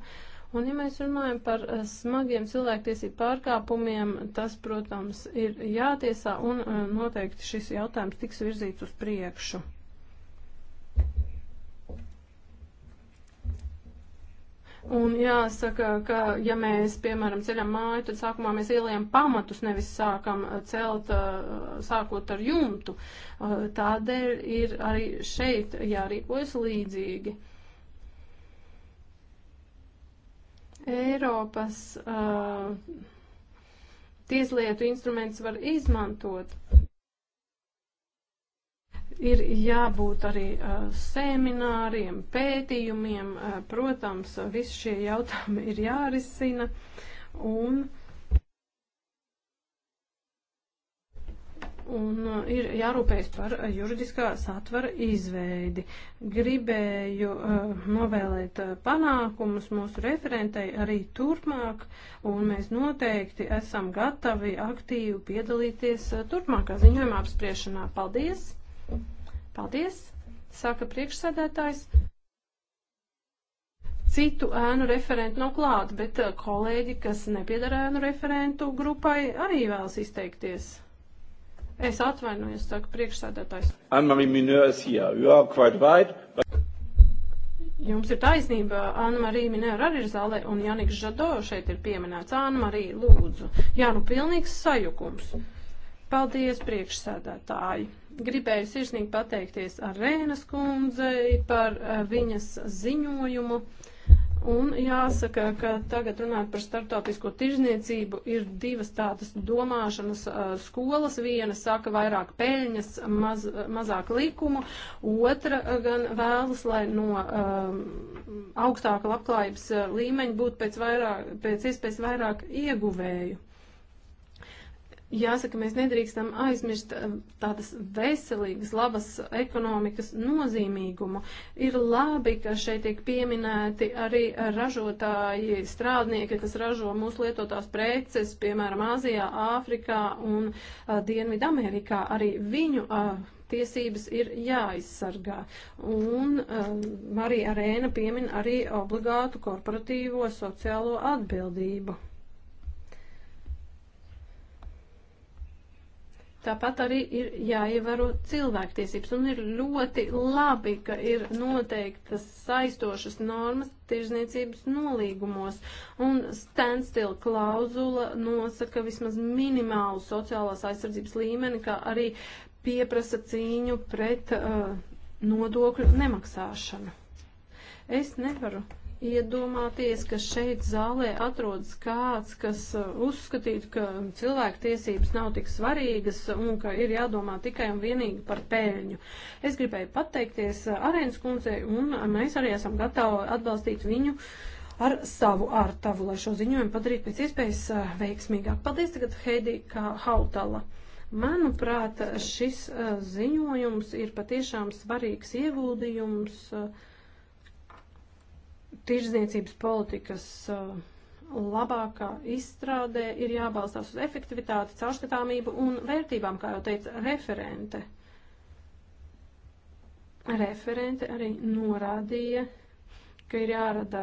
Un, ja mēs runājam par uh, smagiem cilvēktiesību pārkāpumiem, tas, protams, ir jātiesā un uh, noteikti šis jautājums tiks virzīts uz priekšu. Un jāsaka, ka ja mēs, piemēram, ceļam māju, tad sākumā mēs ieliekam pamatus, nevis sākam uh, celt, uh, sākot ar jumtu. Uh, tādēļ ir arī šeit jārīkojas līdzīgi. Eiropas uh, tieslietu instruments var izmantot. Ir jābūt arī uh, semināriem, pētījumiem, uh, protams, uh, visi šie jautājumi ir jārisina un, un uh, ir jārūpējas par uh, juridiskā satvara izveidi. Gribēju uh, novēlēt uh, panākumus mūsu referentei arī turpmāk, un mēs noteikti esam gatavi aktīvi piedalīties uh, turpmākā ziņojuma apspriešanā. Paldies! Paldies, saka priekšsēdētājs. Citu ēnu referentu nav klāt, bet uh, kolēģi, kas nepiedara ēnu referentu grupai, arī vēlas izteikties. Es atvainojos, saka priekšsēdētājs. Anna-Marie Mineur is here. You are quite right. But... Jums ir taisnība, Anna-Marija Minēra arī ir zālē, un Janiks Žado šeit ir pieminēts. Anna-Marija, lūdzu. Jā, nu pilnīgs sajukums. Paldies, priekšsēdētāji! Gribēju sirsnīgi pateikties Arēnas kundzei par eh, viņas ziņojumu. Un jāsaka, ka tagad runāt par startautisko tirzniecību ir divas tādas domāšanas eh, skolas. Viena saka vairāk peļņas, maz, mazāk likumu, otra eh, gan vēlas, lai no um, augstāka labklājības līmeņa būtu pēc, vairāk, pēc iespējas vairāk ieguvēju. Jāsaka, mēs nedrīkstam aizmirst eh, tādas veselīgas, labas ekonomikas nozīmīgumu. Ir labi, ka šeit tiek pieminēti arī ražotāji, strādnieki, kas ražo mūsu lietotās preces, piemēram, Āzijā, Āfrikā un eh, Dienvidamerikā. Arī viņu a, eh, tiesības ir jāaizsargā. Un a, Marija Arēna piemin arī obligātu korporatīvo sociālo atbildību. Tāpat arī ir jāievēro cilvēktiesības, un ir ļoti labi, ka ir noteiktas saistošas normas tirzniecības nolīgumos, un standstill klauzula nosaka vismaz minimālu sociālās aizsardzības līmeni, kā arī pieprasa cīņu pret uh, nodokļu nemaksāšanu. Es nevaru iedomāties, ka šeit zālē atrodas kāds, kas uh, uzskatītu, ka cilvēku tiesības nav tik svarīgas un ka ir jādomā tikai un vienīgi par pēļņu. Es gribēju pateikties uh, Arēnas kundzei un mēs arī esam gatavi atbalstīt viņu ar savu ārtavu, lai šo ziņojumu padarītu pēc iespējas uh, veiksmīgāk. Paldies tagad Heidi kā Hautala. Manuprāt, šis ziņojums ir patiešām svarīgs ieguldījums uh, tirzniecības politikas uh, labākā izstrādē ir jābalstās uz efektivitāti, caurskatāmību un vērtībām, kā jau teica referente. Referente arī norādīja, ka ir jārada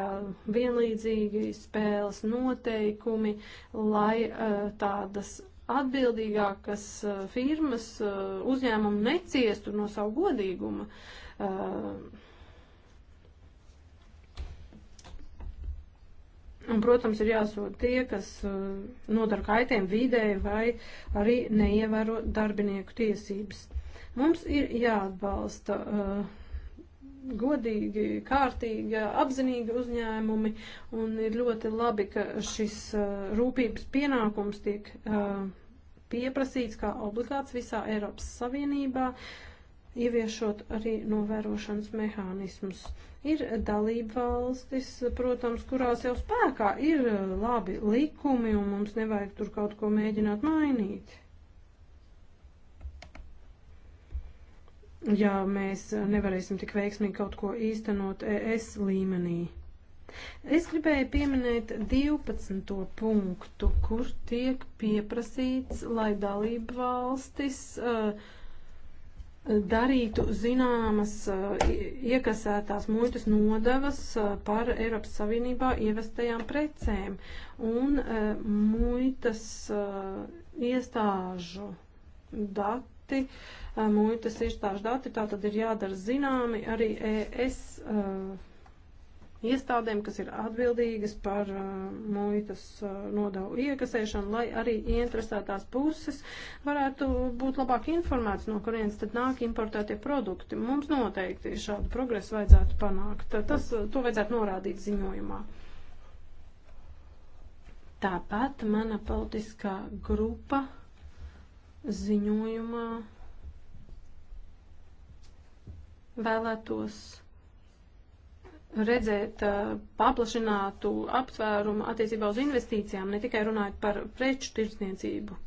vienlīdzīgi spēles noteikumi, lai uh, tādas atbildīgākas uh, firmas uh, uzņēmumu neciestu no savu godīguma. Uh, Un, protams, ir jāsod tie, kas uh, nodara kaitējumu vidē vai arī neievēro darbinieku tiesības. Mums ir jāatbalsta uh, godīgi, kārtīgi, apzinīgi uzņēmumi, un ir ļoti labi, ka šis uh, rūpības pienākums tiek uh, pieprasīts kā obligāts visā Eiropas Savienībā. Uh, ieviešot arī novērošanas mehānismus. Ir dalība valstis, protams, kurās jau spēkā ir eh, labi likumi un mums nevajag tur kaut ko mēģināt mainīt. Ja mēs nevarēsim tik veiksmīgi kaut ko īstenot ES līmenī. Es gribēju pieminēt 12. punktu, kur tiek pieprasīts, lai dalība valstis uh, darītu zināmas uh, iekasētās muitas nodevas uh, par Eiropas Savienībā ievestajām precēm un uh, muitas iestāžu dati. Muitas iestāžu dati tātad ir jādara zināmi arī ES iestādēm, kas ir atbildīgas par uh, muitas uh, nodevu iekasēšanu, lai arī ieinteresētās puses varētu būt labāk informēts, no kurienes tad nāk importētie produkti. Mums noteikti šādu progresu vajadzētu panākt. Tas, uh, to vajadzētu norādīt ziņojumā. Tāpat mana politiskā grupa ziņojumā vēlētos redzēt paplašinātu aptvērumu attiecībā uz investīcijām, ne tikai runājot par preču tirdzniecību.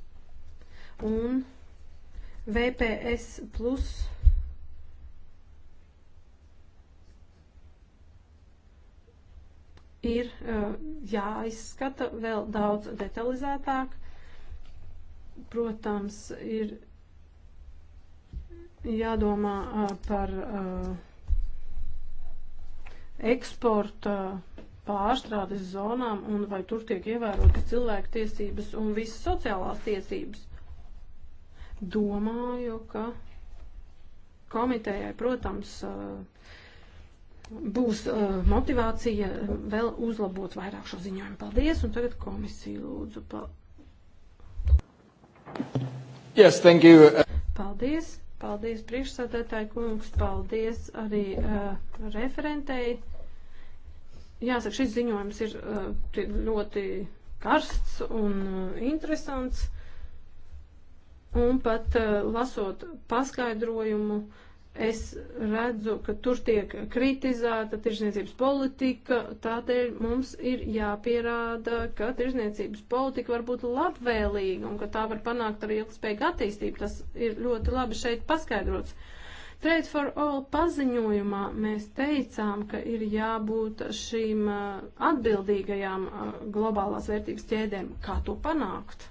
Un VPS plus ir jāizskata vēl daudz detalizētāk. Protams, ir jādomā par. Uh, eksporta pārstrādes zonām un vai tur tiek ievērotas cilvēku tiesības un visas sociālās tiesības. Domāju, ka komitējai, protams, uh, būs uh, motivācija vēl uzlabot vairāk šo ziņojumu. Paldies, un tagad komisiju lūdzu. Pa... Yes, thank you. Paldies, paldies priekšsādētāji kungs, paldies arī uh, referentei. Jāsaka, šis ziņojums ir eh, ļoti karsts un eh, interesants. Un pat eh, lasot paskaidrojumu, es redzu, ka tur tiek kritizēta tirzniecības politika, tādēļ mums ir jāpierāda, ka tirzniecības politika var būt labvēlīga un ka tā var panākt arī ilgspējīgu attīstību. Tas ir ļoti labi šeit paskaidrots. Uh, Trade for All paziņojumā mēs teicām, ka ir jābūt šīm uh, atbildīgajām uh, globālās vērtības ķēdēm. Kā to panākt?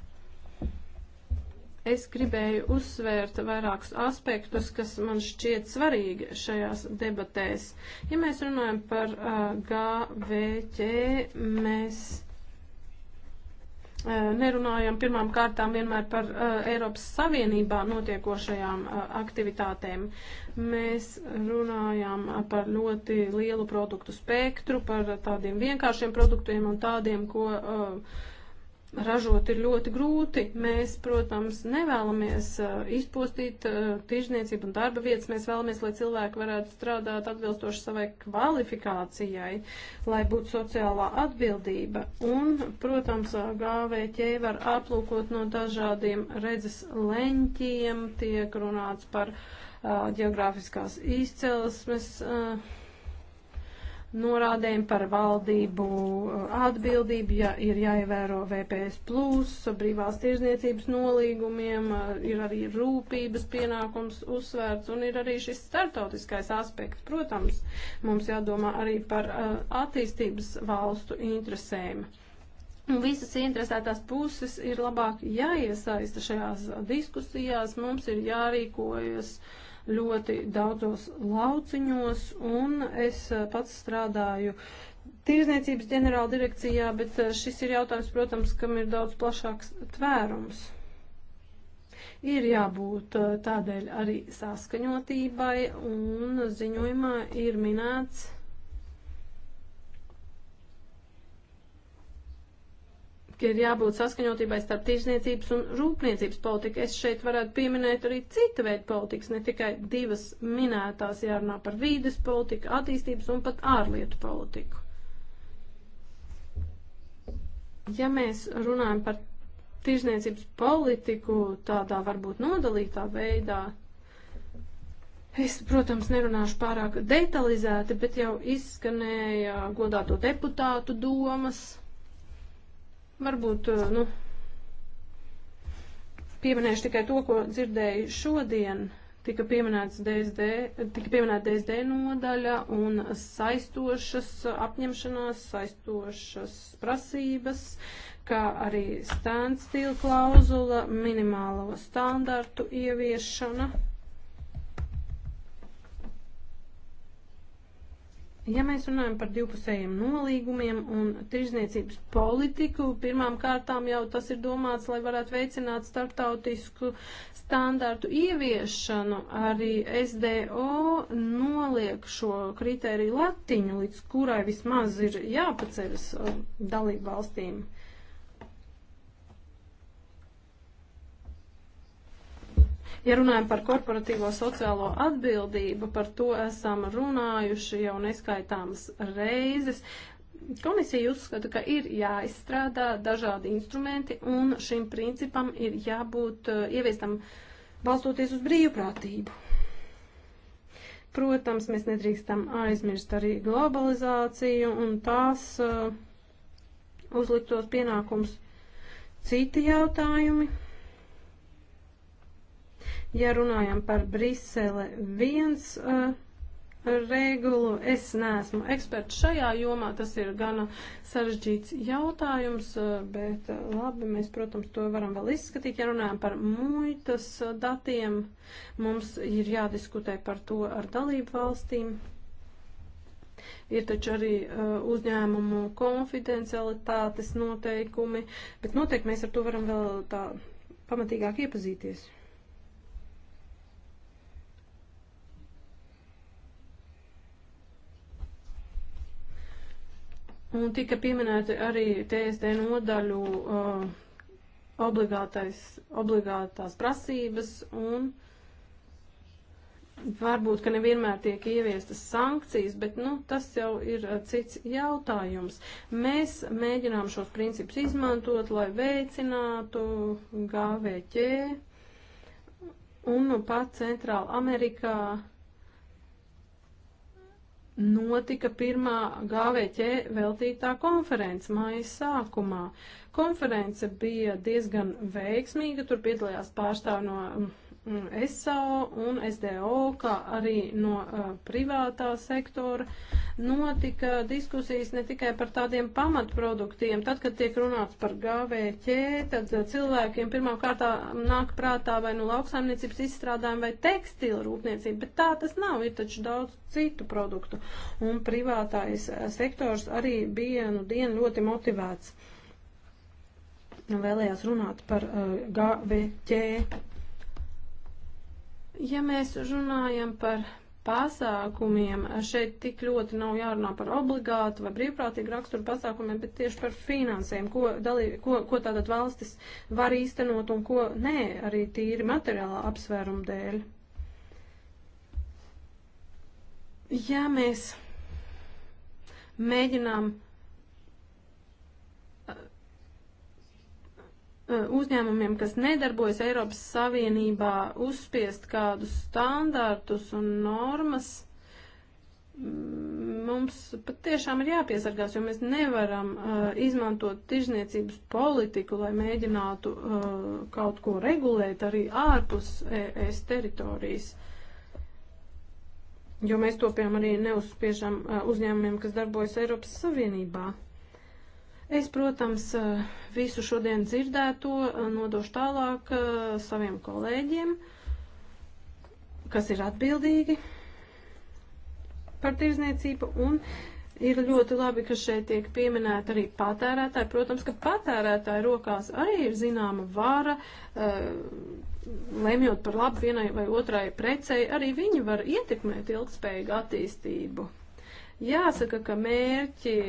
Es gribēju uzsvērt vairākus aspektus, kas man šķiet svarīgi šajās debatēs. Ja mēs runājam par uh, GVķ, mēs nerunājam pirmām kārtām vienmēr par uh, Eiropas Savienībā notiekošajām uh, aktivitātēm. Mēs runājam par ļoti lielu produktu spektru, par tādiem vienkāršiem produktiem un tādiem, ko uh, ražot ir ļoti grūti. Mēs, protams, nevēlamies uh, izpostīt uh, tirzniecību un darba vietas. Mēs vēlamies, lai cilvēki varētu strādāt atbilstoši savai kvalifikācijai, lai būtu sociālā atbildība. Un, protams, uh, GVT var aplūkot no dažādiem redzes leņķiem, tiek runāts par ģeogrāfiskās izcelsmes. Uh, norādēm par valdību uh, atbildību, ja ir jāievēro VPS plus, brīvās tirzniecības nolīgumiem, uh, ir arī rūpības pienākums uzsvērts un ir arī šis startautiskais aspekts. Protams, mums jādomā arī par uh, attīstības valstu interesēm. Visas interesētās puses ir labāk jāiesaista šajās diskusijās, mums ir jārīkojas. Uh, ļoti daudzos lauciņos, un es eh, pats strādāju tirzniecības ģenerāla direkcijā, bet eh, šis ir jautājums, protams, kam ir daudz plašāks tvērums ir jābūt eh, tādēļ arī saskaņotībai, un ziņojumā ir minēts, ka ir jābūt saskaņotībai starp tirzniecības un rūpniecības politiku. Es šeit varētu pieminēt arī citu veidu politikas, ne tikai divas minētās jārunā par vīdes politiku, attīstības un pat ārlietu politiku. Ja mēs runājam par tirzniecības politiku tādā varbūt nodalītā veidā, Es, protams, nerunāšu pārāk detalizēti, bet jau izskanēja godāto deputātu domas. Varbūt, eh, nu, pieminēšu tikai to, ko dzirdēju šodien. Tika pieminēts DSD, tika pieminēta DSD nodaļa un saistošas apņemšanās, saistošas prasības, kā arī standstīla klauzula, minimālo standartu ieviešana. Ja mēs runājam par divpusējiem nolīgumiem un tirzniecības politiku, pirmām kārtām jau tas ir domāts, lai varētu veicināt starptautisku standārtu ieviešanu. Arī SDO noliek šo kritēriju latiņu, līdz kurai vismaz ir jāpaceļas uh, dalību valstīm. Uh, Ja runājam par korporatīvo sociālo atbildību, par to esam runājuši jau neskaitāmas reizes. Komisija uzskata, ka ir jāizstrādā dažādi instrumenti un šim principam ir jābūt eh, ieviestam balstoties uz brīvprātību. Protams, mēs nedrīkstam aizmirst arī globalizāciju un tās uh, uzliktos pienākums. Citi jautājumi. Ja runājam par Brisele viens uh, regulu, es neesmu eksperts šajā jomā, tas ir gana sarežģīts jautājums, uh, bet uh, labi, mēs, protams, to varam vēl izskatīt. Ja runājam par muitas datiem, mums ir jādiskutē par to ar dalību valstīm. Ir taču arī uh, uzņēmumu konfidencialitātes noteikumi, bet noteikti mēs ar to varam vēl tā pamatīgāk iepazīties. Un tika pieminēti arī TSD nodaļu uh, obligātās prasības un varbūt, ka nevienmēr tiek ieviestas sankcijas, bet, nu, tas jau ir uh, cits jautājums. Mēs mēģinām šos principus izmantot, lai veicinātu GVķ un nu, pat Centrāla Amerikā notika pirmā GVķ veltītā konference māja sākumā. Konference bija diezgan veiksmīga, tur piedalījās pārstāv no SAO un SDO, kā arī no uh, privātā sektora, notika diskusijas ne tikai par tādiem pamatproduktiem. Tad, kad tiek runāts par GVķ, tad uh, cilvēkiem pirmām kārtā uh, nāk prātā vai nu lauksaimniecības izstrādājumi vai tekstila rūpniecība, bet tā tas nav, ir taču daudz citu produktu. Un privātais uh, sektors arī bija nu dienu ļoti motivēts. Vēlējās runāt par uh, GVķ Ja mēs runājam par pasākumiem, šeit tik ļoti nav jārunā par obligātu vai brīvprātīgu raksturu pasākumiem, bet tieši par finansēm, ko, dalī, ko, ko tātad valstis var īstenot un ko nē, arī tīri materiālā apsvērumu dēļ. Ja mēs mēģinām uh, Uh, uzņēmumiem, kas nedarbojas Eiropas Savienībā, uzspiest kādus standartus un normas mm, mums patiešām ir jāpiesargās, jo mēs nevaram uh, izmantot tirzniecības politiku, lai mēģinātu uh, kaut ko regulēt arī ārpus ES teritorijas. Jo mēs to, piemēram, arī neuzspiežam uh, uzņēmumiem, kas darbojas Eiropas Savienībā. Uh, Es, protams, visu šodien dzirdēto nodošu tālāk eh, saviem kolēģiem, kas ir atbildīgi par tirzniecību un ir ļoti labi, ka šeit tiek pieminēta arī patērētāji. Protams, ka patērētāji rokās arī ir zināma vara, eh, lemjot par labu vienai vai otrai precei, arī viņi var ietekmēt ilgspējīgu attīstību. Jāsaka, ka mērķi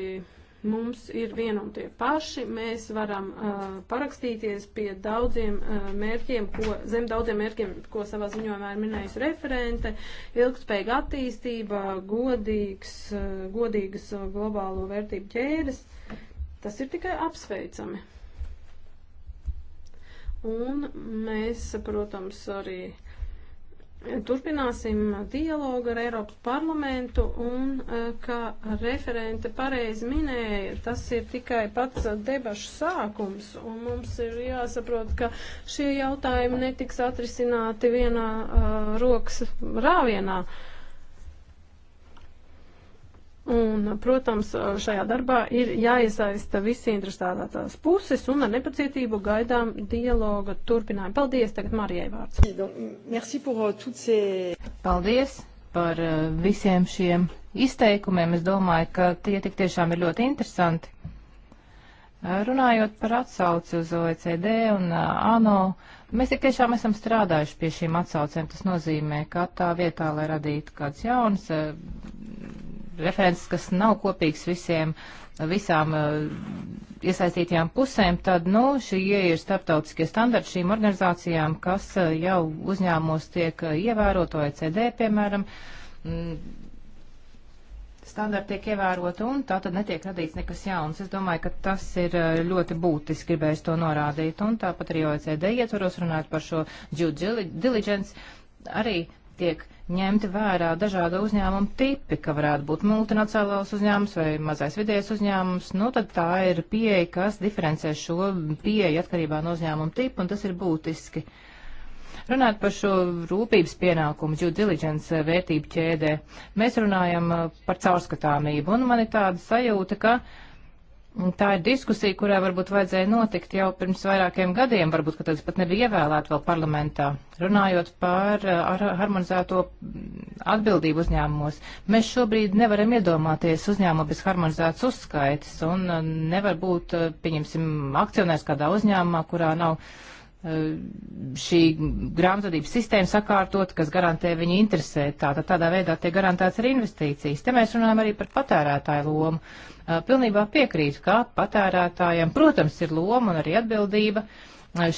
mums ir vien un tie paši. Mēs varam uh, parakstīties pie daudziem uh, mērķiem, ko, zem daudziem mērķiem, ko savā ziņojumā ir minējusi referente - ilgspējīga attīstība, godīgs, uh, godīgas uh, globālo vērtību ķēdes. Tas ir tikai apsveicami. Un mēs, protams, arī Turpināsim dialogu ar Eiropas parlamentu un, e, kā referente pareizi minēja, tas ir tikai pats debašu sākums un mums ir jāsaprot, ka šie jautājumi netiks atrisināti vienā uh, rokas rāvienā. Uh, Un, protams, šajā darbā ir jāiesaista visi interesētās puses un ar nepacietību gaidām dialoga turpinājumu. Paldies, tagad Marijai vārds. Euh, Paldies par uh, visiem šiem izteikumiem. Es domāju, ka tie tik tiešām ir ļoti interesanti. Uh, runājot par atsauci uz OECD un uh, ANO, mēs tik tiešām esam strādājuši pie šīm atsaucēm. Tas nozīmē, ka tā vietā, lai radītu kāds jauns referents, kas nav kopīgs visiem, visām uh, iesaistītajām pusēm, tad, nu, šie ir starptautiskie standarti šīm organizācijām, kas uh, jau uzņēmumos tiek uh, ievērot, OECD, piemēram, mm, standarti tiek ievēroti un tā tad netiek radīts nekas jauns. Es domāju, ka tas ir ļoti būtiski, gribēju to norādīt. Un tāpat arī OECD ietvaros runāt par šo due diligence arī tiek ņemti vērā dažāda uzņēmuma tipi, ka varētu būt multinacionāls uzņēmums vai mazais vidējais uzņēmums, nu tad tā ir pieeja, kas diferencē šo pieeju atkarībā no uzņēmuma tipa, un tas ir būtiski. Runājot par šo rūpības pienākumu, due diligence eh, vērtību ķēdē, mēs runājam eh, par caurskatāmību, un man ir tāda sajūta, ka uh, Tā ir diskusija, kurai varbūt vajadzēja notikt jau pirms vairākiem gadiem, varbūt, ka tas pat nebija ievēlēta vēl parlamentā, runājot par eh, ar, harmonizēto atbildību uzņēmumos. Mēs šobrīd nevaram iedomāties uzņēmumu bez harmonizētas uzskaitas un eh, nevar būt, eh, pieņemsim, akcionērs kādā uzņēmumā, kurā nav šī grāmatvedības sistēma sakārtot, kas garantē viņu interesē. Tātad tādā veidā tiek garantēts arī investīcijas. Te mēs runājam arī par patērētāju lomu. Pilnībā piekrītu, ka patērētājiem, protams, ir loma un arī atbildība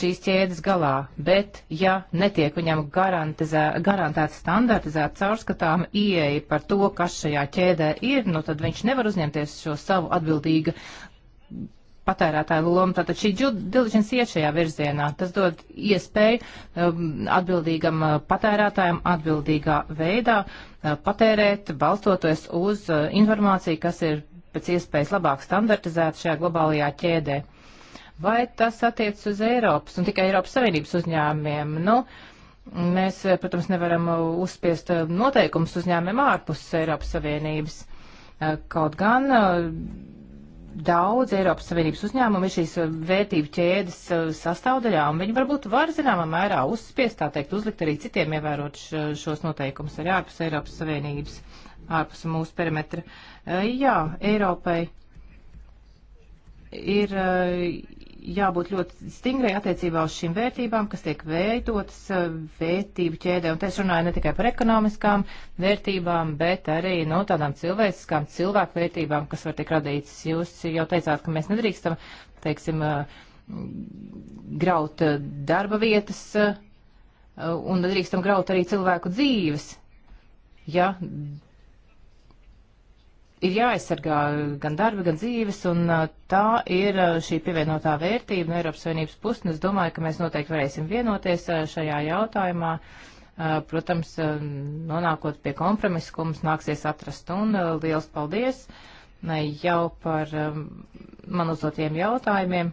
šīs ķēdes galā, bet ja netiek viņam garantēta standartizēta caurskatāma ieeja par to, kas šajā ķēdē ir, nu tad viņš nevar uzņemties šo savu atbildīgu patērētāju loma. Tātad šī diligence iet šajā virzienā. Tas dod iespēju um, atbildīgam uh, patērētājam atbildīgā veidā uh, patērēt, balstoties uz uh, informāciju, kas ir pēc iespējas labāk standartizēta šajā globālajā ķēdē. Vai tas attiec uz Eiropas un tikai Eiropas Savienības uzņēmumiem? Nu, mēs, uh, protams, nevaram uh, uzspiest noteikumus uzņēmumiem ārpus Eiropas Savienības. Kaut gan daudz Eiropas Savienības uzņēmumu ir šīs uh, vērtību ķēdes uh, sastāvdaļā, un viņi varbūt var zināmā mērā uzspiest, tā teikt, uzlikt arī citiem ievērot šos noteikumus arī ārpus Eiropas Savienības, ārpus mūsu perimetra. Uh, jā, Eiropai ir jābūt ļoti stingrai attiecībā uz šīm vērtībām, kas tiek veidotas eh, vērtību ķēdē. Un te es runāju ne tikai par ekonomiskām vērtībām, bet arī no nu, tādām cilvēciskām cilvēku vērtībām, kas var tikt radītas. Jūs jau teicāt, ka mēs nedrīkstam, teiksim, eh, graut eh, darba vietas un nedrīkstam graut arī cilvēku dzīves. Ja ir jāaizsargā gan darba, gan dzīves, un tā ir šī pievienotā vērtība no Eiropas Savienības puses, un es domāju, ka mēs noteikti varēsim vienoties šajā jautājumā. Protams, nonākot pie kompromisa, ko mums nāksies atrast, un liels paldies jau par man uzdotiem jautājumiem.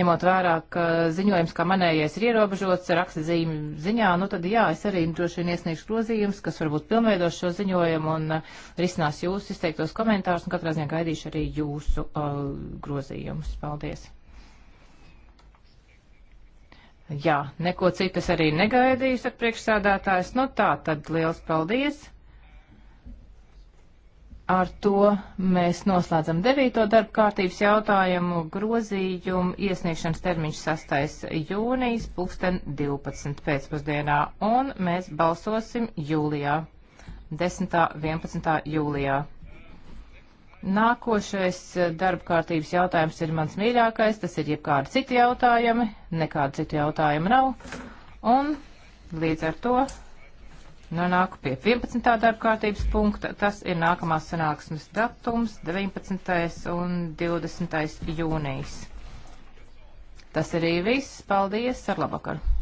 Ņemot vērā, ka ziņojums kā manējais ir ierobežots rakstzīmju ziņā, nu tad jā, es arī droši vien iesniegšu grozījumus, kas varbūt pilnveidos šo ziņojumu un uh, risinās jūsu izteiktos komentārus, un katrā ziņā gaidīšu arī jūsu uh, grozījumus. Paldies! Jā, neko citas arī negaidīju, saka priekšsādātājs. Nu tā, tad liels paldies! Ar to mēs noslēdzam devīto darba kārtības jautājumu grozījumu iesniegšanas termiņš 6. jūnijas pulksten 12. pēcpusdienā un mēs balsosim jūlijā, 10. 11. jūlijā. Nākošais darba kārtības jautājums ir mans mīļākais, tas ir jebkādi citi jautājumi, nekādu citu jautājumu nav un līdz ar to Nonāku pie 11. darba kārtības punkta. Tas ir nākamās sanāksmes datums - 19. un 20. jūnijas. Tas arī viss. Paldies! Ar labvakaru!